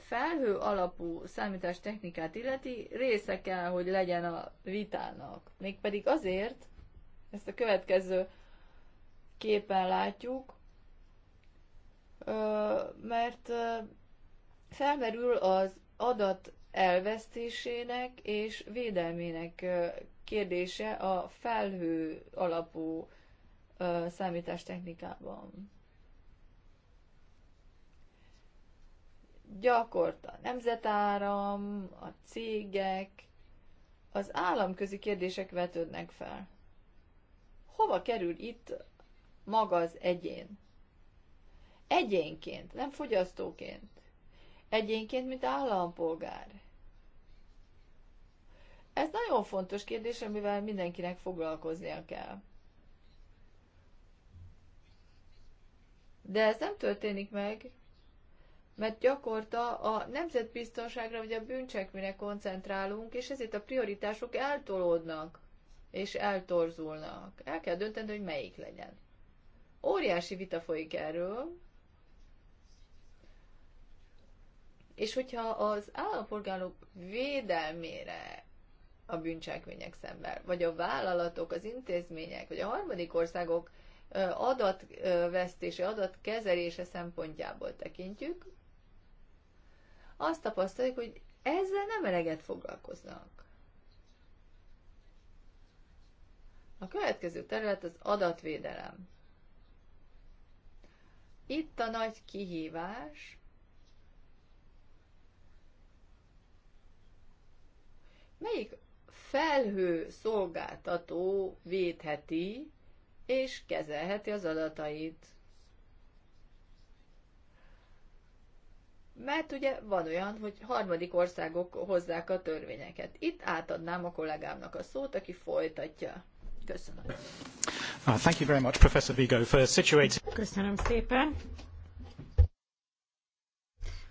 felhő alapú technikát illeti, része kell, hogy legyen a vitának. Mégpedig azért, ezt a következő képen látjuk, mert felmerül az adat elvesztésének és védelmének kérdése a felhő alapú számítástechnikában. gyakorta a nemzetáram, a cégek, az államközi kérdések vetődnek fel. Hova kerül itt maga az egyén? Egyénként, nem fogyasztóként. Egyénként, mint állampolgár. Ez nagyon fontos kérdés, amivel mindenkinek foglalkoznia kell. De ez nem történik meg, mert gyakorta a nemzetbiztonságra vagy a bűncsekmire koncentrálunk, és ezért a prioritások eltolódnak és eltorzulnak. El kell dönteni, hogy melyik legyen. Óriási vita folyik erről, és hogyha az állampolgárok védelmére a bűncselekmények szemben, vagy a vállalatok, az intézmények, vagy a harmadik országok adatvesztése, adatkezelése szempontjából tekintjük, azt tapasztaljuk, hogy ezzel nem eleget foglalkoznak. A következő terület az adatvédelem. Itt a nagy kihívás. Melyik felhő szolgáltató védheti és kezelheti az adatait? mert ugye van olyan, hogy harmadik országok hozzák a törvényeket. Itt átadnám a kollégámnak a szót, aki folytatja. Köszönöm. Uh, thank you very much, Professor Vigo, for situating... Köszönöm szépen.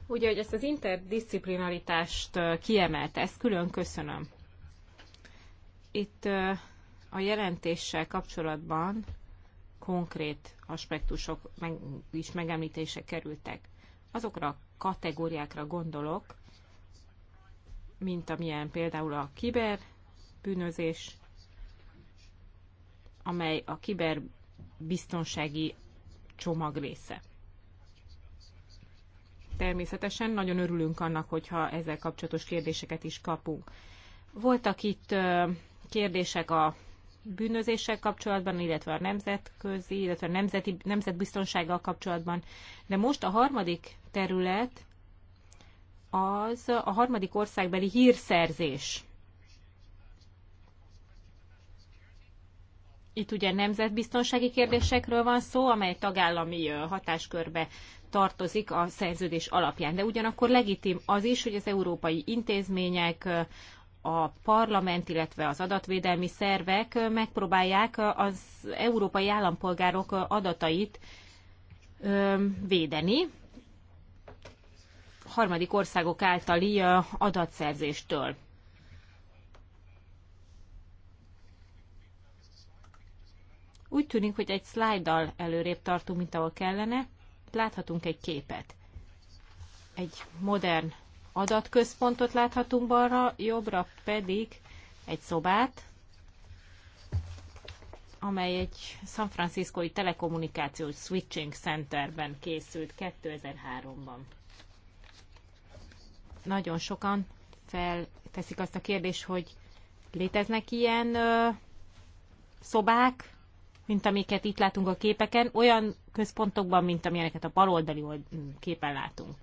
Ugye, hogy ezt az interdisciplinaritást kiemelte, ezt külön köszönöm. Itt a jelentéssel kapcsolatban konkrét aspektusok is megemlítése kerültek azokra a kategóriákra gondolok, mint amilyen például a kiberbűnözés, amely a kiberbiztonsági csomag része. Természetesen nagyon örülünk annak, hogyha ezzel kapcsolatos kérdéseket is kapunk. Voltak itt kérdések a bűnözéssel kapcsolatban, illetve a nemzetközi, illetve a nemzeti, nemzetbiztonsággal kapcsolatban. De most a harmadik terület az a harmadik országbeli hírszerzés. Itt ugye nemzetbiztonsági kérdésekről van szó, amely tagállami hatáskörbe tartozik a szerződés alapján. De ugyanakkor legitim az is, hogy az európai intézmények a parlament, illetve az adatvédelmi szervek megpróbálják az európai állampolgárok adatait védeni harmadik országok általi adatszerzéstől. Úgy tűnik, hogy egy szlájddal előrébb tartunk, mint ahol kellene. Láthatunk egy képet. Egy modern adatközpontot láthatunk balra, jobbra pedig egy szobát, amely egy San Franciscoi telekommunikációs switching centerben készült 2003-ban. Nagyon sokan felteszik azt a kérdést, hogy léteznek ilyen ö, szobák, mint amiket itt látunk a képeken, olyan központokban, mint amilyeneket a baloldali mm, képen látunk.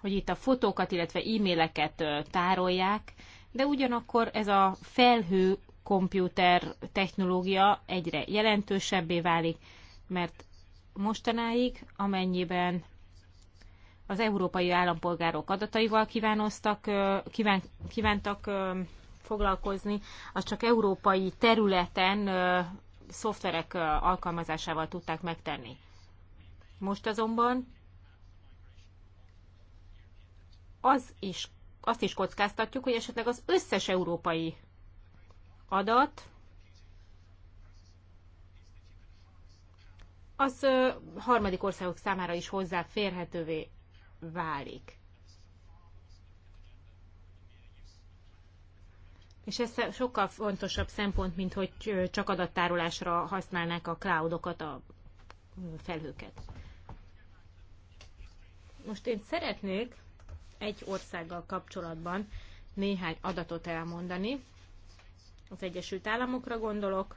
hogy itt a fotókat, illetve e-maileket tárolják, de ugyanakkor ez a felhő komputer technológia egyre jelentősebbé válik, mert mostanáig, amennyiben az európai állampolgárok adataival kívánoztak, kíván, kívántak foglalkozni, az csak európai területen szoftverek alkalmazásával tudták megtenni. Most azonban az is, azt is kockáztatjuk, hogy esetleg az összes európai adat az harmadik országok számára is hozzáférhetővé válik. És ez sokkal fontosabb szempont, mint hogy csak adattárolásra használnák a cloudokat, a felhőket. Most én szeretnék egy országgal kapcsolatban néhány adatot elmondani. Az Egyesült Államokra gondolok,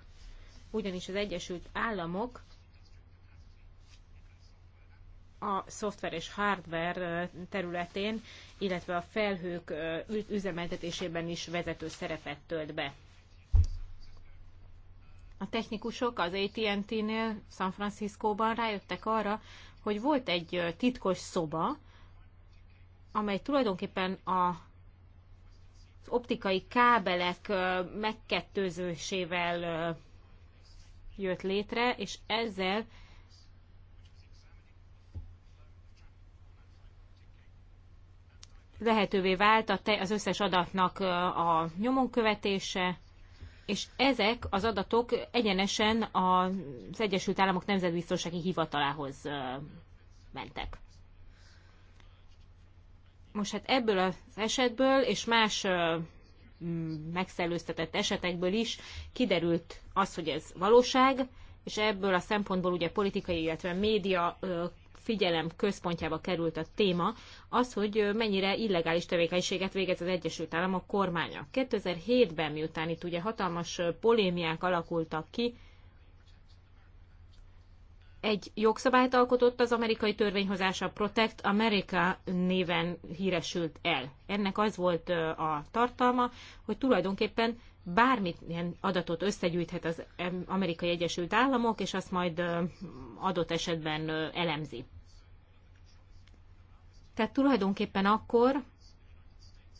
ugyanis az Egyesült Államok a szoftver és hardware területén, illetve a felhők üzemeltetésében is vezető szerepet tölt be. A technikusok az AT&T-nél San Francisco-ban rájöttek arra, hogy volt egy titkos szoba, amely tulajdonképpen a az optikai kábelek megkettőzésével jött létre, és ezzel lehetővé vált a te, az összes adatnak a nyomon követése, és ezek az adatok egyenesen az Egyesült Államok Nemzetbiztonsági Hivatalához mentek. Most hát ebből az esetből és más megszellőztetett esetekből is kiderült az, hogy ez valóság, és ebből a szempontból ugye politikai, illetve média figyelem központjába került a téma, az, hogy mennyire illegális tevékenységet végez az Egyesült Államok kormánya. 2007-ben, miután itt ugye hatalmas polémiák alakultak ki, egy jogszabályt alkotott az amerikai törvényhozása Protect America néven híresült el. Ennek az volt a tartalma, hogy tulajdonképpen bármit ilyen adatot összegyűjthet az amerikai Egyesült Államok, és azt majd adott esetben elemzi. Tehát tulajdonképpen akkor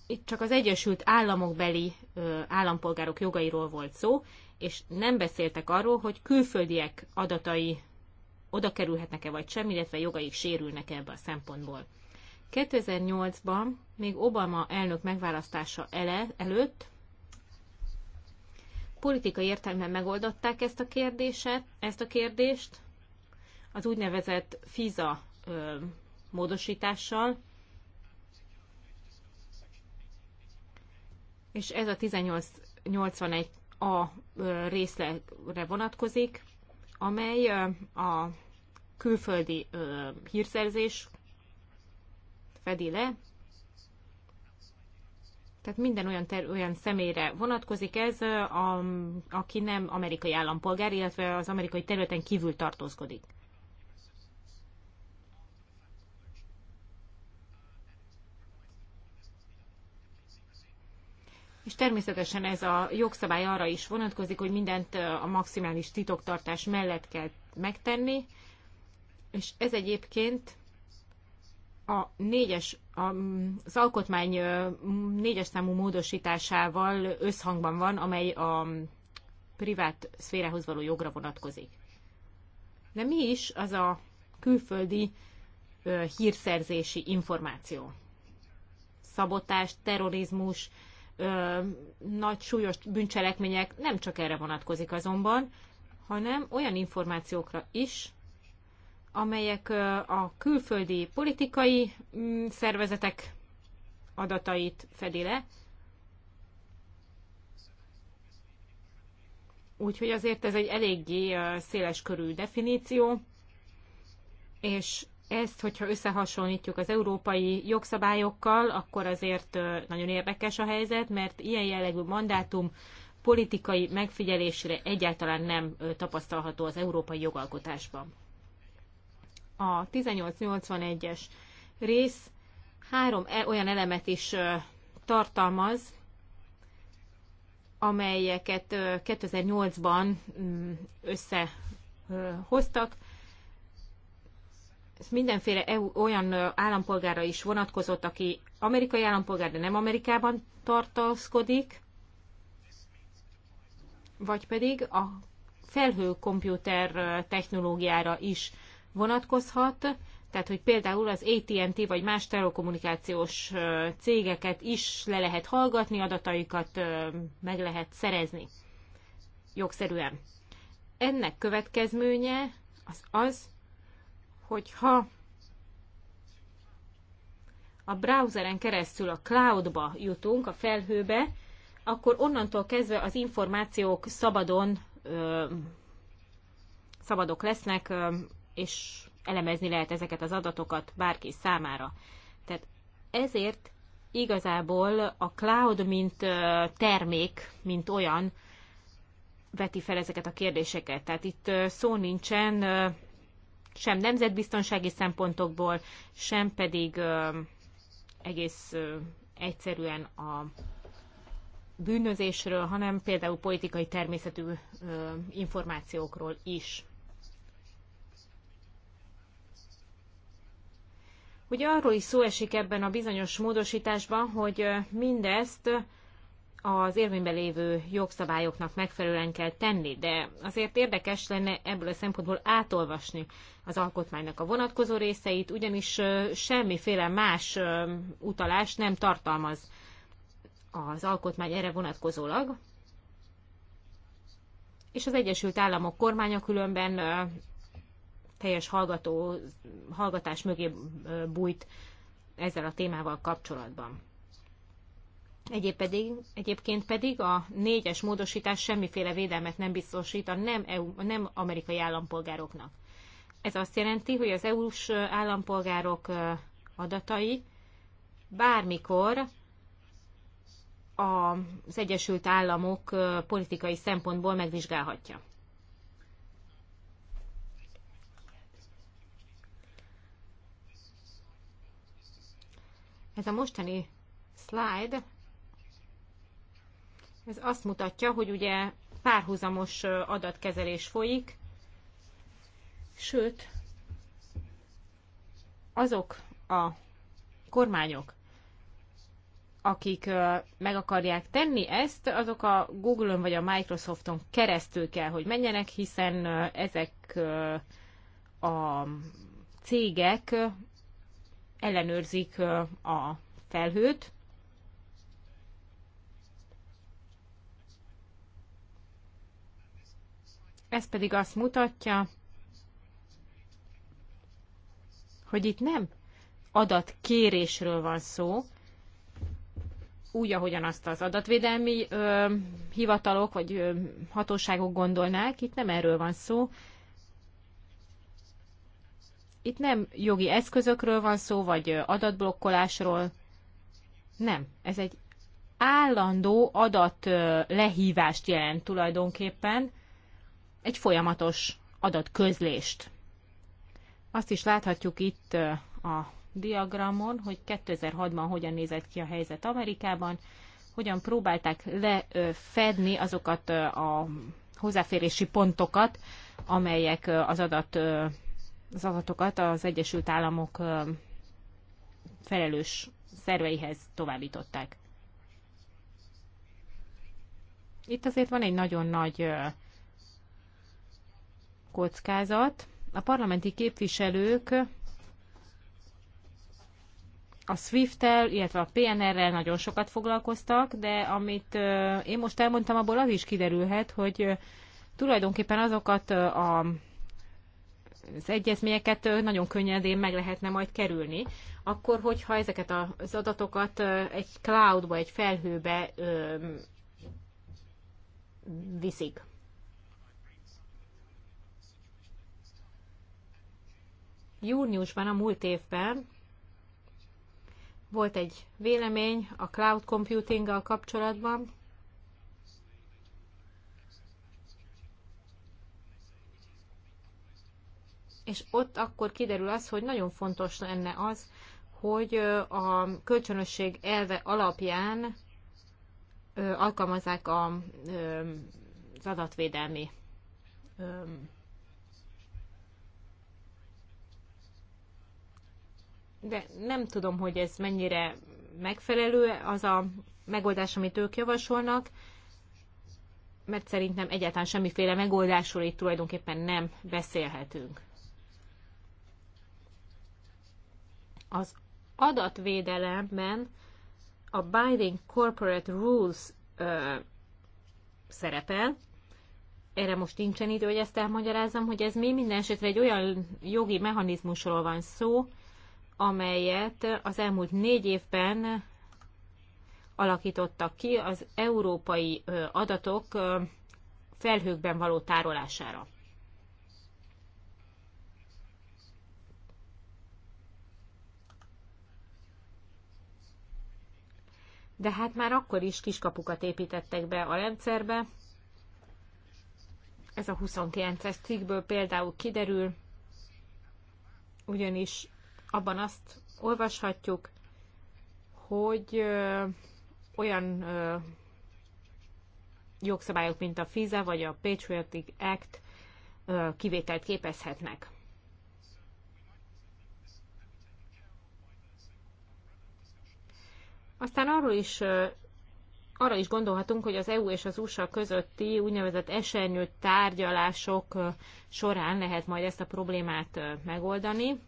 itt csak az Egyesült Államok beli állampolgárok jogairól volt szó, és nem beszéltek arról, hogy külföldiek adatai oda kerülhetnek-e vagy sem, illetve jogaik sérülnek-e ebbe a szempontból. 2008-ban, még Obama elnök megválasztása ele, előtt politikai értelemben megoldották ezt a, kérdéset, ezt a kérdést, az úgynevezett FISA ö, módosítással, és ez a 1881A részlegre vonatkozik, amely a külföldi hírszerzés fedi le, tehát minden olyan, ter- olyan személyre vonatkozik ez, a, aki nem amerikai állampolgár, illetve az amerikai területen kívül tartózkodik. és természetesen ez a jogszabály arra is vonatkozik, hogy mindent a maximális titoktartás mellett kell megtenni, és ez egyébként a négyes, az alkotmány négyes számú módosításával összhangban van, amely a privát szférához való jogra vonatkozik. De mi is az a külföldi hírszerzési információ? Szabotás, terrorizmus, ö, nagy súlyos bűncselekmények nem csak erre vonatkozik azonban, hanem olyan információkra is, amelyek a külföldi politikai mm, szervezetek adatait fedi le. Úgyhogy azért ez egy eléggé széles körű definíció, és ezt, hogyha összehasonlítjuk az európai jogszabályokkal, akkor azért nagyon érdekes a helyzet, mert ilyen jellegű mandátum politikai megfigyelésre egyáltalán nem tapasztalható az európai jogalkotásban. A 1881-es rész három e-, olyan elemet is tartalmaz, amelyeket 2008-ban mm, összehoztak, ez mindenféle EU, olyan állampolgára is vonatkozott, aki amerikai állampolgár, de nem Amerikában tartózkodik, vagy pedig a felhőkomputer technológiára is vonatkozhat, tehát hogy például az AT&T vagy más telekommunikációs cégeket is le lehet hallgatni, adataikat meg lehet szerezni jogszerűen. Ennek következménye az az, hogyha a browseren keresztül a cloudba jutunk, a felhőbe, akkor onnantól kezdve az információk szabadon ö, szabadok lesznek, ö, és elemezni lehet ezeket az adatokat bárki számára. Tehát ezért igazából a cloud, mint ö, termék, mint olyan, veti fel ezeket a kérdéseket. Tehát itt szó nincsen sem nemzetbiztonsági szempontokból, sem pedig ö, egész ö, egyszerűen a bűnözésről, hanem például politikai természetű ö, információkról is. Ugye arról is szó esik ebben a bizonyos módosításban, hogy mindezt az érvényben lévő jogszabályoknak megfelelően kell tenni, de azért érdekes lenne ebből a szempontból átolvasni az alkotmánynak a vonatkozó részeit, ugyanis semmiféle más utalás nem tartalmaz az alkotmány erre vonatkozólag, és az Egyesült Államok kormánya különben teljes hallgató, hallgatás mögé bújt ezzel a témával kapcsolatban. Egyéb pedig, egyébként pedig a négyes módosítás semmiféle védelmet nem biztosít a nem, EU, nem amerikai állampolgároknak. Ez azt jelenti, hogy az EU-s állampolgárok adatai bármikor az Egyesült Államok politikai szempontból megvizsgálhatja. Ez a mostani slide ez azt mutatja, hogy ugye párhuzamos adatkezelés folyik, sőt, azok a kormányok, akik meg akarják tenni ezt, azok a google on vagy a Microsofton keresztül kell, hogy menjenek, hiszen ezek a cégek ellenőrzik a felhőt, Ez pedig azt mutatja, hogy itt nem adatkérésről van szó, úgy, ahogyan azt az adatvédelmi ö, hivatalok vagy ö, hatóságok gondolnák, itt nem erről van szó. Itt nem jogi eszközökről van szó, vagy adatblokkolásról. Nem, ez egy állandó adatlehívást jelent tulajdonképpen, egy folyamatos adatközlést. Azt is láthatjuk itt a diagramon, hogy 2006-ban hogyan nézett ki a helyzet Amerikában, hogyan próbálták lefedni azokat a hozzáférési pontokat, amelyek az, adat, az adatokat az Egyesült Államok felelős szerveihez továbbították. Itt azért van egy nagyon nagy kockázat. A parlamenti képviselők a SWIFT-tel, illetve a PNR-rel nagyon sokat foglalkoztak, de amit én most elmondtam, abból az is kiderülhet, hogy tulajdonképpen azokat a az egyezményeket nagyon könnyedén meg lehetne majd kerülni, akkor hogyha ezeket az adatokat egy cloudba, egy felhőbe viszik. Júniusban, a múlt évben volt egy vélemény a cloud computinggal kapcsolatban, és ott akkor kiderül az, hogy nagyon fontos lenne az, hogy a kölcsönösség elve alapján alkalmazzák az adatvédelmi de nem tudom, hogy ez mennyire megfelelő az a megoldás, amit ők javasolnak, mert szerintem egyáltalán semmiféle megoldásról itt tulajdonképpen nem beszélhetünk. Az adatvédelemben a Binding Corporate Rules ö, szerepel. Erre most nincsen idő, hogy ezt elmagyarázzam, hogy ez mi minden esetre egy olyan jogi mechanizmusról van szó, amelyet az elmúlt négy évben alakítottak ki az európai adatok felhőkben való tárolására. De hát már akkor is kiskapukat építettek be a rendszerbe. Ez a 29-es cikkből például kiderül, ugyanis abban azt olvashatjuk, hogy olyan jogszabályok, mint a FISA vagy a Patriotic Act kivételt képezhetnek. Aztán arról is, arra is gondolhatunk, hogy az EU és az USA közötti úgynevezett esernyő tárgyalások során lehet majd ezt a problémát megoldani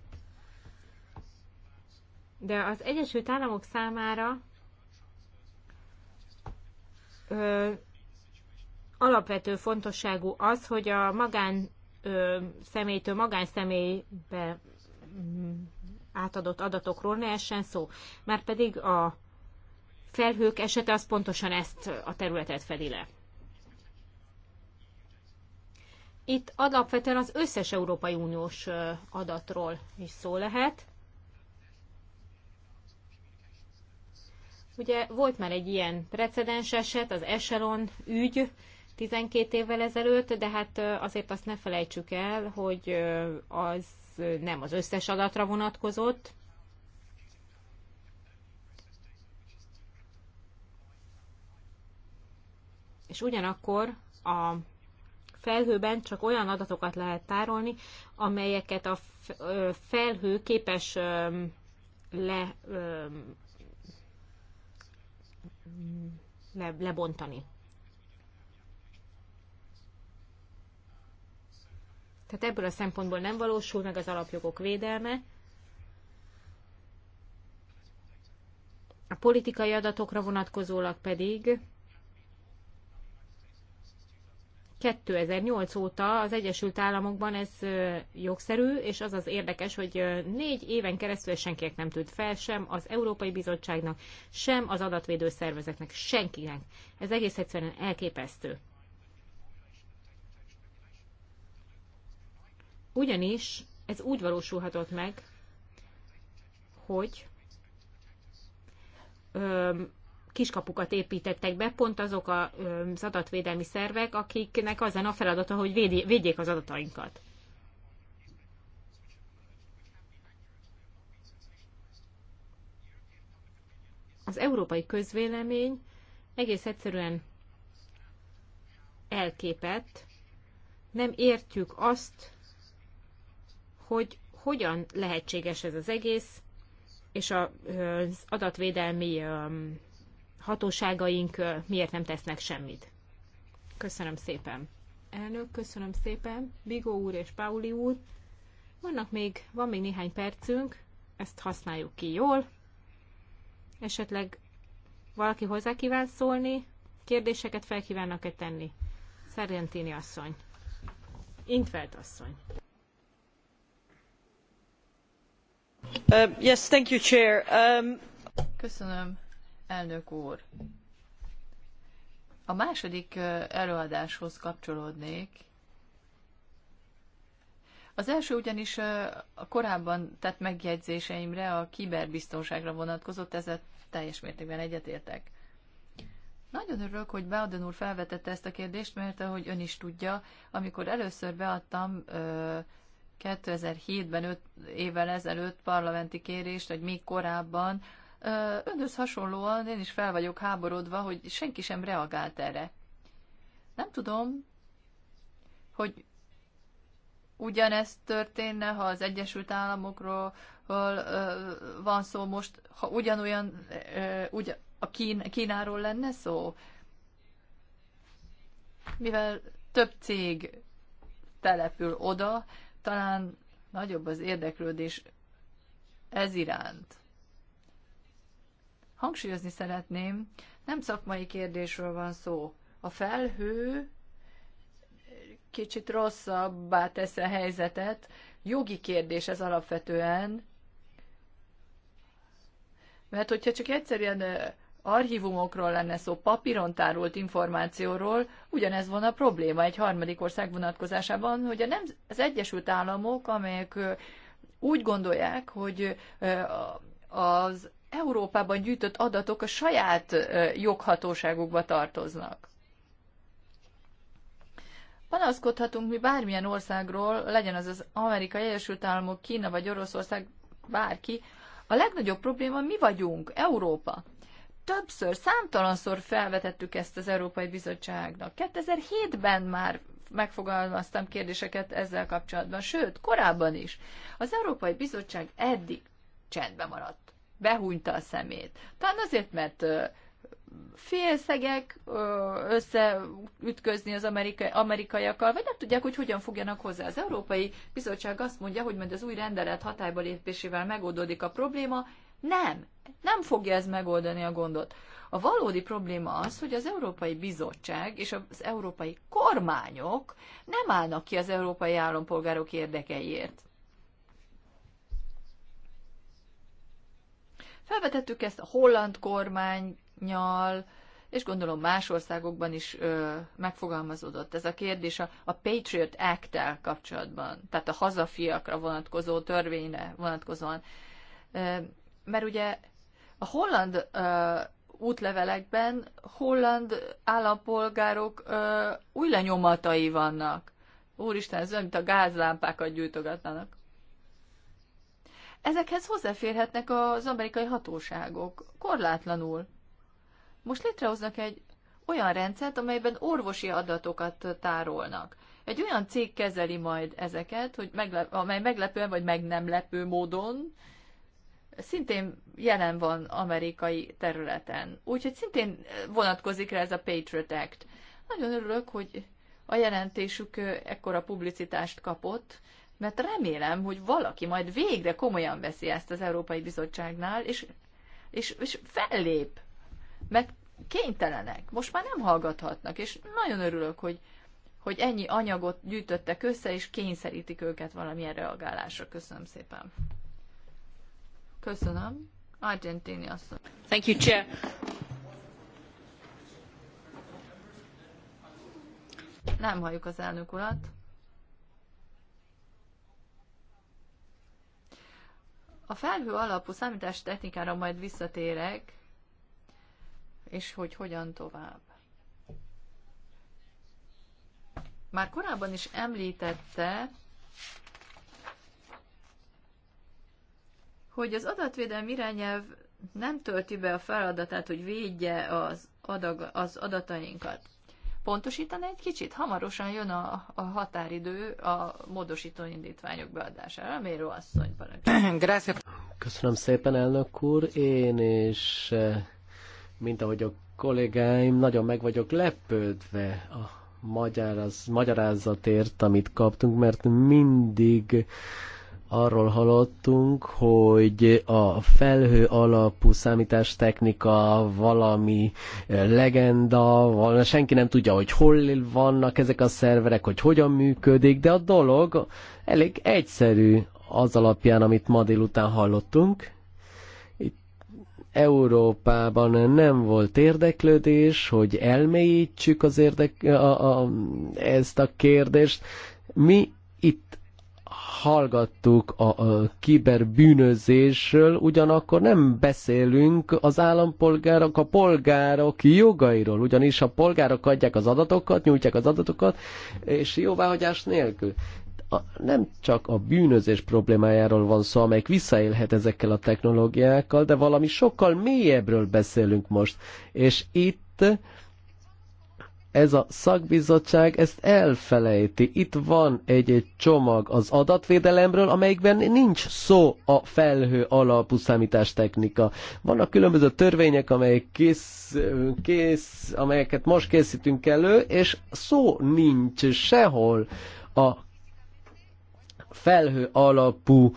de az Egyesült Államok számára ö, alapvető fontosságú az, hogy a magán ö, személytől magánszemélybe mm, átadott adatokról ne essen szó. mert pedig a felhők esete az pontosan ezt a területet fedi le. Itt alapvetően az összes Európai Uniós adatról is szó lehet, Ugye volt már egy ilyen precedens eset, az Echelon ügy 12 évvel ezelőtt, de hát azért azt ne felejtsük el, hogy az nem az összes adatra vonatkozott, és ugyanakkor a felhőben csak olyan adatokat lehet tárolni, amelyeket a felhő képes le le, lebontani. Tehát ebből a szempontból nem valósul meg az alapjogok védelme. A politikai adatokra vonatkozólag pedig 2008 óta az Egyesült Államokban ez jogszerű, és az az érdekes, hogy négy éven keresztül senkinek nem tűnt fel, sem az Európai Bizottságnak, sem az adatvédő szervezetnek, senkinek. Ez egész egyszerűen elképesztő. Ugyanis ez úgy valósulhatott meg, hogy kiskapukat építettek be, pont azok az adatvédelmi szervek, akiknek az a feladata, hogy védjék az adatainkat. Az európai közvélemény egész egyszerűen elképett, nem értjük azt, hogy hogyan lehetséges ez az egész, és az adatvédelmi hatóságaink miért nem tesznek semmit. Köszönöm szépen. Elnök, köszönöm szépen. Bigó úr és Pauli úr. Vannak még, van még néhány percünk, ezt használjuk ki jól. Esetleg valaki hozzá kíván szólni, kérdéseket fel kívánnak-e tenni? Szerentini asszony. Intfeld asszony. Uh, yes, thank you, Chair. Um... Köszönöm, elnök úr. A második előadáshoz kapcsolódnék. Az első ugyanis a korábban tett megjegyzéseimre a kiberbiztonságra vonatkozott, ezzel teljes mértékben egyetértek. Nagyon örülök, hogy Bowden úr felvetette ezt a kérdést, mert ahogy ön is tudja, amikor először beadtam 2007-ben, 5 évvel ezelőtt parlamenti kérést, vagy még korábban Önhöz hasonlóan én is fel vagyok háborodva, hogy senki sem reagált erre. Nem tudom, hogy ugyanezt történne, ha az Egyesült Államokról van szó most, ha ugyanolyan ugyan, a Kín, Kínáról lenne szó? Mivel több cég települ oda, talán nagyobb az érdeklődés ez iránt. Hangsúlyozni szeretném, nem szakmai kérdésről van szó. A felhő kicsit rosszabbá tesz a helyzetet. Jogi kérdés ez alapvetően, mert hogyha csak egyszerűen archívumokról lenne szó, papíron tárult információról, ugyanez volna a probléma egy harmadik ország vonatkozásában, hogy a nem, az Egyesült Államok, amelyek úgy gondolják, hogy az Európában gyűjtött adatok a saját joghatóságukba tartoznak. Panaszkodhatunk mi bármilyen országról, legyen az az Amerika Egyesült Államok, Kína vagy Oroszország, bárki. A legnagyobb probléma mi vagyunk, Európa. Többször, számtalanszor felvetettük ezt az Európai Bizottságnak. 2007-ben már megfogalmaztam kérdéseket ezzel kapcsolatban, sőt, korábban is. Az Európai Bizottság eddig csendben maradt behúnyta a szemét. Talán azért, mert félszegek összeütközni az amerikai, amerikaiakkal, vagy nem tudják, hogy hogyan fogjanak hozzá. Az Európai Bizottság azt mondja, hogy majd az új rendelet hatályba lépésével megoldódik a probléma. Nem, nem fogja ez megoldani a gondot. A valódi probléma az, hogy az Európai Bizottság és az európai kormányok nem állnak ki az európai állampolgárok érdekeiért. Felvetettük ezt a holland kormányjal, és gondolom más országokban is ö, megfogalmazódott ez a kérdés a, a Patriot Act-tel kapcsolatban, tehát a hazafiakra vonatkozó törvényre vonatkozóan. Ö, mert ugye a holland ö, útlevelekben holland állampolgárok ö, új lenyomatai vannak. Úristen, ez olyan, mint a gázlámpákat gyújtogatnának ezekhez hozzáférhetnek az amerikai hatóságok, korlátlanul. Most létrehoznak egy olyan rendszert, amelyben orvosi adatokat tárolnak. Egy olyan cég kezeli majd ezeket, hogy meglep, amely meglepően vagy meg nem lepő módon szintén jelen van amerikai területen. Úgyhogy szintén vonatkozik rá ez a Patriot Act. Nagyon örülök, hogy a jelentésük ekkora publicitást kapott, mert remélem, hogy valaki majd végre komolyan veszi ezt az Európai Bizottságnál, és, és, és fellép, mert kénytelenek, most már nem hallgathatnak, és nagyon örülök, hogy, hogy ennyi anyagot gyűjtöttek össze, és kényszerítik őket valamilyen reagálásra. Köszönöm szépen. Köszönöm. Argentini asszony. Thank you, Chair. Nem halljuk az elnök urat. A felhő alapú technikára majd visszatérek, és hogy hogyan tovább. Már korábban is említette, hogy az adatvédelmi irányelv nem tölti be a feladatát, hogy védje az, adag, az adatainkat pontosítani egy kicsit? Hamarosan jön a, a határidő a módosító indítványok beadására. Mérő asszony parancsolja. Köszönöm szépen, elnök úr. Én is, mint ahogy a kollégáim, nagyon meg vagyok lepődve a magyaraz, magyarázatért, amit kaptunk, mert mindig arról hallottunk, hogy a felhő alapú számítástechnika valami eh, legenda, valami, senki nem tudja, hogy hol vannak ezek a szerverek, hogy hogyan működik, de a dolog elég egyszerű az alapján, amit ma délután hallottunk. Itt Európában nem volt érdeklődés, hogy elmélyítsük az érdek, a, a, ezt a kérdést. Mi itt hallgattuk a, a kiberbűnözésről, ugyanakkor nem beszélünk az állampolgárok, a polgárok jogairól, ugyanis a polgárok adják az adatokat, nyújtják az adatokat, és jóváhagyás nélkül. A, nem csak a bűnözés problémájáról van szó, amelyik visszaélhet ezekkel a technológiákkal, de valami sokkal mélyebbről beszélünk most. És itt ez a szakbizottság ezt elfelejti. Itt van egy, egy csomag az adatvédelemről, amelyikben nincs szó a felhő alapú számítástechnika. Vannak különböző törvények, amelyek kész, kész, amelyeket most készítünk elő, és szó nincs sehol a felhő alapú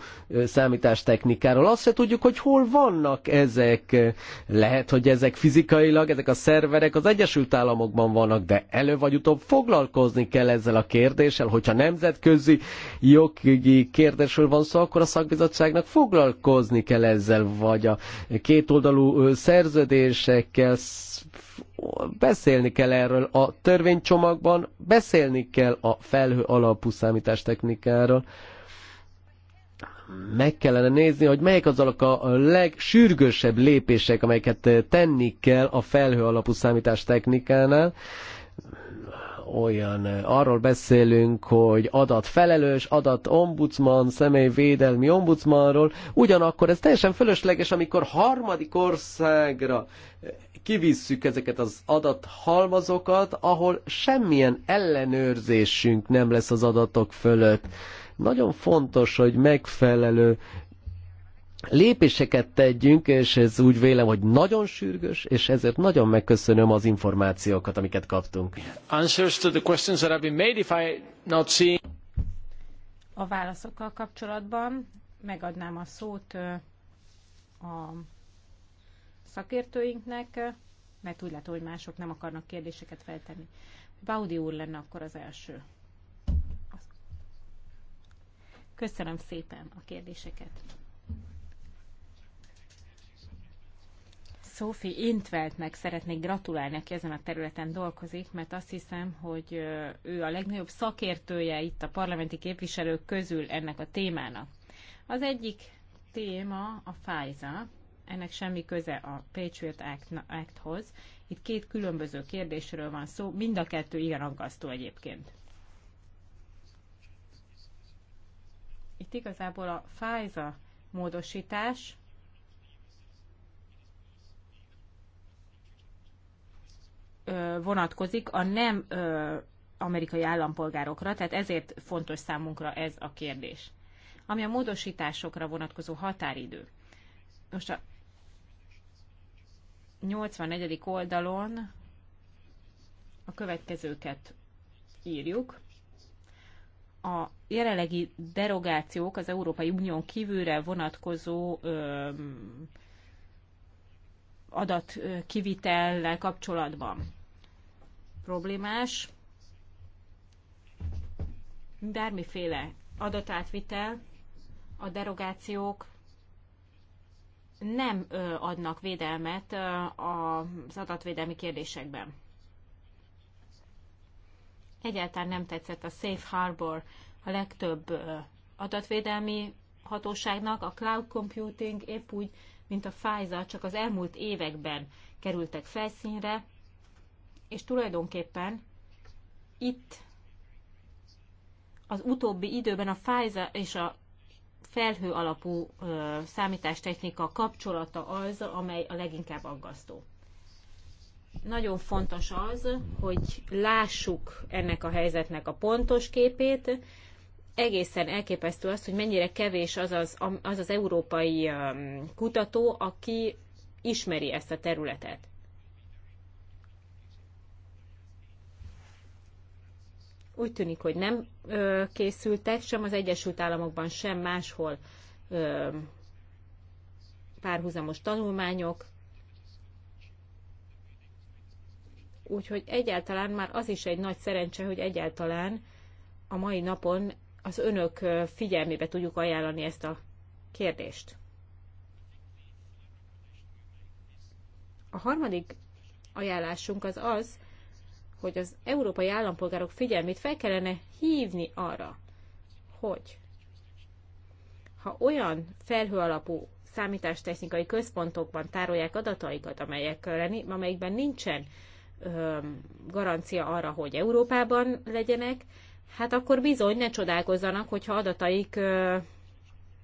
számítástechnikáról. Azt se tudjuk, hogy hol vannak ezek. Lehet, hogy ezek fizikailag, ezek a szerverek az Egyesült Államokban vannak, de elő vagy utóbb foglalkozni kell ezzel a kérdéssel. Hogyha nemzetközi jogi kérdésről van szó, akkor a szakbizottságnak foglalkozni kell ezzel, vagy a kétoldalú szerződésekkel beszélni kell erről a törvénycsomagban, beszélni kell a felhő alapú számítástechnikáról, meg kellene nézni, hogy melyek azok a legsürgősebb lépések, amelyeket tenni kell a felhő alapú számítástechnikánál, olyan, arról beszélünk, hogy adatfelelős, adat ombudsman, személyvédelmi ombudsmanról, ugyanakkor ez teljesen fölösleges, amikor harmadik országra kivisszük ezeket az adathalmazokat, ahol semmilyen ellenőrzésünk nem lesz az adatok fölött. Nagyon fontos, hogy megfelelő lépéseket tegyünk, és ez úgy vélem, hogy nagyon sürgős, és ezért nagyon megköszönöm az információkat, amiket kaptunk. Answers to the questions that have been made, if I not see... A válaszokkal kapcsolatban megadnám a szót a szakértőinknek, mert úgy látom, hogy mások nem akarnak kérdéseket feltenni. Baudi úr lenne akkor az első. Köszönöm szépen a kérdéseket. Sophie Intveltnek szeretnék gratulálni, aki ezen a területen dolgozik, mert azt hiszem, hogy ő a legnagyobb szakértője itt a parlamenti képviselők közül ennek a témának. Az egyik téma a Pfizer, ennek semmi köze a Patriot Act-hoz. Itt két különböző kérdésről van szó, mind a kettő igen aggasztó egyébként. Itt igazából a FISA módosítás, vonatkozik a nem ö, amerikai állampolgárokra, tehát ezért fontos számunkra ez a kérdés. Ami a módosításokra vonatkozó határidő. Most a 84. oldalon a következőket írjuk. A jelenlegi derogációk az Európai Unión kívülre vonatkozó öm, adatkivitellel kapcsolatban problémás. Bármiféle adatátvitel a derogációk nem adnak védelmet az adatvédelmi kérdésekben. Egyáltalán nem tetszett a Safe Harbor a legtöbb adatvédelmi hatóságnak, a cloud computing épp úgy, mint a FISA, csak az elmúlt években kerültek felszínre, és tulajdonképpen itt az utóbbi időben a FISA és a felhő alapú számítástechnika kapcsolata az, amely a leginkább aggasztó. Nagyon fontos az, hogy lássuk ennek a helyzetnek a pontos képét. Egészen elképesztő az, hogy mennyire kevés az az, az, az európai kutató, aki ismeri ezt a területet. Úgy tűnik, hogy nem ö, készültek sem az Egyesült Államokban, sem máshol ö, párhuzamos tanulmányok, Úgyhogy egyáltalán már az is egy nagy szerencse, hogy egyáltalán a mai napon az önök figyelmébe tudjuk ajánlani ezt a kérdést. A harmadik ajánlásunk az az, hogy az európai állampolgárok figyelmét fel kellene hívni arra, hogy ha olyan felhő alapú számítástechnikai központokban tárolják adataikat, amelyek, amelyikben nincsen ö, garancia arra, hogy Európában legyenek, hát akkor bizony ne csodálkozzanak, hogyha adataik ö,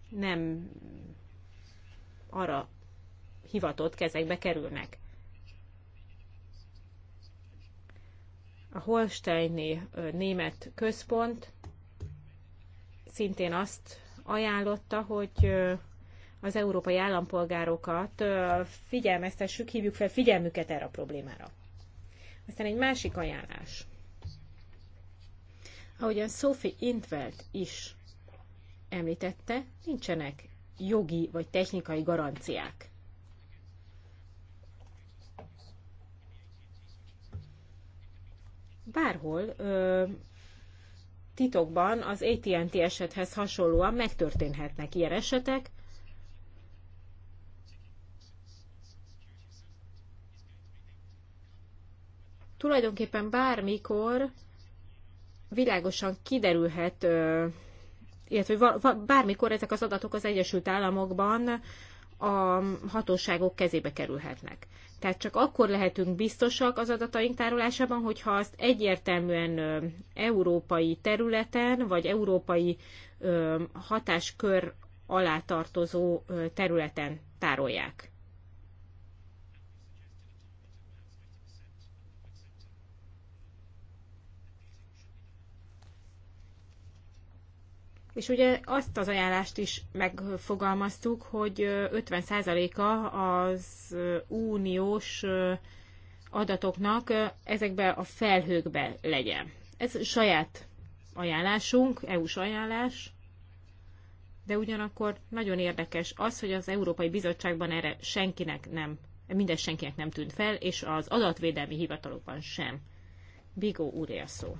nem arra hivatott kezekbe kerülnek. a Holsteini német központ szintén azt ajánlotta, hogy az európai állampolgárokat figyelmeztessük, hívjuk fel figyelmüket erre a problémára. Aztán egy másik ajánlás. Ahogyan Sophie Intveld is említette, nincsenek jogi vagy technikai garanciák bárhol ö, titokban az AT&T esethez hasonlóan megtörténhetnek ilyen esetek, tulajdonképpen bármikor világosan kiderülhet, illetve bármikor ezek az adatok az Egyesült Államokban a hatóságok kezébe kerülhetnek. Tehát csak akkor lehetünk biztosak az adataink tárolásában, hogyha azt egyértelműen európai területen, vagy európai hatáskör alá tartozó területen tárolják. És ugye azt az ajánlást is megfogalmaztuk, hogy 50%-a az uniós adatoknak ezekbe a felhőkbe legyen. Ez saját ajánlásunk, EU-s ajánlás, de ugyanakkor nagyon érdekes az, hogy az Európai Bizottságban erre senkinek nem, minden senkinek nem tűnt fel, és az adatvédelmi hivatalokban sem. Bigó úré a szó.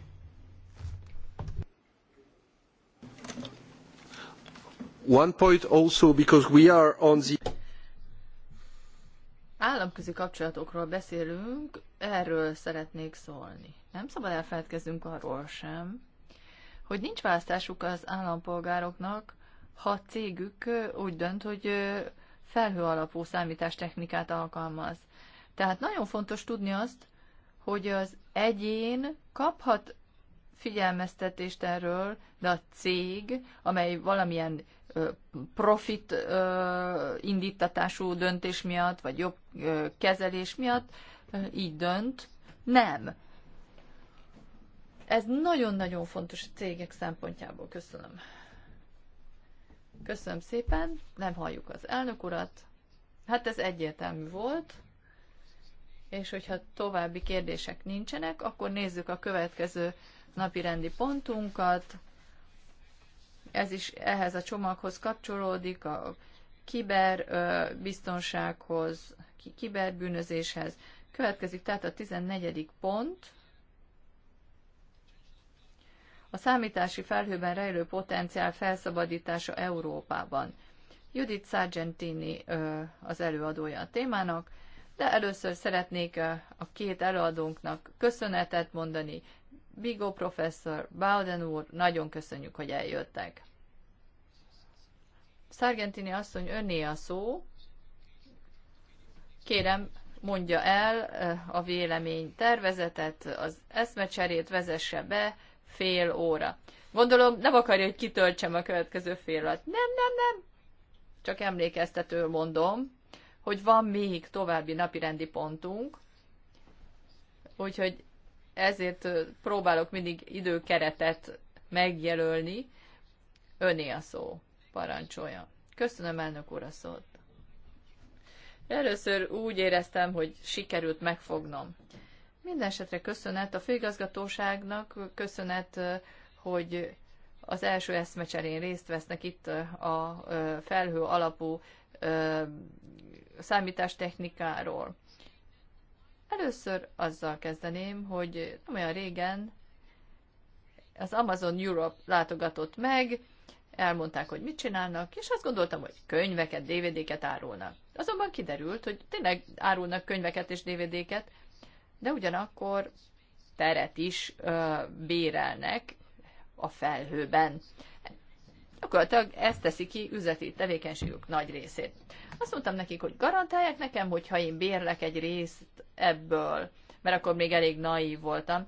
Államközi kapcsolatokról beszélünk, erről szeretnék szólni. Nem szabad elfeledkeznünk arról sem, hogy nincs választásuk az állampolgároknak, ha cégük úgy dönt, hogy felhő alapú számítástechnikát alkalmaz. Tehát nagyon fontos tudni azt, hogy az egyén kaphat figyelmeztetést erről, de a cég, amely valamilyen profit indítatású döntés miatt, vagy jobb kezelés miatt így dönt. Nem. Ez nagyon-nagyon fontos a cégek szempontjából. Köszönöm. Köszönöm szépen. Nem halljuk az elnök urat. Hát ez egyértelmű volt. És hogyha további kérdések nincsenek, akkor nézzük a következő napi rendi pontunkat ez is ehhez a csomaghoz kapcsolódik, a kiberbiztonsághoz, kiberbűnözéshez. Következik tehát a 14. pont. A számítási felhőben rejlő potenciál felszabadítása Európában. Judith Sargentini az előadója a témának, de először szeretnék a két előadónknak köszönetet mondani, Bigo professzor, Bowden úr, nagyon köszönjük, hogy eljöttek. Szargentini asszony, önné a szó. Kérem, mondja el eh, a vélemény tervezetet, az eszmecserét vezesse be fél óra. Gondolom, nem akarja, hogy kitöltsem a következő fél alatt. Nem, nem, nem. Csak emlékeztető mondom, hogy van még további napirendi pontunk, úgyhogy ezért próbálok mindig időkeretet megjelölni. Öné a szó, parancsolja. Köszönöm, elnök úr, a szót. Először úgy éreztem, hogy sikerült megfognom. Mindenesetre köszönet a főigazgatóságnak, köszönet, hogy az első eszmecserén részt vesznek itt a felhő alapú számítástechnikáról. Először azzal kezdeném, hogy nem olyan régen az Amazon Europe látogatott meg, elmondták, hogy mit csinálnak, és azt gondoltam, hogy könyveket, DVD-ket árulnak. Azonban kiderült, hogy tényleg árulnak könyveket és DVD-ket, de ugyanakkor teret is ö, bérelnek a felhőben gyakorlatilag ez teszi ki üzleti tevékenységük nagy részét. Azt mondtam nekik, hogy garantálják nekem, hogy ha én bérlek egy részt ebből, mert akkor még elég naív voltam,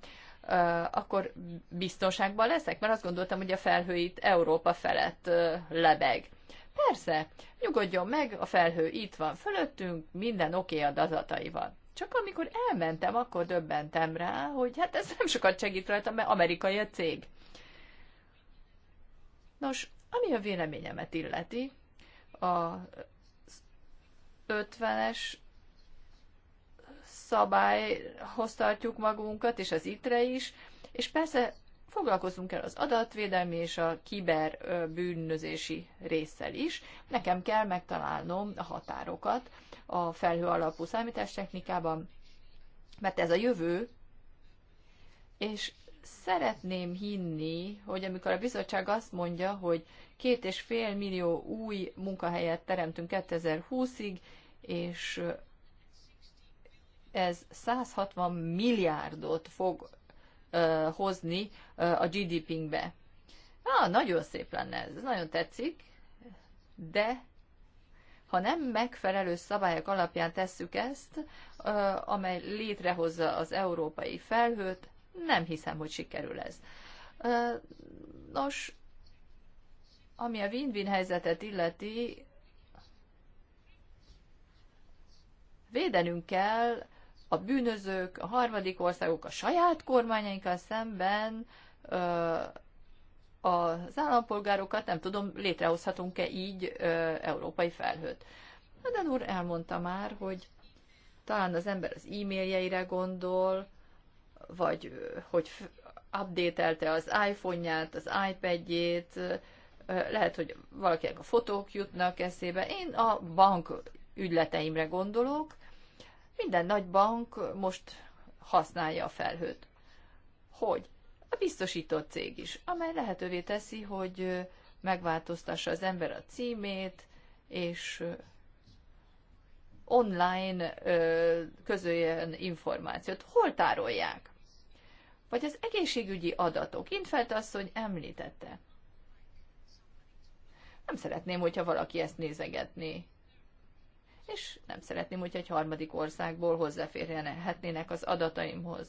akkor biztonságban leszek, mert azt gondoltam, hogy a felhő itt Európa felett lebeg. Persze, nyugodjon meg, a felhő itt van fölöttünk, minden oké okay a dazataival. Csak amikor elmentem, akkor döbbentem rá, hogy hát ez nem sokat segít rajtam, mert amerikai a cég. Nos, ami a véleményemet illeti, a 50-es szabályhoz tartjuk magunkat, és az itre is, és persze foglalkozunk el az adatvédelmi és a bűnözési résszel is. Nekem kell megtalálnom a határokat a felhő alapú számítástechnikában, mert ez a jövő, és szeretném hinni, hogy amikor a bizottság azt mondja, hogy Két és fél millió új munkahelyet teremtünk 2020-ig, és ez 160 milliárdot fog uh, hozni uh, a GDP-nkbe. Ah, nagyon szép lenne ez, nagyon tetszik, de ha nem megfelelő szabályok alapján tesszük ezt, uh, amely létrehozza az európai felhőt, nem hiszem, hogy sikerül ez. Uh, nos, ami a win-win helyzetet illeti, védenünk kell a bűnözők, a harmadik országok, a saját kormányainkkal szemben ö, az állampolgárokat, nem tudom, létrehozhatunk-e így ö, európai felhőt. Aden úr elmondta már, hogy talán az ember az e-mailjeire gondol, vagy hogy update-elte az iPhone-ját, az iPad-jét, lehet, hogy valakinek a fotók jutnak eszébe. Én a bank ügyleteimre gondolok. Minden nagy bank most használja a felhőt. Hogy? A biztosított cég is, amely lehetővé teszi, hogy megváltoztassa az ember a címét, és online közöljön információt. Hol tárolják? Vagy az egészségügyi adatok. Intfelt hogy említette. Nem szeretném, hogyha valaki ezt nézegetné. És nem szeretném, hogyha egy harmadik országból hozzáférhetnének az adataimhoz.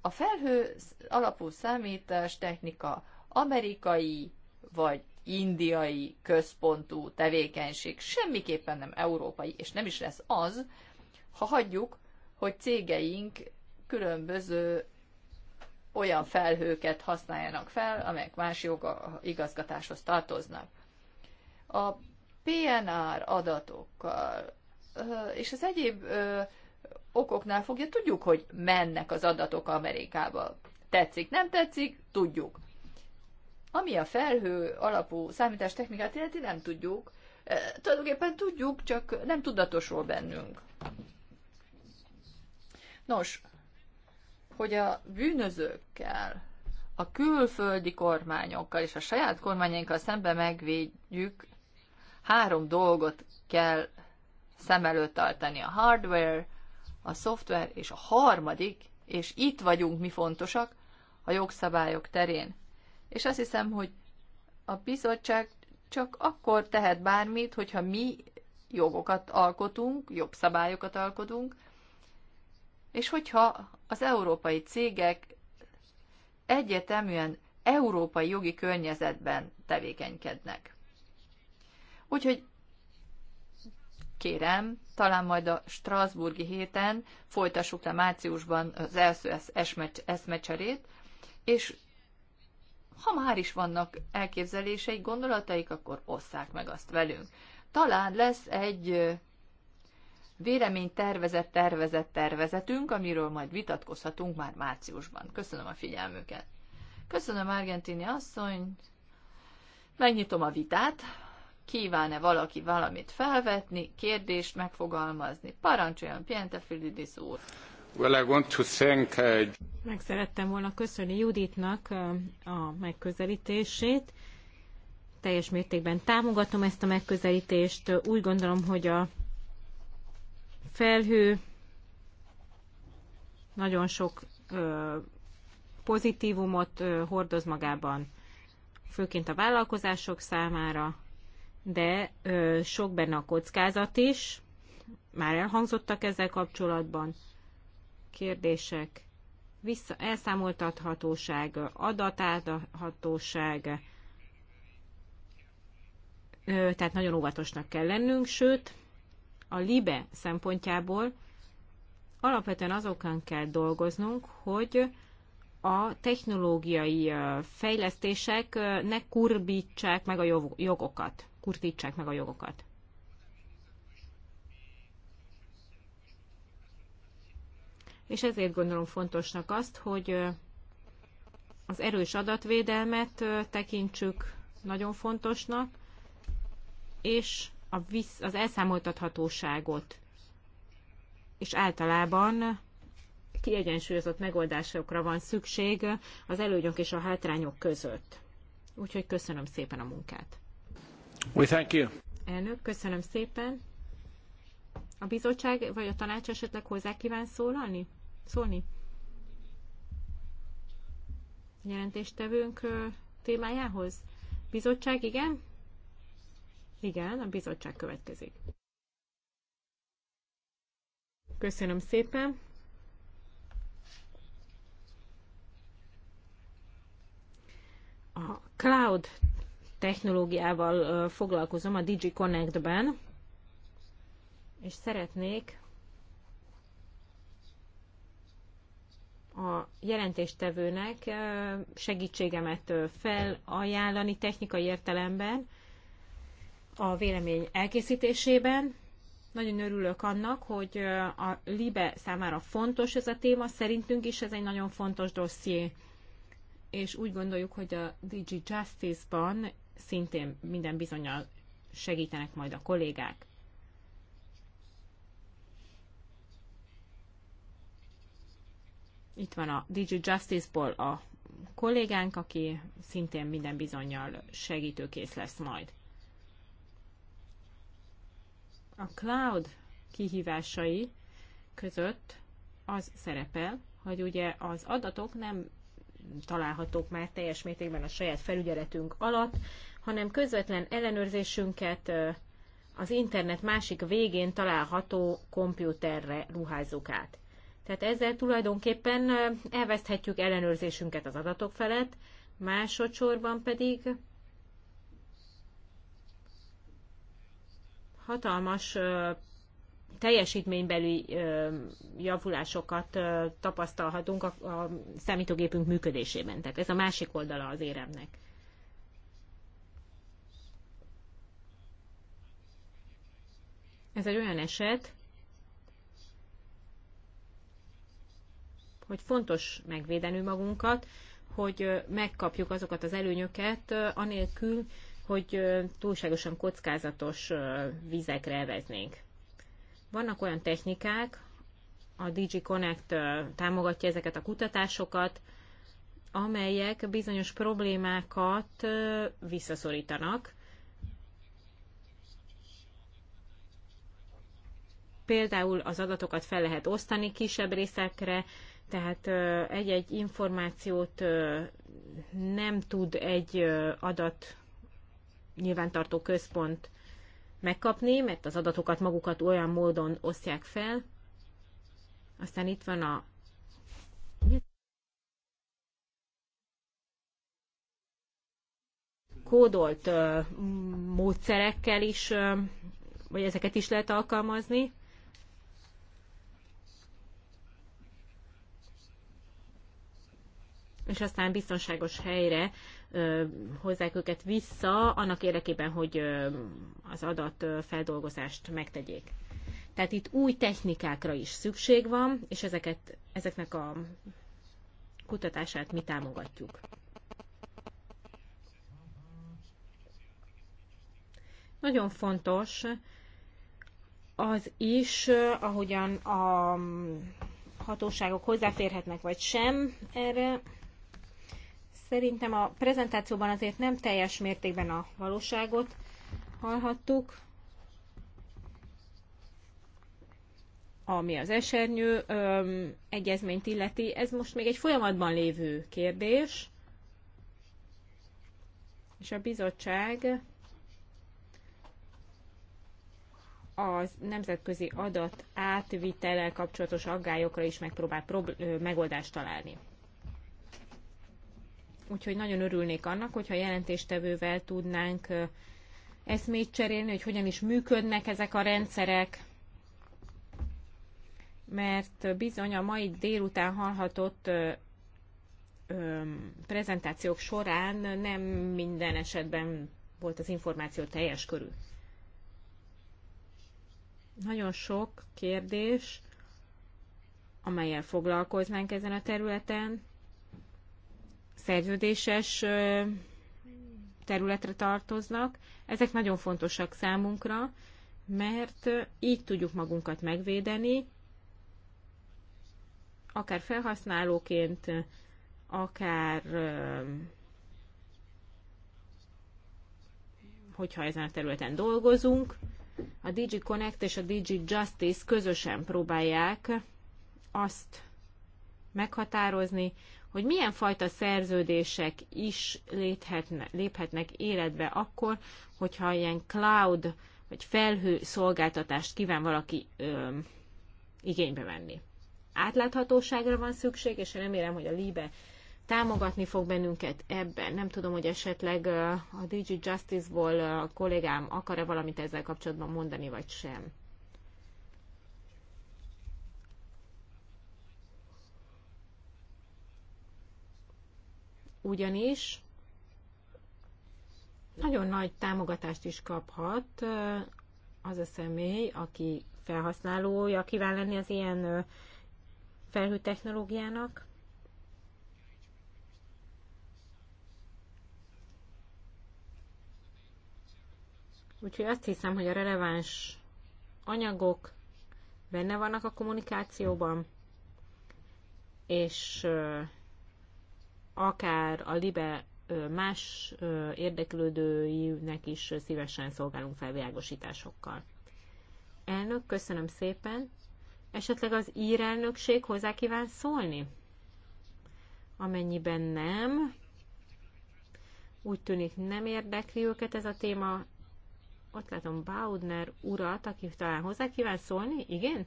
A felhő alapú számítás technika amerikai vagy indiai központú tevékenység semmiképpen nem európai, és nem is lesz az, ha hagyjuk, hogy cégeink különböző olyan felhőket használjanak fel, amelyek más jogigazgatáshoz tartoznak a PNR adatokkal és az egyéb okoknál fogja, tudjuk, hogy mennek az adatok Amerikába. Tetszik, nem tetszik, tudjuk. Ami a felhő alapú technikát illeti, nem tudjuk. Tulajdonképpen tudjuk, csak nem tudatosul bennünk. Nos, hogy a bűnözőkkel, a külföldi kormányokkal és a saját kormányainkkal szemben megvédjük Három dolgot kell szem előtt tartani. A hardware, a szoftver és a harmadik, és itt vagyunk mi fontosak, a jogszabályok terén. És azt hiszem, hogy a bizottság csak akkor tehet bármit, hogyha mi jogokat alkotunk, jobb szabályokat alkotunk, és hogyha az európai cégek egyeteműen európai jogi környezetben tevékenykednek. Úgyhogy kérem, talán majd a Strasburgi héten folytassuk le márciusban az első eszmecserét, és ha már is vannak elképzeléseik, gondolataik, akkor osszák meg azt velünk. Talán lesz egy vélemény tervezett, tervezett, tervezetünk, amiről majd vitatkozhatunk már márciusban. Köszönöm a figyelmüket. Köszönöm Argentini asszony, megnyitom a vitát kíván-e valaki valamit felvetni, kérdést megfogalmazni. Parancsoljon, Piente Filidis úr! Well, I want to thank, uh... Meg szerettem volna köszönni Juditnak uh, a megközelítését. Teljes mértékben támogatom ezt a megközelítést. Úgy gondolom, hogy a felhő nagyon sok ö, pozitívumot ö, hordoz magában, főként a vállalkozások számára, de ö, sok benne a kockázat is. Már elhangzottak ezzel kapcsolatban kérdések. Vissza, elszámoltathatóság, adatáthatóság, tehát nagyon óvatosnak kell lennünk, sőt, a LIBE szempontjából alapvetően azokon kell dolgoznunk, hogy a technológiai fejlesztések ne kurbítsák meg a jogokat kurtítsák meg a jogokat. És ezért gondolom fontosnak azt, hogy az erős adatvédelmet tekintsük nagyon fontosnak, és a visz, az elszámoltathatóságot, és általában kiegyensúlyozott megoldásokra van szükség az előnyök és a hátrányok között. Úgyhogy köszönöm szépen a munkát. We thank you. Elnök, köszönöm szépen. A bizottság vagy a tanács esetleg hozzá kíván szólalni? Szólni? Jelentéstevőnk témájához? Bizottság, igen? Igen, a bizottság következik. Köszönöm szépen. A cloud technológiával foglalkozom a DigiConnect-ben, és szeretnék a jelentéstevőnek segítségemet felajánlani technikai értelemben a vélemény elkészítésében. Nagyon örülök annak, hogy a LIBE számára fontos ez a téma, szerintünk is ez egy nagyon fontos dosszié, és úgy gondoljuk, hogy a Digi Justice-ban szintén minden bizonyal segítenek majd a kollégák. Itt van a Digi Justice-ból a kollégánk, aki szintén minden bizonyal segítőkész lesz majd. A cloud kihívásai között az szerepel, hogy ugye az adatok nem találhatók már teljes mértékben a saját felügyeletünk alatt, hanem közvetlen ellenőrzésünket az internet másik végén található kompjúterre ruházzuk át. Tehát ezzel tulajdonképpen elveszthetjük ellenőrzésünket az adatok felett, másodszorban pedig hatalmas teljesítménybeli javulásokat tapasztalhatunk a számítógépünk működésében. Tehát ez a másik oldala az éremnek. Ez egy olyan eset, hogy fontos megvédeni magunkat, hogy megkapjuk azokat az előnyöket, anélkül, hogy túlságosan kockázatos vizekre eveznénk. Vannak olyan technikák, a DG Connect támogatja ezeket a kutatásokat, amelyek bizonyos problémákat visszaszorítanak. Például az adatokat fel lehet osztani kisebb részekre, tehát egy-egy információt nem tud egy adat nyilvántartó központ megkapni, mert az adatokat magukat olyan módon osztják fel. Aztán itt van a kódolt módszerekkel is, vagy ezeket is lehet alkalmazni. És aztán biztonságos helyre hozzák őket vissza, annak érdekében, hogy az adatfeldolgozást megtegyék. Tehát itt új technikákra is szükség van, és ezeket, ezeknek a kutatását mi támogatjuk. Nagyon fontos az is, ahogyan a hatóságok hozzáférhetnek vagy sem erre Szerintem a prezentációban azért nem teljes mértékben a valóságot hallhattuk, ami az esernyő öm, egyezményt illeti. Ez most még egy folyamatban lévő kérdés, és a bizottság az nemzetközi adat átvitele kapcsolatos aggályokra is megpróbál megoldást találni. Úgyhogy nagyon örülnék annak, hogyha jelentéstevővel tudnánk eszmét cserélni, hogy hogyan is működnek ezek a rendszerek, mert bizony a mai délután hallhatott ö, ö, prezentációk során nem minden esetben volt az információ teljes körű. Nagyon sok kérdés, amelyel foglalkoznánk ezen a területen, szerződéses területre tartoznak. Ezek nagyon fontosak számunkra, mert így tudjuk magunkat megvédeni, akár felhasználóként, akár hogyha ezen a területen dolgozunk. A Digi Connect és a Digi Justice közösen próbálják azt meghatározni, hogy milyen fajta szerződések is léthetne, léphetnek életbe akkor, hogyha ilyen cloud vagy felhő szolgáltatást kíván valaki ö, igénybe venni. Átláthatóságra van szükség, és remélem, hogy a LIBE támogatni fog bennünket ebben. Nem tudom, hogy esetleg a Digi Justice-ból a kollégám akar-e valamit ezzel kapcsolatban mondani, vagy sem. ugyanis nagyon nagy támogatást is kaphat az a személy, aki felhasználója kíván lenni az ilyen felhő technológiának. Úgyhogy azt hiszem, hogy a releváns anyagok benne vannak a kommunikációban, és akár a LIBE más érdeklődőinek is szívesen szolgálunk felvilágosításokkal. Elnök, köszönöm szépen. Esetleg az ír elnökség hozzá kíván szólni? Amennyiben nem, úgy tűnik nem érdekli őket ez a téma. Ott látom Baudner urat, aki talán hozzá kíván szólni. Igen?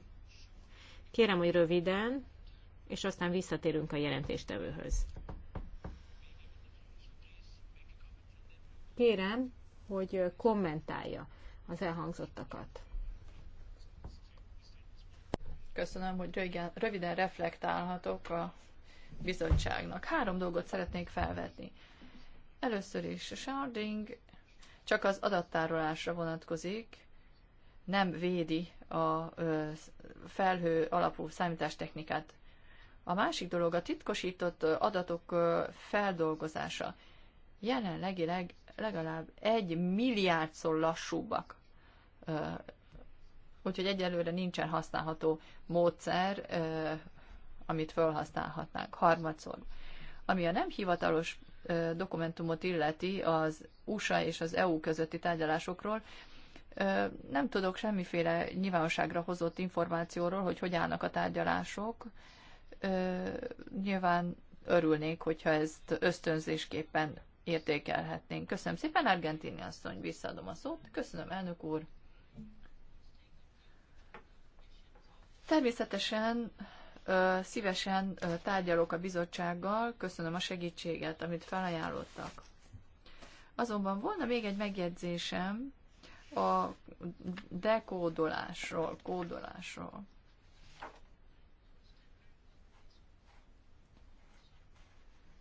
Kérem, hogy röviden, és aztán visszatérünk a jelentéstevőhöz. Kérem, hogy kommentálja az elhangzottakat. Köszönöm, hogy röviden, röviden reflektálhatok a bizottságnak. Három dolgot szeretnék felvetni. Először is a sharding csak az adattárolásra vonatkozik, nem védi a felhő alapú számítástechnikát. A másik dolog a titkosított adatok feldolgozása. Jelenlegileg legalább egy milliárdszor lassúbbak. Úgyhogy egyelőre nincsen használható módszer, amit felhasználhatnánk harmadszor. Ami a nem hivatalos dokumentumot illeti az USA és az EU közötti tárgyalásokról, nem tudok semmiféle nyilvánosságra hozott információról, hogy hogy állnak a tárgyalások. Nyilván örülnék, hogyha ezt ösztönzésképpen értékelhetnénk. Köszönöm szépen, Argentini asszony, visszaadom a szót. Köszönöm, elnök úr. Természetesen szívesen tárgyalok a bizottsággal, köszönöm a segítséget, amit felajánlottak. Azonban volna még egy megjegyzésem a dekódolásról, kódolásról.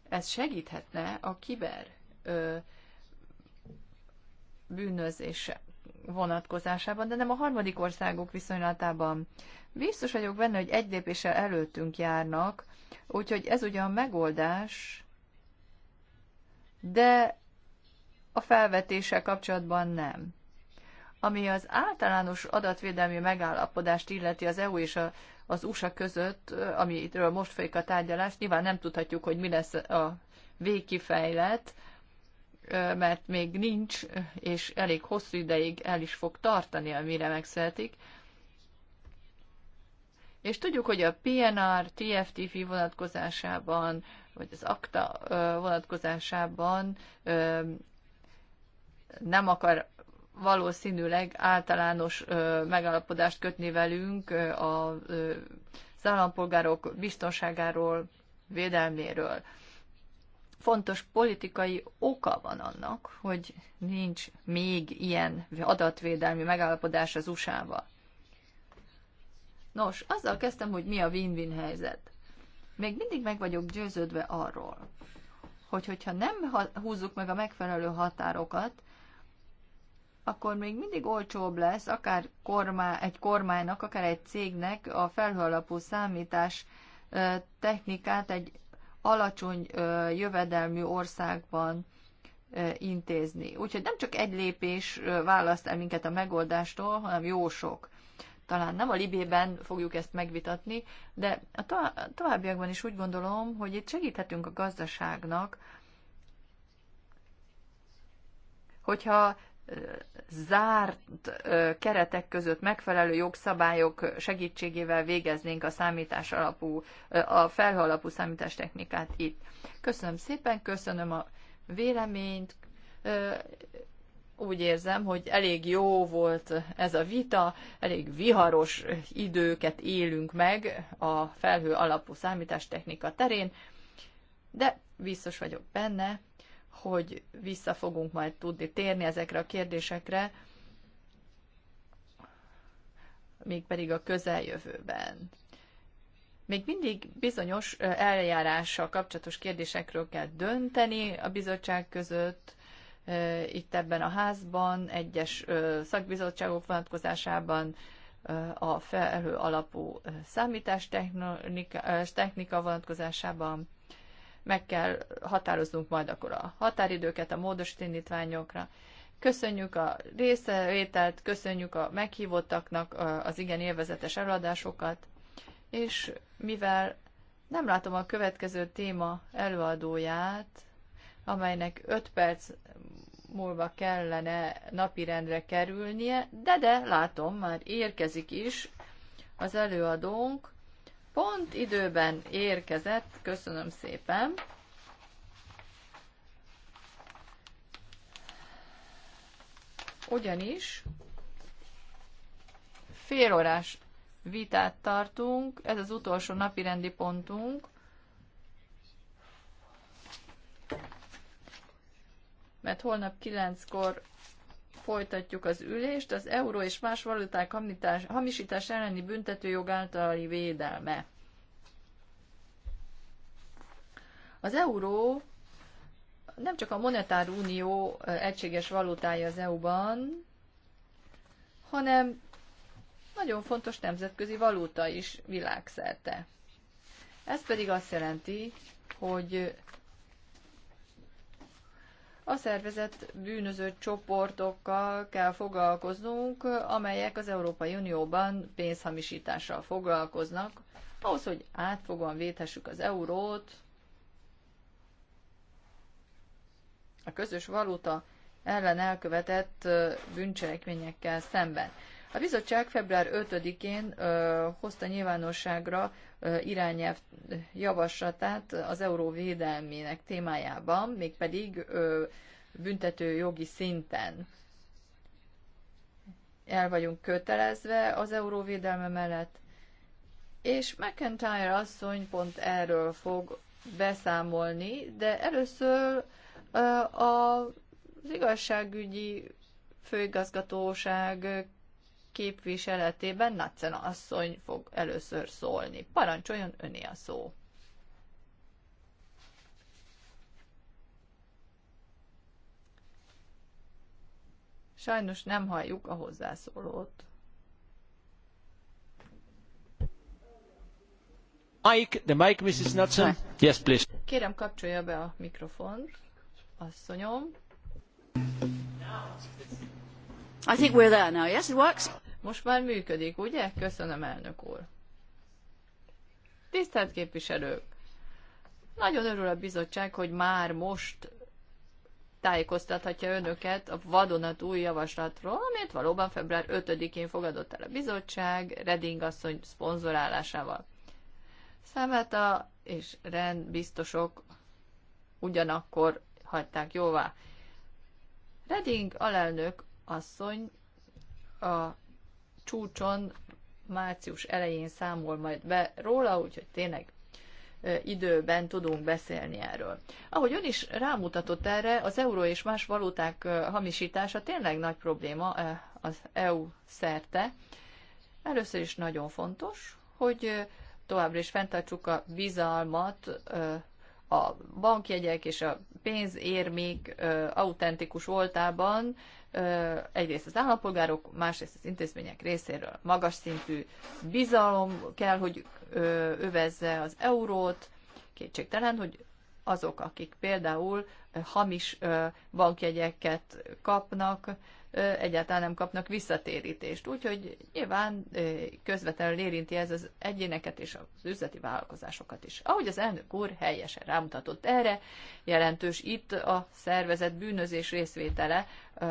Ez segíthetne a kiber bűnözés vonatkozásában, de nem a harmadik országok viszonylatában. Biztos vagyok benne, hogy egy lépéssel előttünk járnak, úgyhogy ez ugyan megoldás, de a felvetéssel kapcsolatban nem. Ami az általános adatvédelmi megállapodást illeti az EU és a, az USA között, amiről most folyik a tárgyalás, nyilván nem tudhatjuk, hogy mi lesz a végkifejlet, mert még nincs, és elég hosszú ideig el is fog tartani, amire megszületik. És tudjuk, hogy a PNR, TFTF vonatkozásában, vagy az akta vonatkozásában nem akar valószínűleg általános megállapodást kötni velünk az állampolgárok biztonságáról, védelméről fontos politikai oka van annak, hogy nincs még ilyen adatvédelmi megállapodás az USA-val. Nos, azzal kezdtem, hogy mi a win-win helyzet. Még mindig meg vagyok győződve arról, hogy hogyha nem húzzuk meg a megfelelő határokat, akkor még mindig olcsóbb lesz akár kormá, egy kormánynak, akár egy cégnek a alapú számítás technikát egy alacsony jövedelmű országban intézni. Úgyhogy nem csak egy lépés választ el minket a megoldástól, hanem jó sok. Talán nem a Libében fogjuk ezt megvitatni, de a továbbiakban is úgy gondolom, hogy itt segíthetünk a gazdaságnak, hogyha zárt keretek között megfelelő jogszabályok segítségével végeznénk a számítás alapú, a felhő alapú számítástechnikát itt. Köszönöm szépen, köszönöm a véleményt. Úgy érzem, hogy elég jó volt ez a vita, elég viharos időket élünk meg a felhő alapú számítástechnika terén, de biztos vagyok benne, hogy vissza fogunk majd tudni térni ezekre a kérdésekre, mégpedig a közeljövőben. Még mindig bizonyos eljárással kapcsolatos kérdésekről kell dönteni a bizottság között, itt ebben a házban, egyes szakbizottságok vonatkozásában a felhő alapú számítástechnika vonatkozásában, meg kell határoznunk majd akkor a határidőket a módosító indítványokra. Köszönjük a részvételt, köszönjük a meghívottaknak az igen élvezetes előadásokat, és mivel nem látom a következő téma előadóját, amelynek 5 perc múlva kellene napirendre kerülnie, de de, látom, már érkezik is az előadónk, Pont időben érkezett, köszönöm szépen. Ugyanis félórás vitát tartunk, ez az utolsó napi rendi pontunk, mert holnap kilenckor folytatjuk az ülést, az euró és más valuták hamisítás elleni büntetőjog általi védelme. Az euró nem csak a monetár unió egységes valutája az EU-ban, hanem nagyon fontos nemzetközi valuta is világszerte. Ez pedig azt jelenti, hogy a szervezett bűnöző csoportokkal kell foglalkoznunk, amelyek az Európai Unióban pénzhamisítással foglalkoznak, ahhoz, hogy átfogóan védhessük az eurót, a közös valuta ellen elkövetett bűncselekményekkel szemben. A bizottság február 5-én hozta nyilvánosságra ö, irányelv javaslatát az euróvédelmének témájában, mégpedig ö, büntető jogi szinten. El vagyunk kötelezve az euróvédelme mellett, és McIntyre asszony pont erről fog beszámolni, de először ö, a, az igazságügyi főigazgatóság képviseletében Natsen asszony fog először szólni. Parancsoljon öné a szó. Sajnos nem halljuk a hozzászólót. Mike, the mic, Mrs. Nutson. Yes, please. Kérem, kapcsolja be a mikrofont, asszonyom. Now, I think we're there now. Yes, it works. Most már működik, ugye? Köszönöm, elnök úr. Tisztelt képviselők! Nagyon örül a bizottság, hogy már most tájékoztathatja önöket a vadonat új javaslatról, amit valóban február 5-én fogadott el a bizottság Reding asszony szponzorálásával. Szemeta és rend biztosok ugyanakkor hagyták jóvá. Reding alelnök asszony a csúcson március elején számol majd be róla, úgyhogy tényleg időben tudunk beszélni erről. Ahogy ön is rámutatott erre, az euró és más valuták hamisítása tényleg nagy probléma az EU szerte. Először is nagyon fontos, hogy továbbra is fenntartsuk a bizalmat a bankjegyek és a pénzérmék autentikus voltában egyrészt az állampolgárok, másrészt az intézmények részéről magas szintű bizalom kell, hogy övezze az eurót. Kétségtelen, hogy azok, akik például hamis bankjegyeket kapnak, egyáltalán nem kapnak visszatérítést. Úgyhogy nyilván közvetlenül érinti ez az egyéneket és az üzleti vállalkozásokat is. Ahogy az elnök úr helyesen rámutatott erre, jelentős itt a szervezet bűnözés részvétele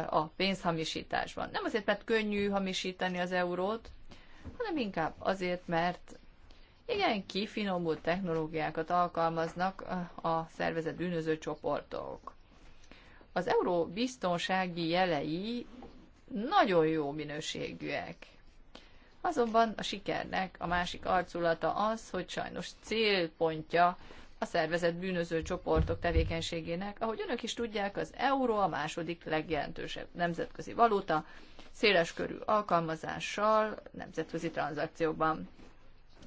a pénzhamisításban. Nem azért, mert könnyű hamisítani az eurót, hanem inkább azért, mert igen, kifinomult technológiákat alkalmaznak a szervezet bűnöző csoportok az euró biztonsági jelei nagyon jó minőségűek. Azonban a sikernek a másik arculata az, hogy sajnos célpontja a szervezett bűnöző csoportok tevékenységének. Ahogy önök is tudják, az euró a második legjelentősebb nemzetközi valuta, körű alkalmazással nemzetközi tranzakciókban.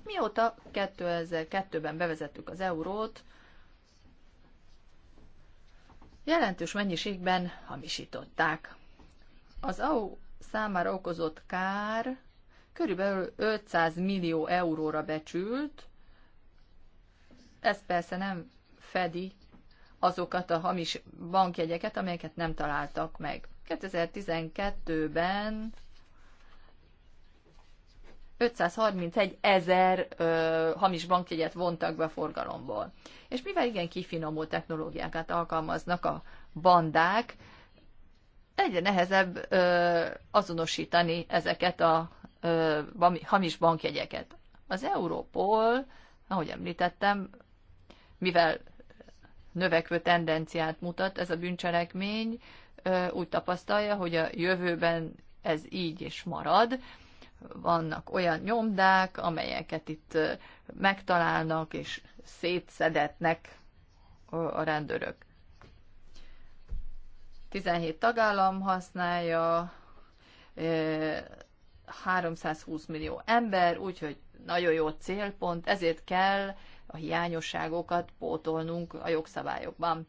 Mióta 2002-ben bevezettük az eurót, jelentős mennyiségben hamisították. Az AU számára okozott kár körülbelül 500 millió euróra becsült, ez persze nem fedi azokat a hamis bankjegyeket, amelyeket nem találtak meg. 2012-ben 531 ezer ö, hamis bankjegyet vontak be forgalomból. És mivel igen kifinomult technológiákat alkalmaznak a bandák, egyre nehezebb ö, azonosítani ezeket a ö, hamis bankjegyeket. Az Európol, ahogy említettem, mivel növekvő tendenciát mutat ez a bűncselekmény, ö, úgy tapasztalja, hogy a jövőben ez így is marad, vannak olyan nyomdák, amelyeket itt megtalálnak és szétszedetnek a rendőrök. 17 tagállam használja, 320 millió ember, úgyhogy nagyon jó célpont, ezért kell a hiányosságokat pótolnunk a jogszabályokban.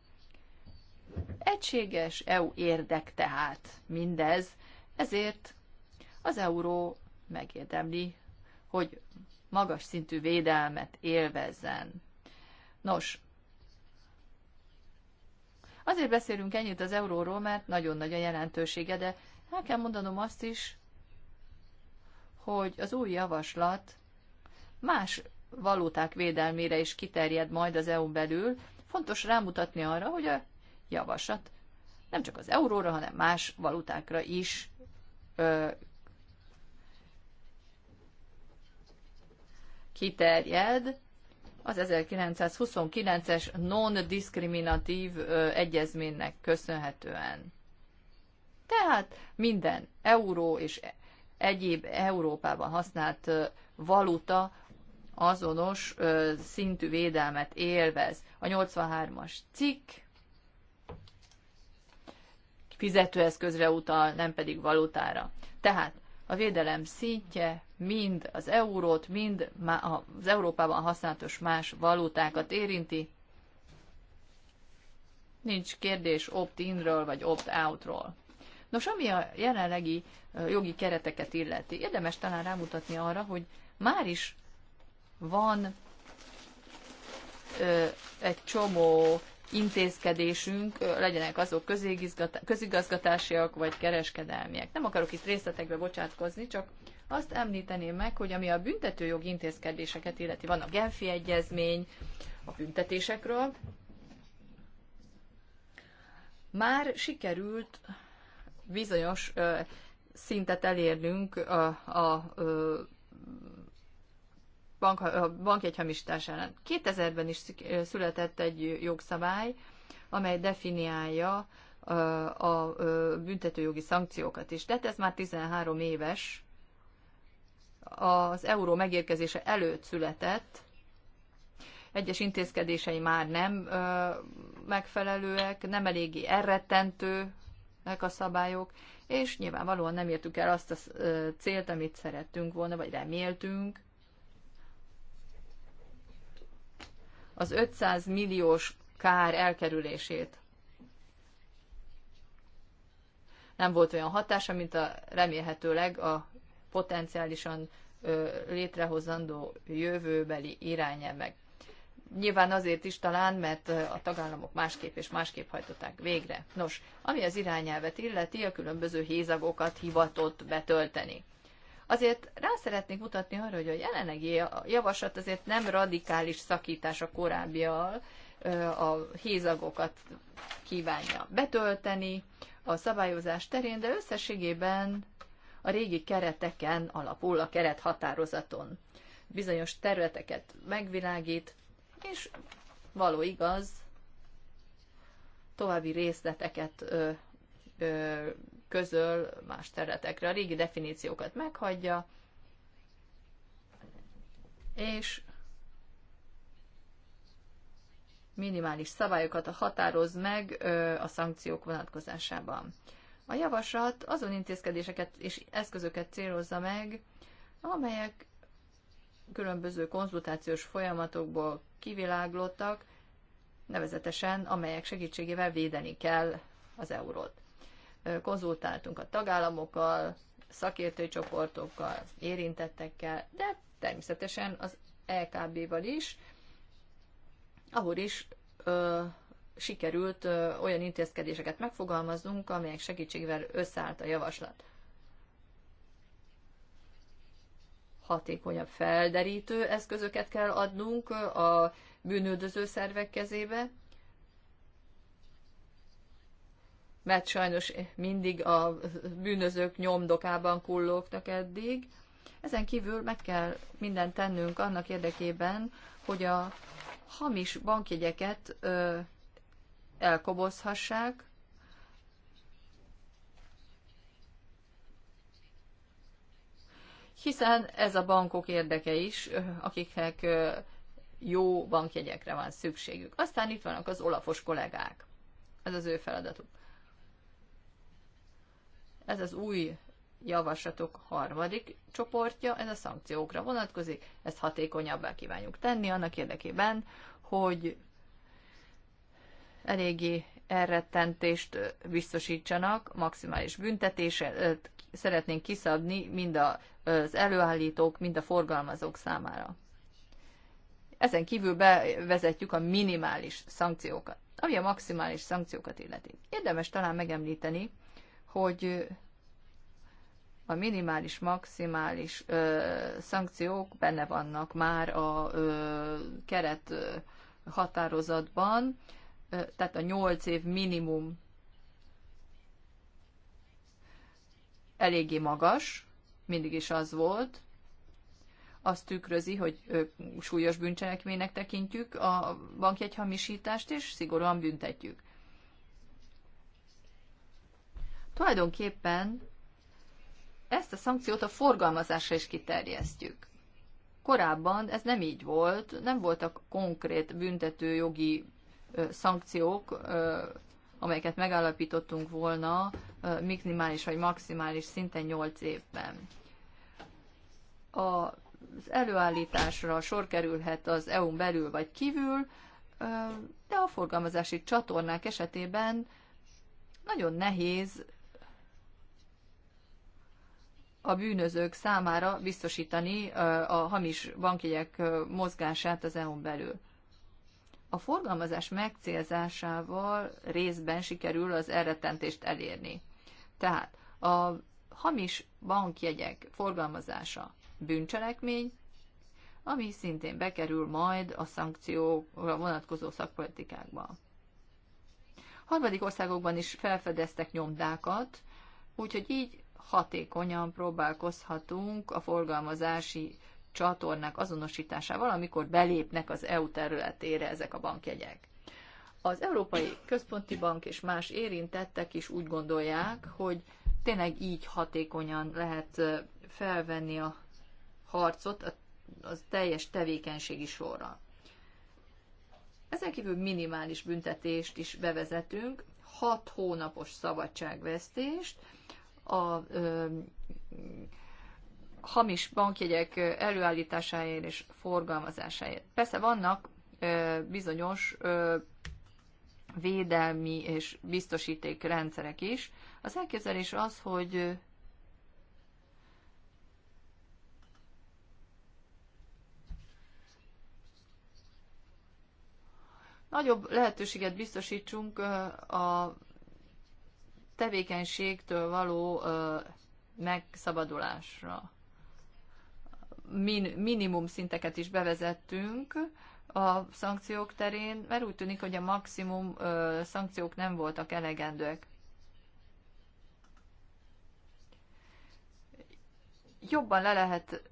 Egységes EU érdek tehát mindez, ezért az euró megérdemli, hogy magas szintű védelmet élvezzen. Nos, azért beszélünk ennyit az euróról, mert nagyon nagy a jelentősége, de el kell mondanom azt is, hogy az új javaslat más valóták védelmére is kiterjed majd az eu belül. Fontos rámutatni arra, hogy a javaslat nem csak az euróra, hanem más valutákra is ö, kiterjed az 1929-es non-diszkriminatív egyezménynek köszönhetően. Tehát minden euró és e- egyéb Európában használt valuta azonos szintű védelmet élvez. A 83-as cikk fizetőeszközre utal, nem pedig valutára. Tehát a védelem szintje mind az eurót, mind az Európában használatos más valutákat érinti. Nincs kérdés opt-inről vagy opt-outról. Nos, ami a jelenlegi jogi kereteket illeti, érdemes talán rámutatni arra, hogy már is van ö, egy csomó intézkedésünk, legyenek azok közigazgatásiak vagy kereskedelmiek. Nem akarok itt részletekbe bocsátkozni, csak azt említeném meg, hogy ami a büntetőjog intézkedéseket illeti, van a Genfi Egyezmény a büntetésekről, már sikerült bizonyos ö, szintet elérnünk a, a ö, bank, bankjegyhamisítás ellen. 2000-ben is született egy jogszabály, amely definiálja a büntetőjogi szankciókat is. Tehát ez már 13 éves, az euró megérkezése előtt született, egyes intézkedései már nem ö, megfelelőek, nem eléggé elrettentőek a szabályok, és nyilvánvalóan nem értük el azt a célt, amit szerettünk volna, vagy reméltünk. az 500 milliós kár elkerülését. Nem volt olyan hatása, mint a remélhetőleg a potenciálisan ö, létrehozandó jövőbeli meg. Nyilván azért is talán, mert a tagállamok másképp és másképp hajtották végre. Nos, ami az irányelvet illeti, a különböző hézagokat hivatott betölteni. Azért rá szeretnék mutatni arra, hogy a jelenlegi javaslat azért nem radikális szakítás a korábbial, a hézagokat kívánja betölteni a szabályozás terén, de összességében a régi kereteken alapul a kerethatározaton. Bizonyos területeket megvilágít, és való igaz, további részleteket ö, ö, közöl más területekre. A régi definíciókat meghagyja, és minimális szabályokat határoz meg a szankciók vonatkozásában. A javaslat azon intézkedéseket és eszközöket célozza meg, amelyek különböző konzultációs folyamatokból kiviláglottak, nevezetesen amelyek segítségével védeni kell az eurót konzultáltunk a tagállamokkal, szakértői csoportokkal, érintettekkel, de természetesen az LKB-val is, ahol is ö, sikerült ö, olyan intézkedéseket megfogalmaznunk, amelyek segítségével összeállt a javaslat. Hatékonyabb felderítő eszközöket kell adnunk a bűnöldöző szervek kezébe, mert sajnos mindig a bűnözők nyomdokában kullogtak eddig. Ezen kívül meg kell mindent tennünk annak érdekében, hogy a hamis bankjegyeket ö, elkobozhassák, hiszen ez a bankok érdeke is, akiknek jó bankjegyekre van szükségük. Aztán itt vannak az olafos kollégák. Ez az ő feladatuk. Ez az új javaslatok harmadik csoportja, ez a szankciókra vonatkozik, ezt hatékonyabbá kívánjuk tenni annak érdekében, hogy eléggé elrettentést biztosítsanak, maximális büntetéset szeretnénk kiszabni mind az előállítók, mind a forgalmazók számára. Ezen kívül bevezetjük a minimális szankciókat, ami a maximális szankciókat illeti. Érdemes talán megemlíteni, hogy a minimális, maximális ö, szankciók benne vannak már a ö, keret ö, határozatban, ö, tehát a nyolc év minimum eléggé magas, mindig is az volt. Azt tükrözi, hogy ö, súlyos bűncselekménynek tekintjük a bankjegyhamisítást, és szigorúan büntetjük. Tulajdonképpen ezt a szankciót a forgalmazásra is kiterjesztjük. Korábban ez nem így volt, nem voltak konkrét büntetőjogi szankciók, amelyeket megállapítottunk volna minimális vagy maximális szinten 8 évben. Az előállításra sor kerülhet az EU-n belül vagy kívül, de a forgalmazási csatornák esetében nagyon nehéz a bűnözők számára biztosítani a hamis bankjegyek mozgását az EU-n belül. A forgalmazás megcélzásával részben sikerül az elrettentést elérni. Tehát a hamis bankjegyek forgalmazása bűncselekmény, ami szintén bekerül majd a szankcióra vonatkozó szakpolitikákba. Harmadik országokban is felfedeztek nyomdákat, úgyhogy így hatékonyan próbálkozhatunk a forgalmazási csatornák azonosításával, amikor belépnek az EU területére ezek a bankjegyek. Az Európai Központi Bank és más érintettek is úgy gondolják, hogy tényleg így hatékonyan lehet felvenni a harcot a, az teljes tevékenységi sorra. Ezen kívül minimális büntetést is bevezetünk, 6 hónapos szabadságvesztést, a ö, hamis bankjegyek előállításáért és forgalmazásáért. Persze vannak ö, bizonyos ö, védelmi és biztosíték rendszerek is. Az elképzelés az, hogy nagyobb lehetőséget biztosítsunk a tevékenységtől való megszabadulásra. Min, minimum szinteket is bevezettünk a szankciók terén, mert úgy tűnik, hogy a maximum ö, szankciók nem voltak elegendőek. Jobban le lehet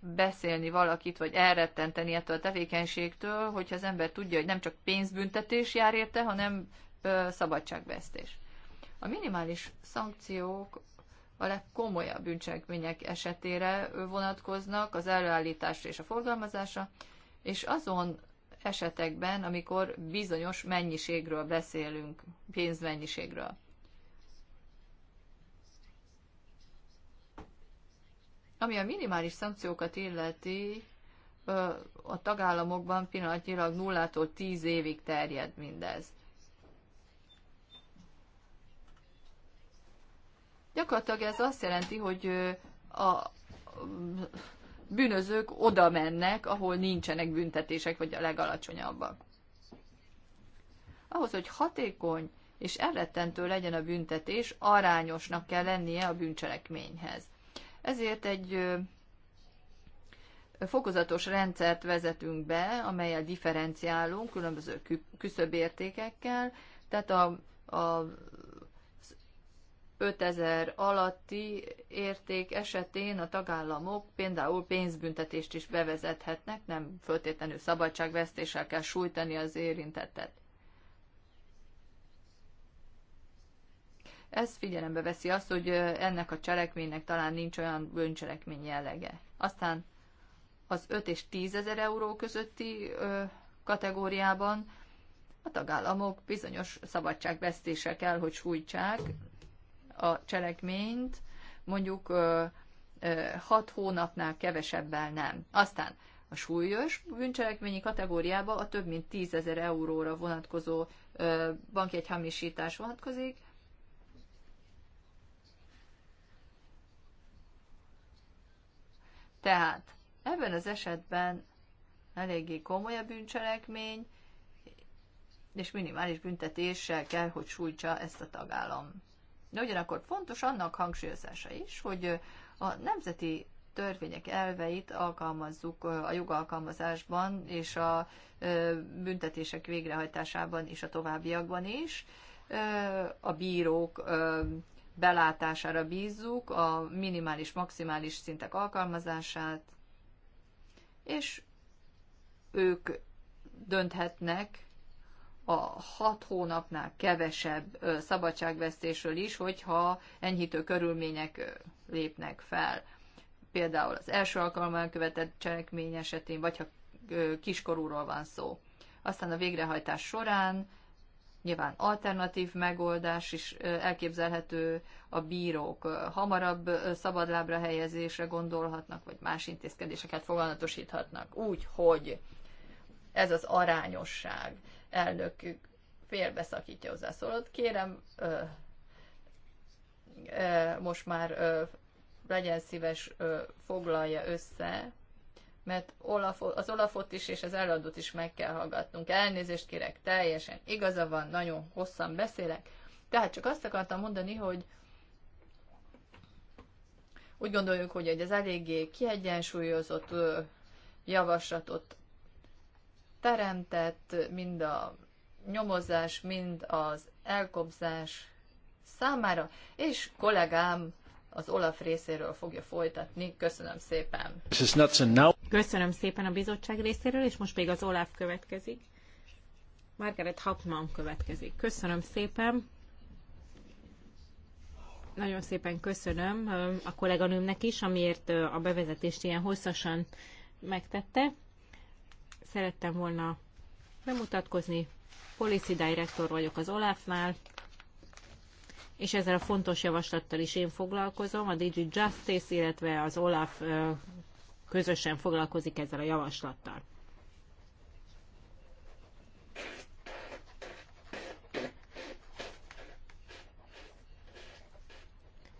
beszélni valakit, vagy elrettenteni ettől a tevékenységtől, hogyha az ember tudja, hogy nem csak pénzbüntetés jár érte, hanem ö, szabadságvesztés. A minimális szankciók a legkomolyabb bűncselekmények esetére vonatkoznak az előállításra és a forgalmazásra, és azon esetekben, amikor bizonyos mennyiségről beszélünk, pénzmennyiségről. Ami a minimális szankciókat illeti, a tagállamokban pillanatnyilag nullától 10 évig terjed mindez. Gyakorlatilag ez azt jelenti, hogy a bűnözők oda mennek, ahol nincsenek büntetések, vagy a legalacsonyabbak. Ahhoz, hogy hatékony és elrettentő legyen a büntetés, arányosnak kell lennie a bűncselekményhez. Ezért egy fokozatos rendszert vezetünk be, amelyel differenciálunk különböző küszöbértékekkel, tehát a, a 5000 alatti érték esetén a tagállamok például pénzbüntetést is bevezethetnek, nem föltétlenül szabadságvesztéssel kell sújtani az érintettet. Ez figyelembe veszi azt, hogy ennek a cselekménynek talán nincs olyan bűncselekmény jellege. Aztán az 5 és 10 ezer euró közötti ö, kategóriában a tagállamok bizonyos szabadságvesztéssel kell, hogy sújtsák, a cselekményt, mondjuk hat hónapnál kevesebbel nem. Aztán a súlyos bűncselekményi kategóriába a több mint 10 ezer euróra vonatkozó banki hamisítás vonatkozik, Tehát ebben az esetben eléggé komoly a bűncselekmény, és minimális büntetéssel kell, hogy sújtsa ezt a tagállam. De ugyanakkor fontos annak hangsúlyozása is, hogy a nemzeti törvények elveit alkalmazzuk a jogalkalmazásban és a büntetések végrehajtásában és a továbbiakban is. A bírók belátására bízzuk a minimális-maximális szintek alkalmazását, és ők dönthetnek a hat hónapnál kevesebb szabadságvesztésről is, hogyha enyhítő körülmények lépnek fel. Például az első alkalommal követett cselekmény esetén, vagy ha kiskorúról van szó. Aztán a végrehajtás során nyilván alternatív megoldás is elképzelhető, a bírók hamarabb szabadlábra helyezésre gondolhatnak, vagy más intézkedéseket fogalmatosíthatnak. Úgy, hogy ez az arányosság. Elnökük félbeszakítja hozzászólót. Kérem, ö, ö, most már ö, legyen szíves, ö, foglalja össze, mert Olaf, az Olafot is és az előadót is meg kell hallgatnunk. Elnézést kérek, teljesen igaza van, nagyon hosszan beszélek. Tehát csak azt akartam mondani, hogy úgy gondoljuk, hogy ez az eléggé kiegyensúlyozott javaslatot teremtett, mind a nyomozás, mind az elkobzás számára, és kollégám az Olaf részéről fogja folytatni. Köszönöm szépen! Köszönöm szépen a bizottság részéről, és most még az Olaf következik. Margaret Hauptmann következik. Köszönöm szépen! Nagyon szépen köszönöm a kolléganőmnek is, amiért a bevezetést ilyen hosszasan megtette szerettem volna bemutatkozni. Policy Director vagyok az Olafnál, és ezzel a fontos javaslattal is én foglalkozom. A Digi Justice, illetve az Olaf közösen foglalkozik ezzel a javaslattal.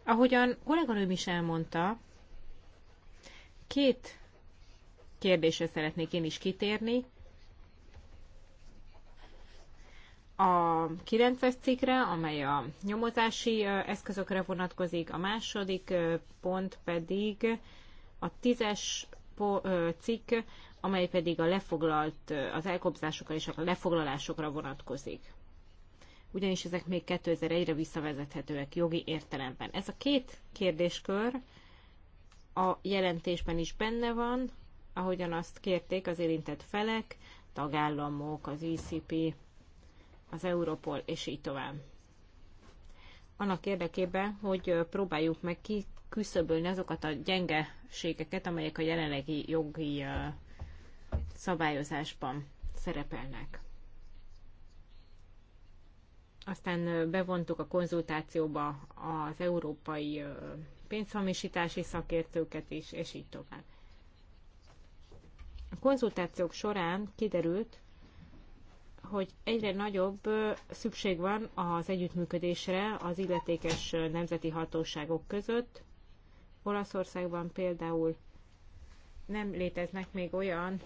Ahogyan kolléganőm is elmondta, két kérdésre szeretnék én is kitérni. A 9-es cikkre, amely a nyomozási eszközökre vonatkozik, a második pont pedig a 10-es cikk, amely pedig a lefoglalt, az elkobzásokra és a lefoglalásokra vonatkozik. Ugyanis ezek még 2001-re visszavezethetőek jogi értelemben. Ez a két kérdéskör a jelentésben is benne van, ahogyan azt kérték az érintett felek, tagállamok, az ICP, e az Europol, és így tovább. Annak érdekében, hogy próbáljuk meg kiküszöbölni azokat a gyengeségeket, amelyek a jelenlegi jogi szabályozásban szerepelnek. Aztán bevontuk a konzultációba az európai pénzhamisítási szakértőket is, és így tovább. A konzultációk során kiderült, hogy egyre nagyobb szükség van az együttműködésre az illetékes nemzeti hatóságok között. Olaszországban például nem léteznek még olyan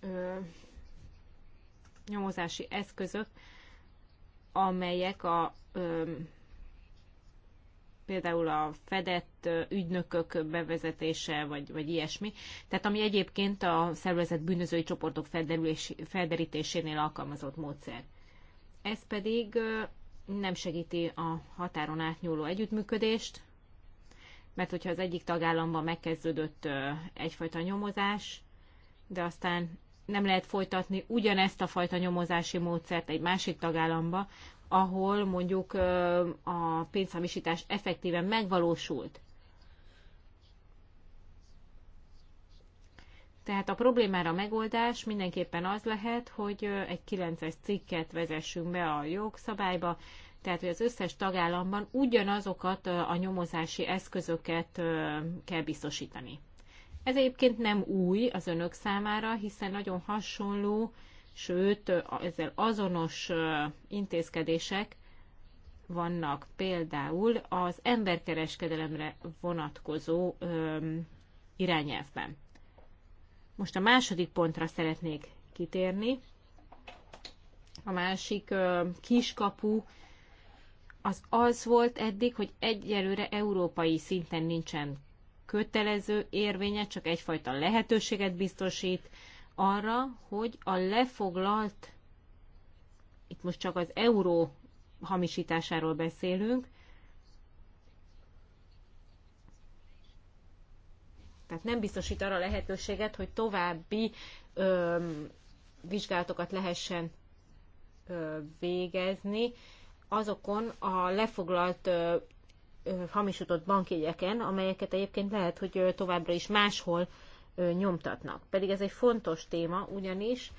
ö, nyomozási eszközök, amelyek a ö, például a fedett ügynökök bevezetése, vagy, vagy ilyesmi, tehát ami egyébként a szervezet bűnözői csoportok felderítésénél alkalmazott módszer. Ez pedig nem segíti a határon átnyúló együttműködést, mert hogyha az egyik tagállamban megkezdődött egyfajta nyomozás, de aztán nem lehet folytatni ugyanezt a fajta nyomozási módszert egy másik tagállamba, ahol mondjuk a pénzhamisítás effektíven megvalósult. Tehát a problémára a megoldás mindenképpen az lehet, hogy egy 9-es cikket vezessünk be a jogszabályba, tehát hogy az összes tagállamban ugyanazokat a nyomozási eszközöket kell biztosítani. Ez egyébként nem új az önök számára, hiszen nagyon hasonló sőt, ezzel azonos intézkedések vannak például az emberkereskedelemre vonatkozó irányelvben. Most a második pontra szeretnék kitérni. A másik kiskapu az az volt eddig, hogy egyelőre európai szinten nincsen kötelező érvénye, csak egyfajta lehetőséget biztosít arra, hogy a lefoglalt, itt most csak az euró hamisításáról beszélünk, tehát nem biztosít arra lehetőséget, hogy további ö, vizsgálatokat lehessen ö, végezni azokon a lefoglalt ö, ö, hamisított bankjegyeken, amelyeket egyébként lehet, hogy továbbra is máshol nyomtatnak. Pedig ez egy fontos téma, ugyanis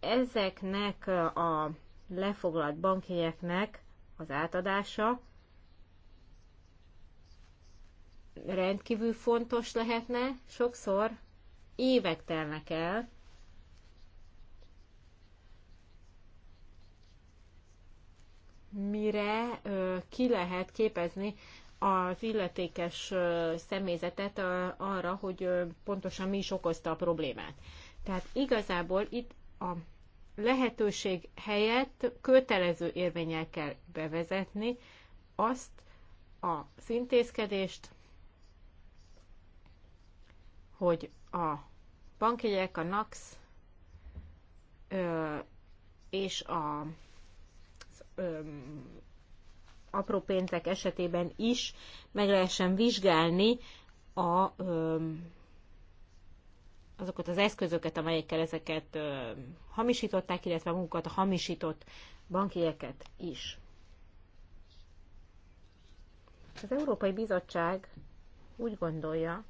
ezeknek a lefoglalt bankjegyeknek az átadása rendkívül fontos lehetne, sokszor évek telnek el, mire ö, ki lehet képezni az illetékes személyzetet arra, hogy pontosan mi is okozta a problémát. Tehát igazából itt a lehetőség helyett kötelező érvényel kell bevezetni azt a szintézkedést, hogy a bankjegyek, a NAX és a apró pénzek esetében is meg lehessen vizsgálni a, azokat az eszközöket, amelyekkel ezeket hamisították, illetve munkat a hamisított bankieket is. Az Európai Bizottság úgy gondolja,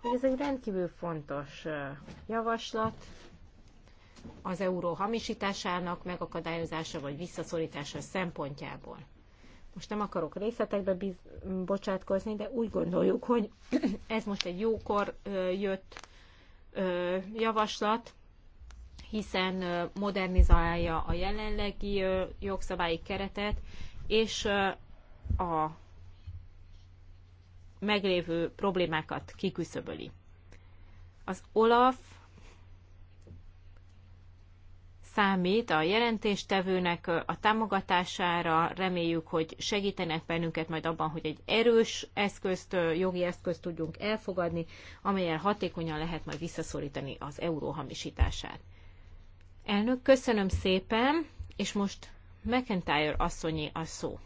hogy ez egy rendkívül fontos javaslat az euró hamisításának megakadályozása vagy visszaszorítása szempontjából. Most nem akarok részletekbe biz, bocsátkozni, de úgy gondoljuk, hogy ez most egy jókor jött javaslat, hiszen modernizálja a jelenlegi jogszabályi keretet, és a meglévő problémákat kiküszöböli. Az OLAF számít a jelentéstevőnek a támogatására, reméljük, hogy segítenek bennünket majd abban, hogy egy erős eszközt, jogi eszközt tudjunk elfogadni, amelyel hatékonyan lehet majd visszaszorítani az euró hamisítását. Elnök, köszönöm szépen, és most McIntyre asszonyi a szó.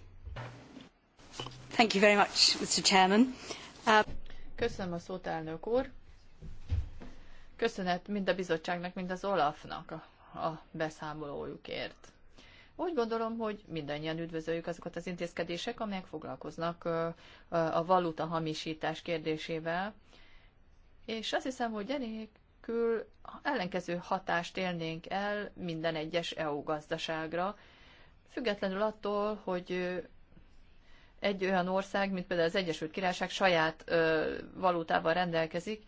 Thank you very much, Mr. Chairman. Uh... Köszönöm a szót, elnök úr. Köszönet mind a bizottságnak, mind az Olafnak a a beszámolójukért. Úgy gondolom, hogy mindannyian üdvözöljük azokat az intézkedések, amelyek foglalkoznak a valuta hamisítás kérdésével, és azt hiszem, hogy enélkül ellenkező hatást élnénk el minden egyes EU gazdaságra, függetlenül attól, hogy egy olyan ország, mint például az Egyesült Királyság saját valutával rendelkezik,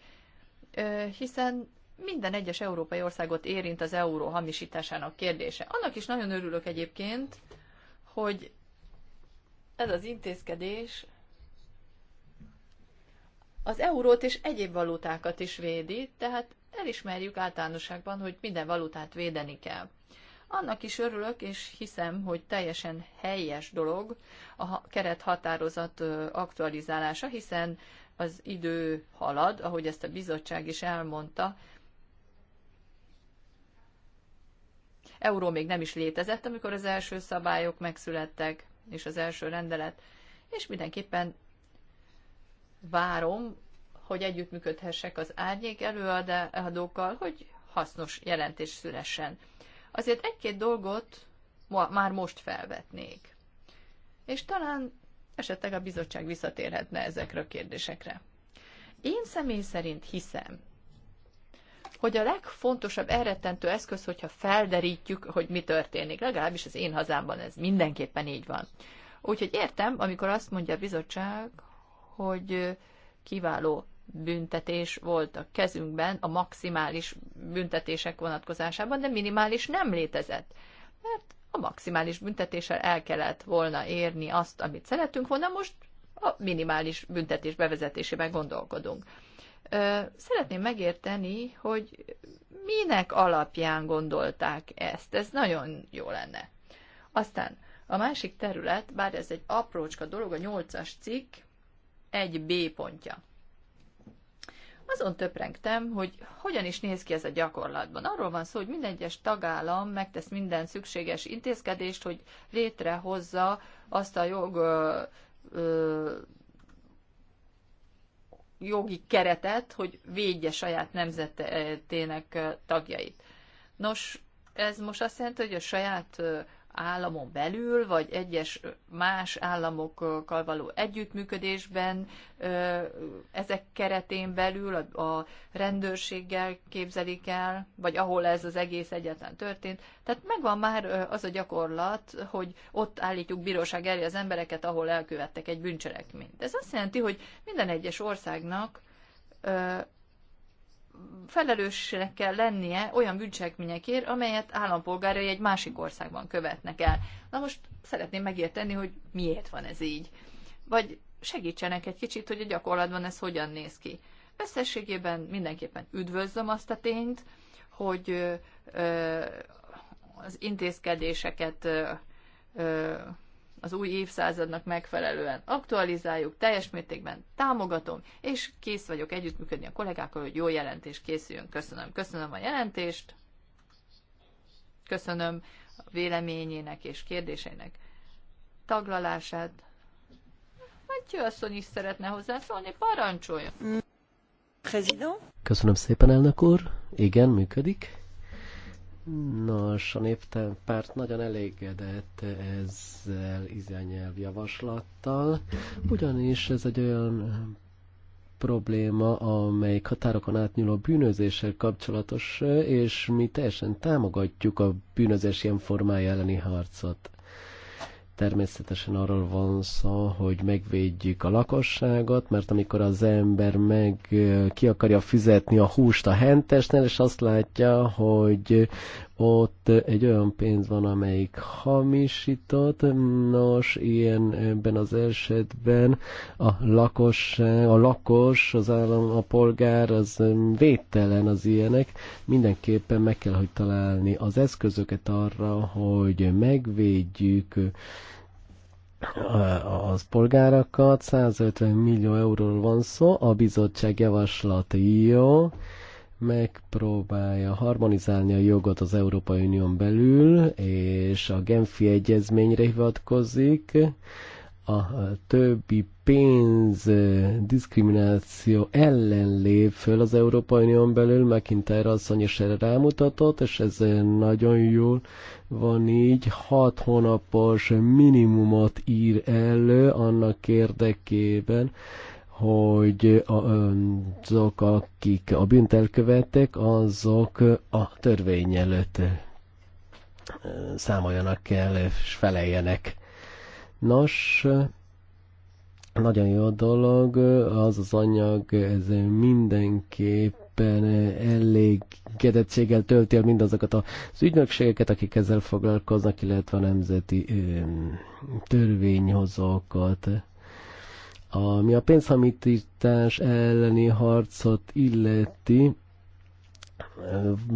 hiszen minden egyes európai országot érint az euró hamisításának kérdése. Annak is nagyon örülök egyébként, hogy ez az intézkedés az eurót és egyéb valutákat is védi, tehát elismerjük általánosságban, hogy minden valutát védeni kell. Annak is örülök, és hiszem, hogy teljesen helyes dolog a kerethatározat aktualizálása, hiszen az idő halad, ahogy ezt a bizottság is elmondta, euró még nem is létezett, amikor az első szabályok megszülettek, és az első rendelet, és mindenképpen várom, hogy együttműködhessek az árnyék előadókkal, hogy hasznos jelentés szülessen. Azért egy-két dolgot ma, már most felvetnék. És talán esetleg a bizottság visszatérhetne ezekre a kérdésekre. Én személy szerint hiszem, hogy a legfontosabb elrettentő eszköz, hogyha felderítjük, hogy mi történik. Legalábbis az én hazámban ez mindenképpen így van. Úgyhogy értem, amikor azt mondja a bizottság, hogy kiváló büntetés volt a kezünkben, a maximális büntetések vonatkozásában, de minimális nem létezett. Mert a maximális büntetéssel el kellett volna érni azt, amit szeretünk volna, most a minimális büntetés bevezetésében gondolkodunk. Szeretném megérteni, hogy minek alapján gondolták ezt. Ez nagyon jó lenne. Aztán a másik terület, bár ez egy aprócska dolog, a 8-as cikk, egy B pontja. Azon töprengtem, hogy hogyan is néz ki ez a gyakorlatban. Arról van szó, hogy minden egyes tagállam megtesz minden szükséges intézkedést, hogy létrehozza azt a jog ö, ö, jogi keretet, hogy védje saját nemzetének eh, tagjait. Nos, ez most azt jelenti, hogy a saját eh, államon belül, vagy egyes más államokkal való együttműködésben, ezek keretén belül a rendőrséggel képzelik el, vagy ahol ez az egész egyetlen történt. Tehát megvan már az a gyakorlat, hogy ott állítjuk bíróság elé az embereket, ahol elkövettek egy bűncselekményt. Ez azt jelenti, hogy minden egyes országnak felelősnek kell lennie olyan bűncselekményekért, amelyet állampolgárai egy másik országban követnek el. Na most szeretném megérteni, hogy miért van ez így. Vagy segítsenek egy kicsit, hogy a gyakorlatban ez hogyan néz ki. Összességében mindenképpen üdvözlöm azt a tényt, hogy az intézkedéseket az új évszázadnak megfelelően aktualizáljuk, teljes mértékben támogatom, és kész vagyok együttműködni a kollégákkal, hogy jó jelentés készüljön. Köszönöm. Köszönöm a jelentést, köszönöm a véleményének és kérdéseinek taglalását. Egy asszony is szeretne hozzászólni, parancsoljon. Köszönöm szépen, elnök úr. Igen, működik. Nos, a néppárt nagyon elégedett ezzel izányelv javaslattal, ugyanis ez egy olyan probléma, amelyik határokon átnyúló bűnözéssel kapcsolatos, és mi teljesen támogatjuk a bűnözés ilyen formája elleni harcot. Természetesen arról van szó, hogy megvédjük a lakosságot, mert amikor az ember meg ki akarja fizetni a húst a hentesnél, és azt látja, hogy ott egy olyan pénz van, amelyik hamisított, nos, ilyen ebben az esetben a lakos, a lakos, az állam, a polgár, az védtelen az ilyenek, mindenképpen meg kell, hogy találni az eszközöket arra, hogy megvédjük az polgárakat, 150 millió euróról van szó, a bizottság javaslat jó, megpróbálja harmonizálni a jogot az Európai Unión belül, és a Genfi Egyezményre hivatkozik, a többi pénz diszkrimináció ellen lép föl az Európai Unión belül, McIntyre asszony is erre rámutatott, és ez nagyon jól van így, hat hónapos minimumot ír elő annak érdekében, hogy azok, akik a bűnt elkövettek, azok a törvény előtt számoljanak el és feleljenek. Nos, nagyon jó dolog, az az anyag, ez mindenképpen elégedettséggel tölti el mindazokat az ügynökségeket, akik ezzel foglalkoznak, illetve a nemzeti törvényhozókat. Ami a pénzhamítás elleni harcot illeti,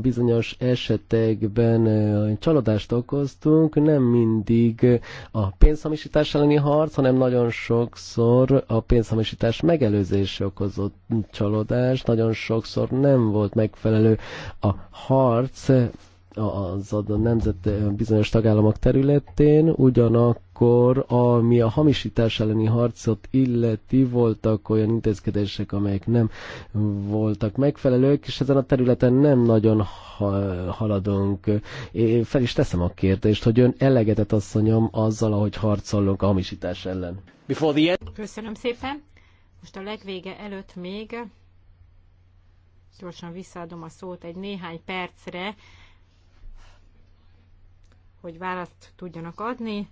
bizonyos esetekben csalódást okoztunk, nem mindig a pénzhamisítás elleni harc, hanem nagyon sokszor a pénzhamisítás megelőzése okozott csalódást, nagyon sokszor nem volt megfelelő a harc az a nemzet bizonyos tagállamok területén, ugyanak akkor ami a hamisítás elleni harcot illeti, voltak olyan intézkedések, amelyek nem voltak megfelelők, és ezen a területen nem nagyon haladunk. Én fel is teszem a kérdést, hogy ön elegetett asszonyom azzal, ahogy harcolunk a hamisítás ellen. Köszönöm szépen. Most a legvége előtt még gyorsan visszaadom a szót egy néhány percre, hogy választ tudjanak adni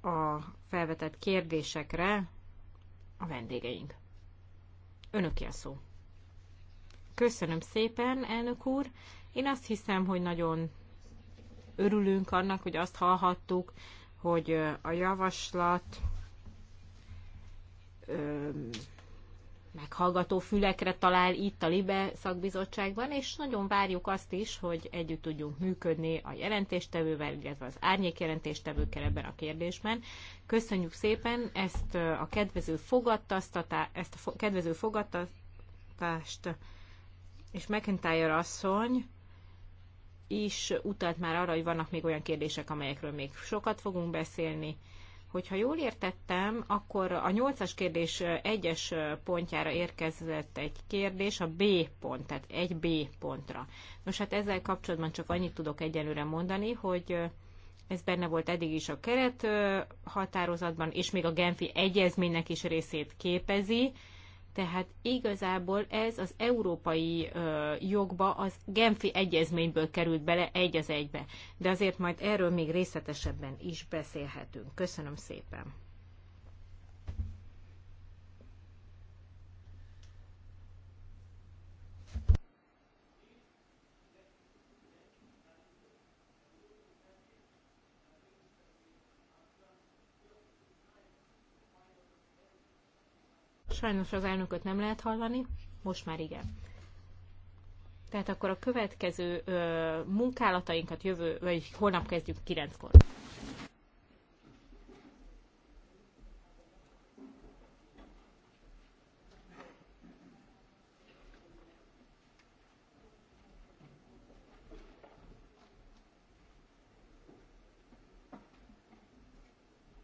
a felvetett kérdésekre a vendégeink. Önöké a szó. Köszönöm szépen, elnök úr. Én azt hiszem, hogy nagyon örülünk annak, hogy azt hallhattuk, hogy a javaslat meghallgató fülekre talál itt a LIBE szakbizottságban, és nagyon várjuk azt is, hogy együtt tudjunk működni a jelentéstevővel, illetve az árnyék jelentéstevőkkel ebben a kérdésben. Köszönjük szépen ezt a kedvező ezt a kedvező fogadtatást, és McIntyre asszony is utalt már arra, hogy vannak még olyan kérdések, amelyekről még sokat fogunk beszélni, Hogyha jól értettem, akkor a nyolcas kérdés egyes pontjára érkezett egy kérdés, a B pont, tehát egy B pontra. Nos, hát ezzel kapcsolatban csak annyit tudok egyelőre mondani, hogy ez benne volt eddig is a keret határozatban, és még a Genfi egyezménynek is részét képezi, tehát igazából ez az európai ö, jogba, az Genfi egyezményből került bele egy az egybe. De azért majd erről még részletesebben is beszélhetünk. Köszönöm szépen! Sajnos az elnököt nem lehet hallani, most már igen. Tehát akkor a következő ö, munkálatainkat jövő, vagy holnap kezdjük 9-kor.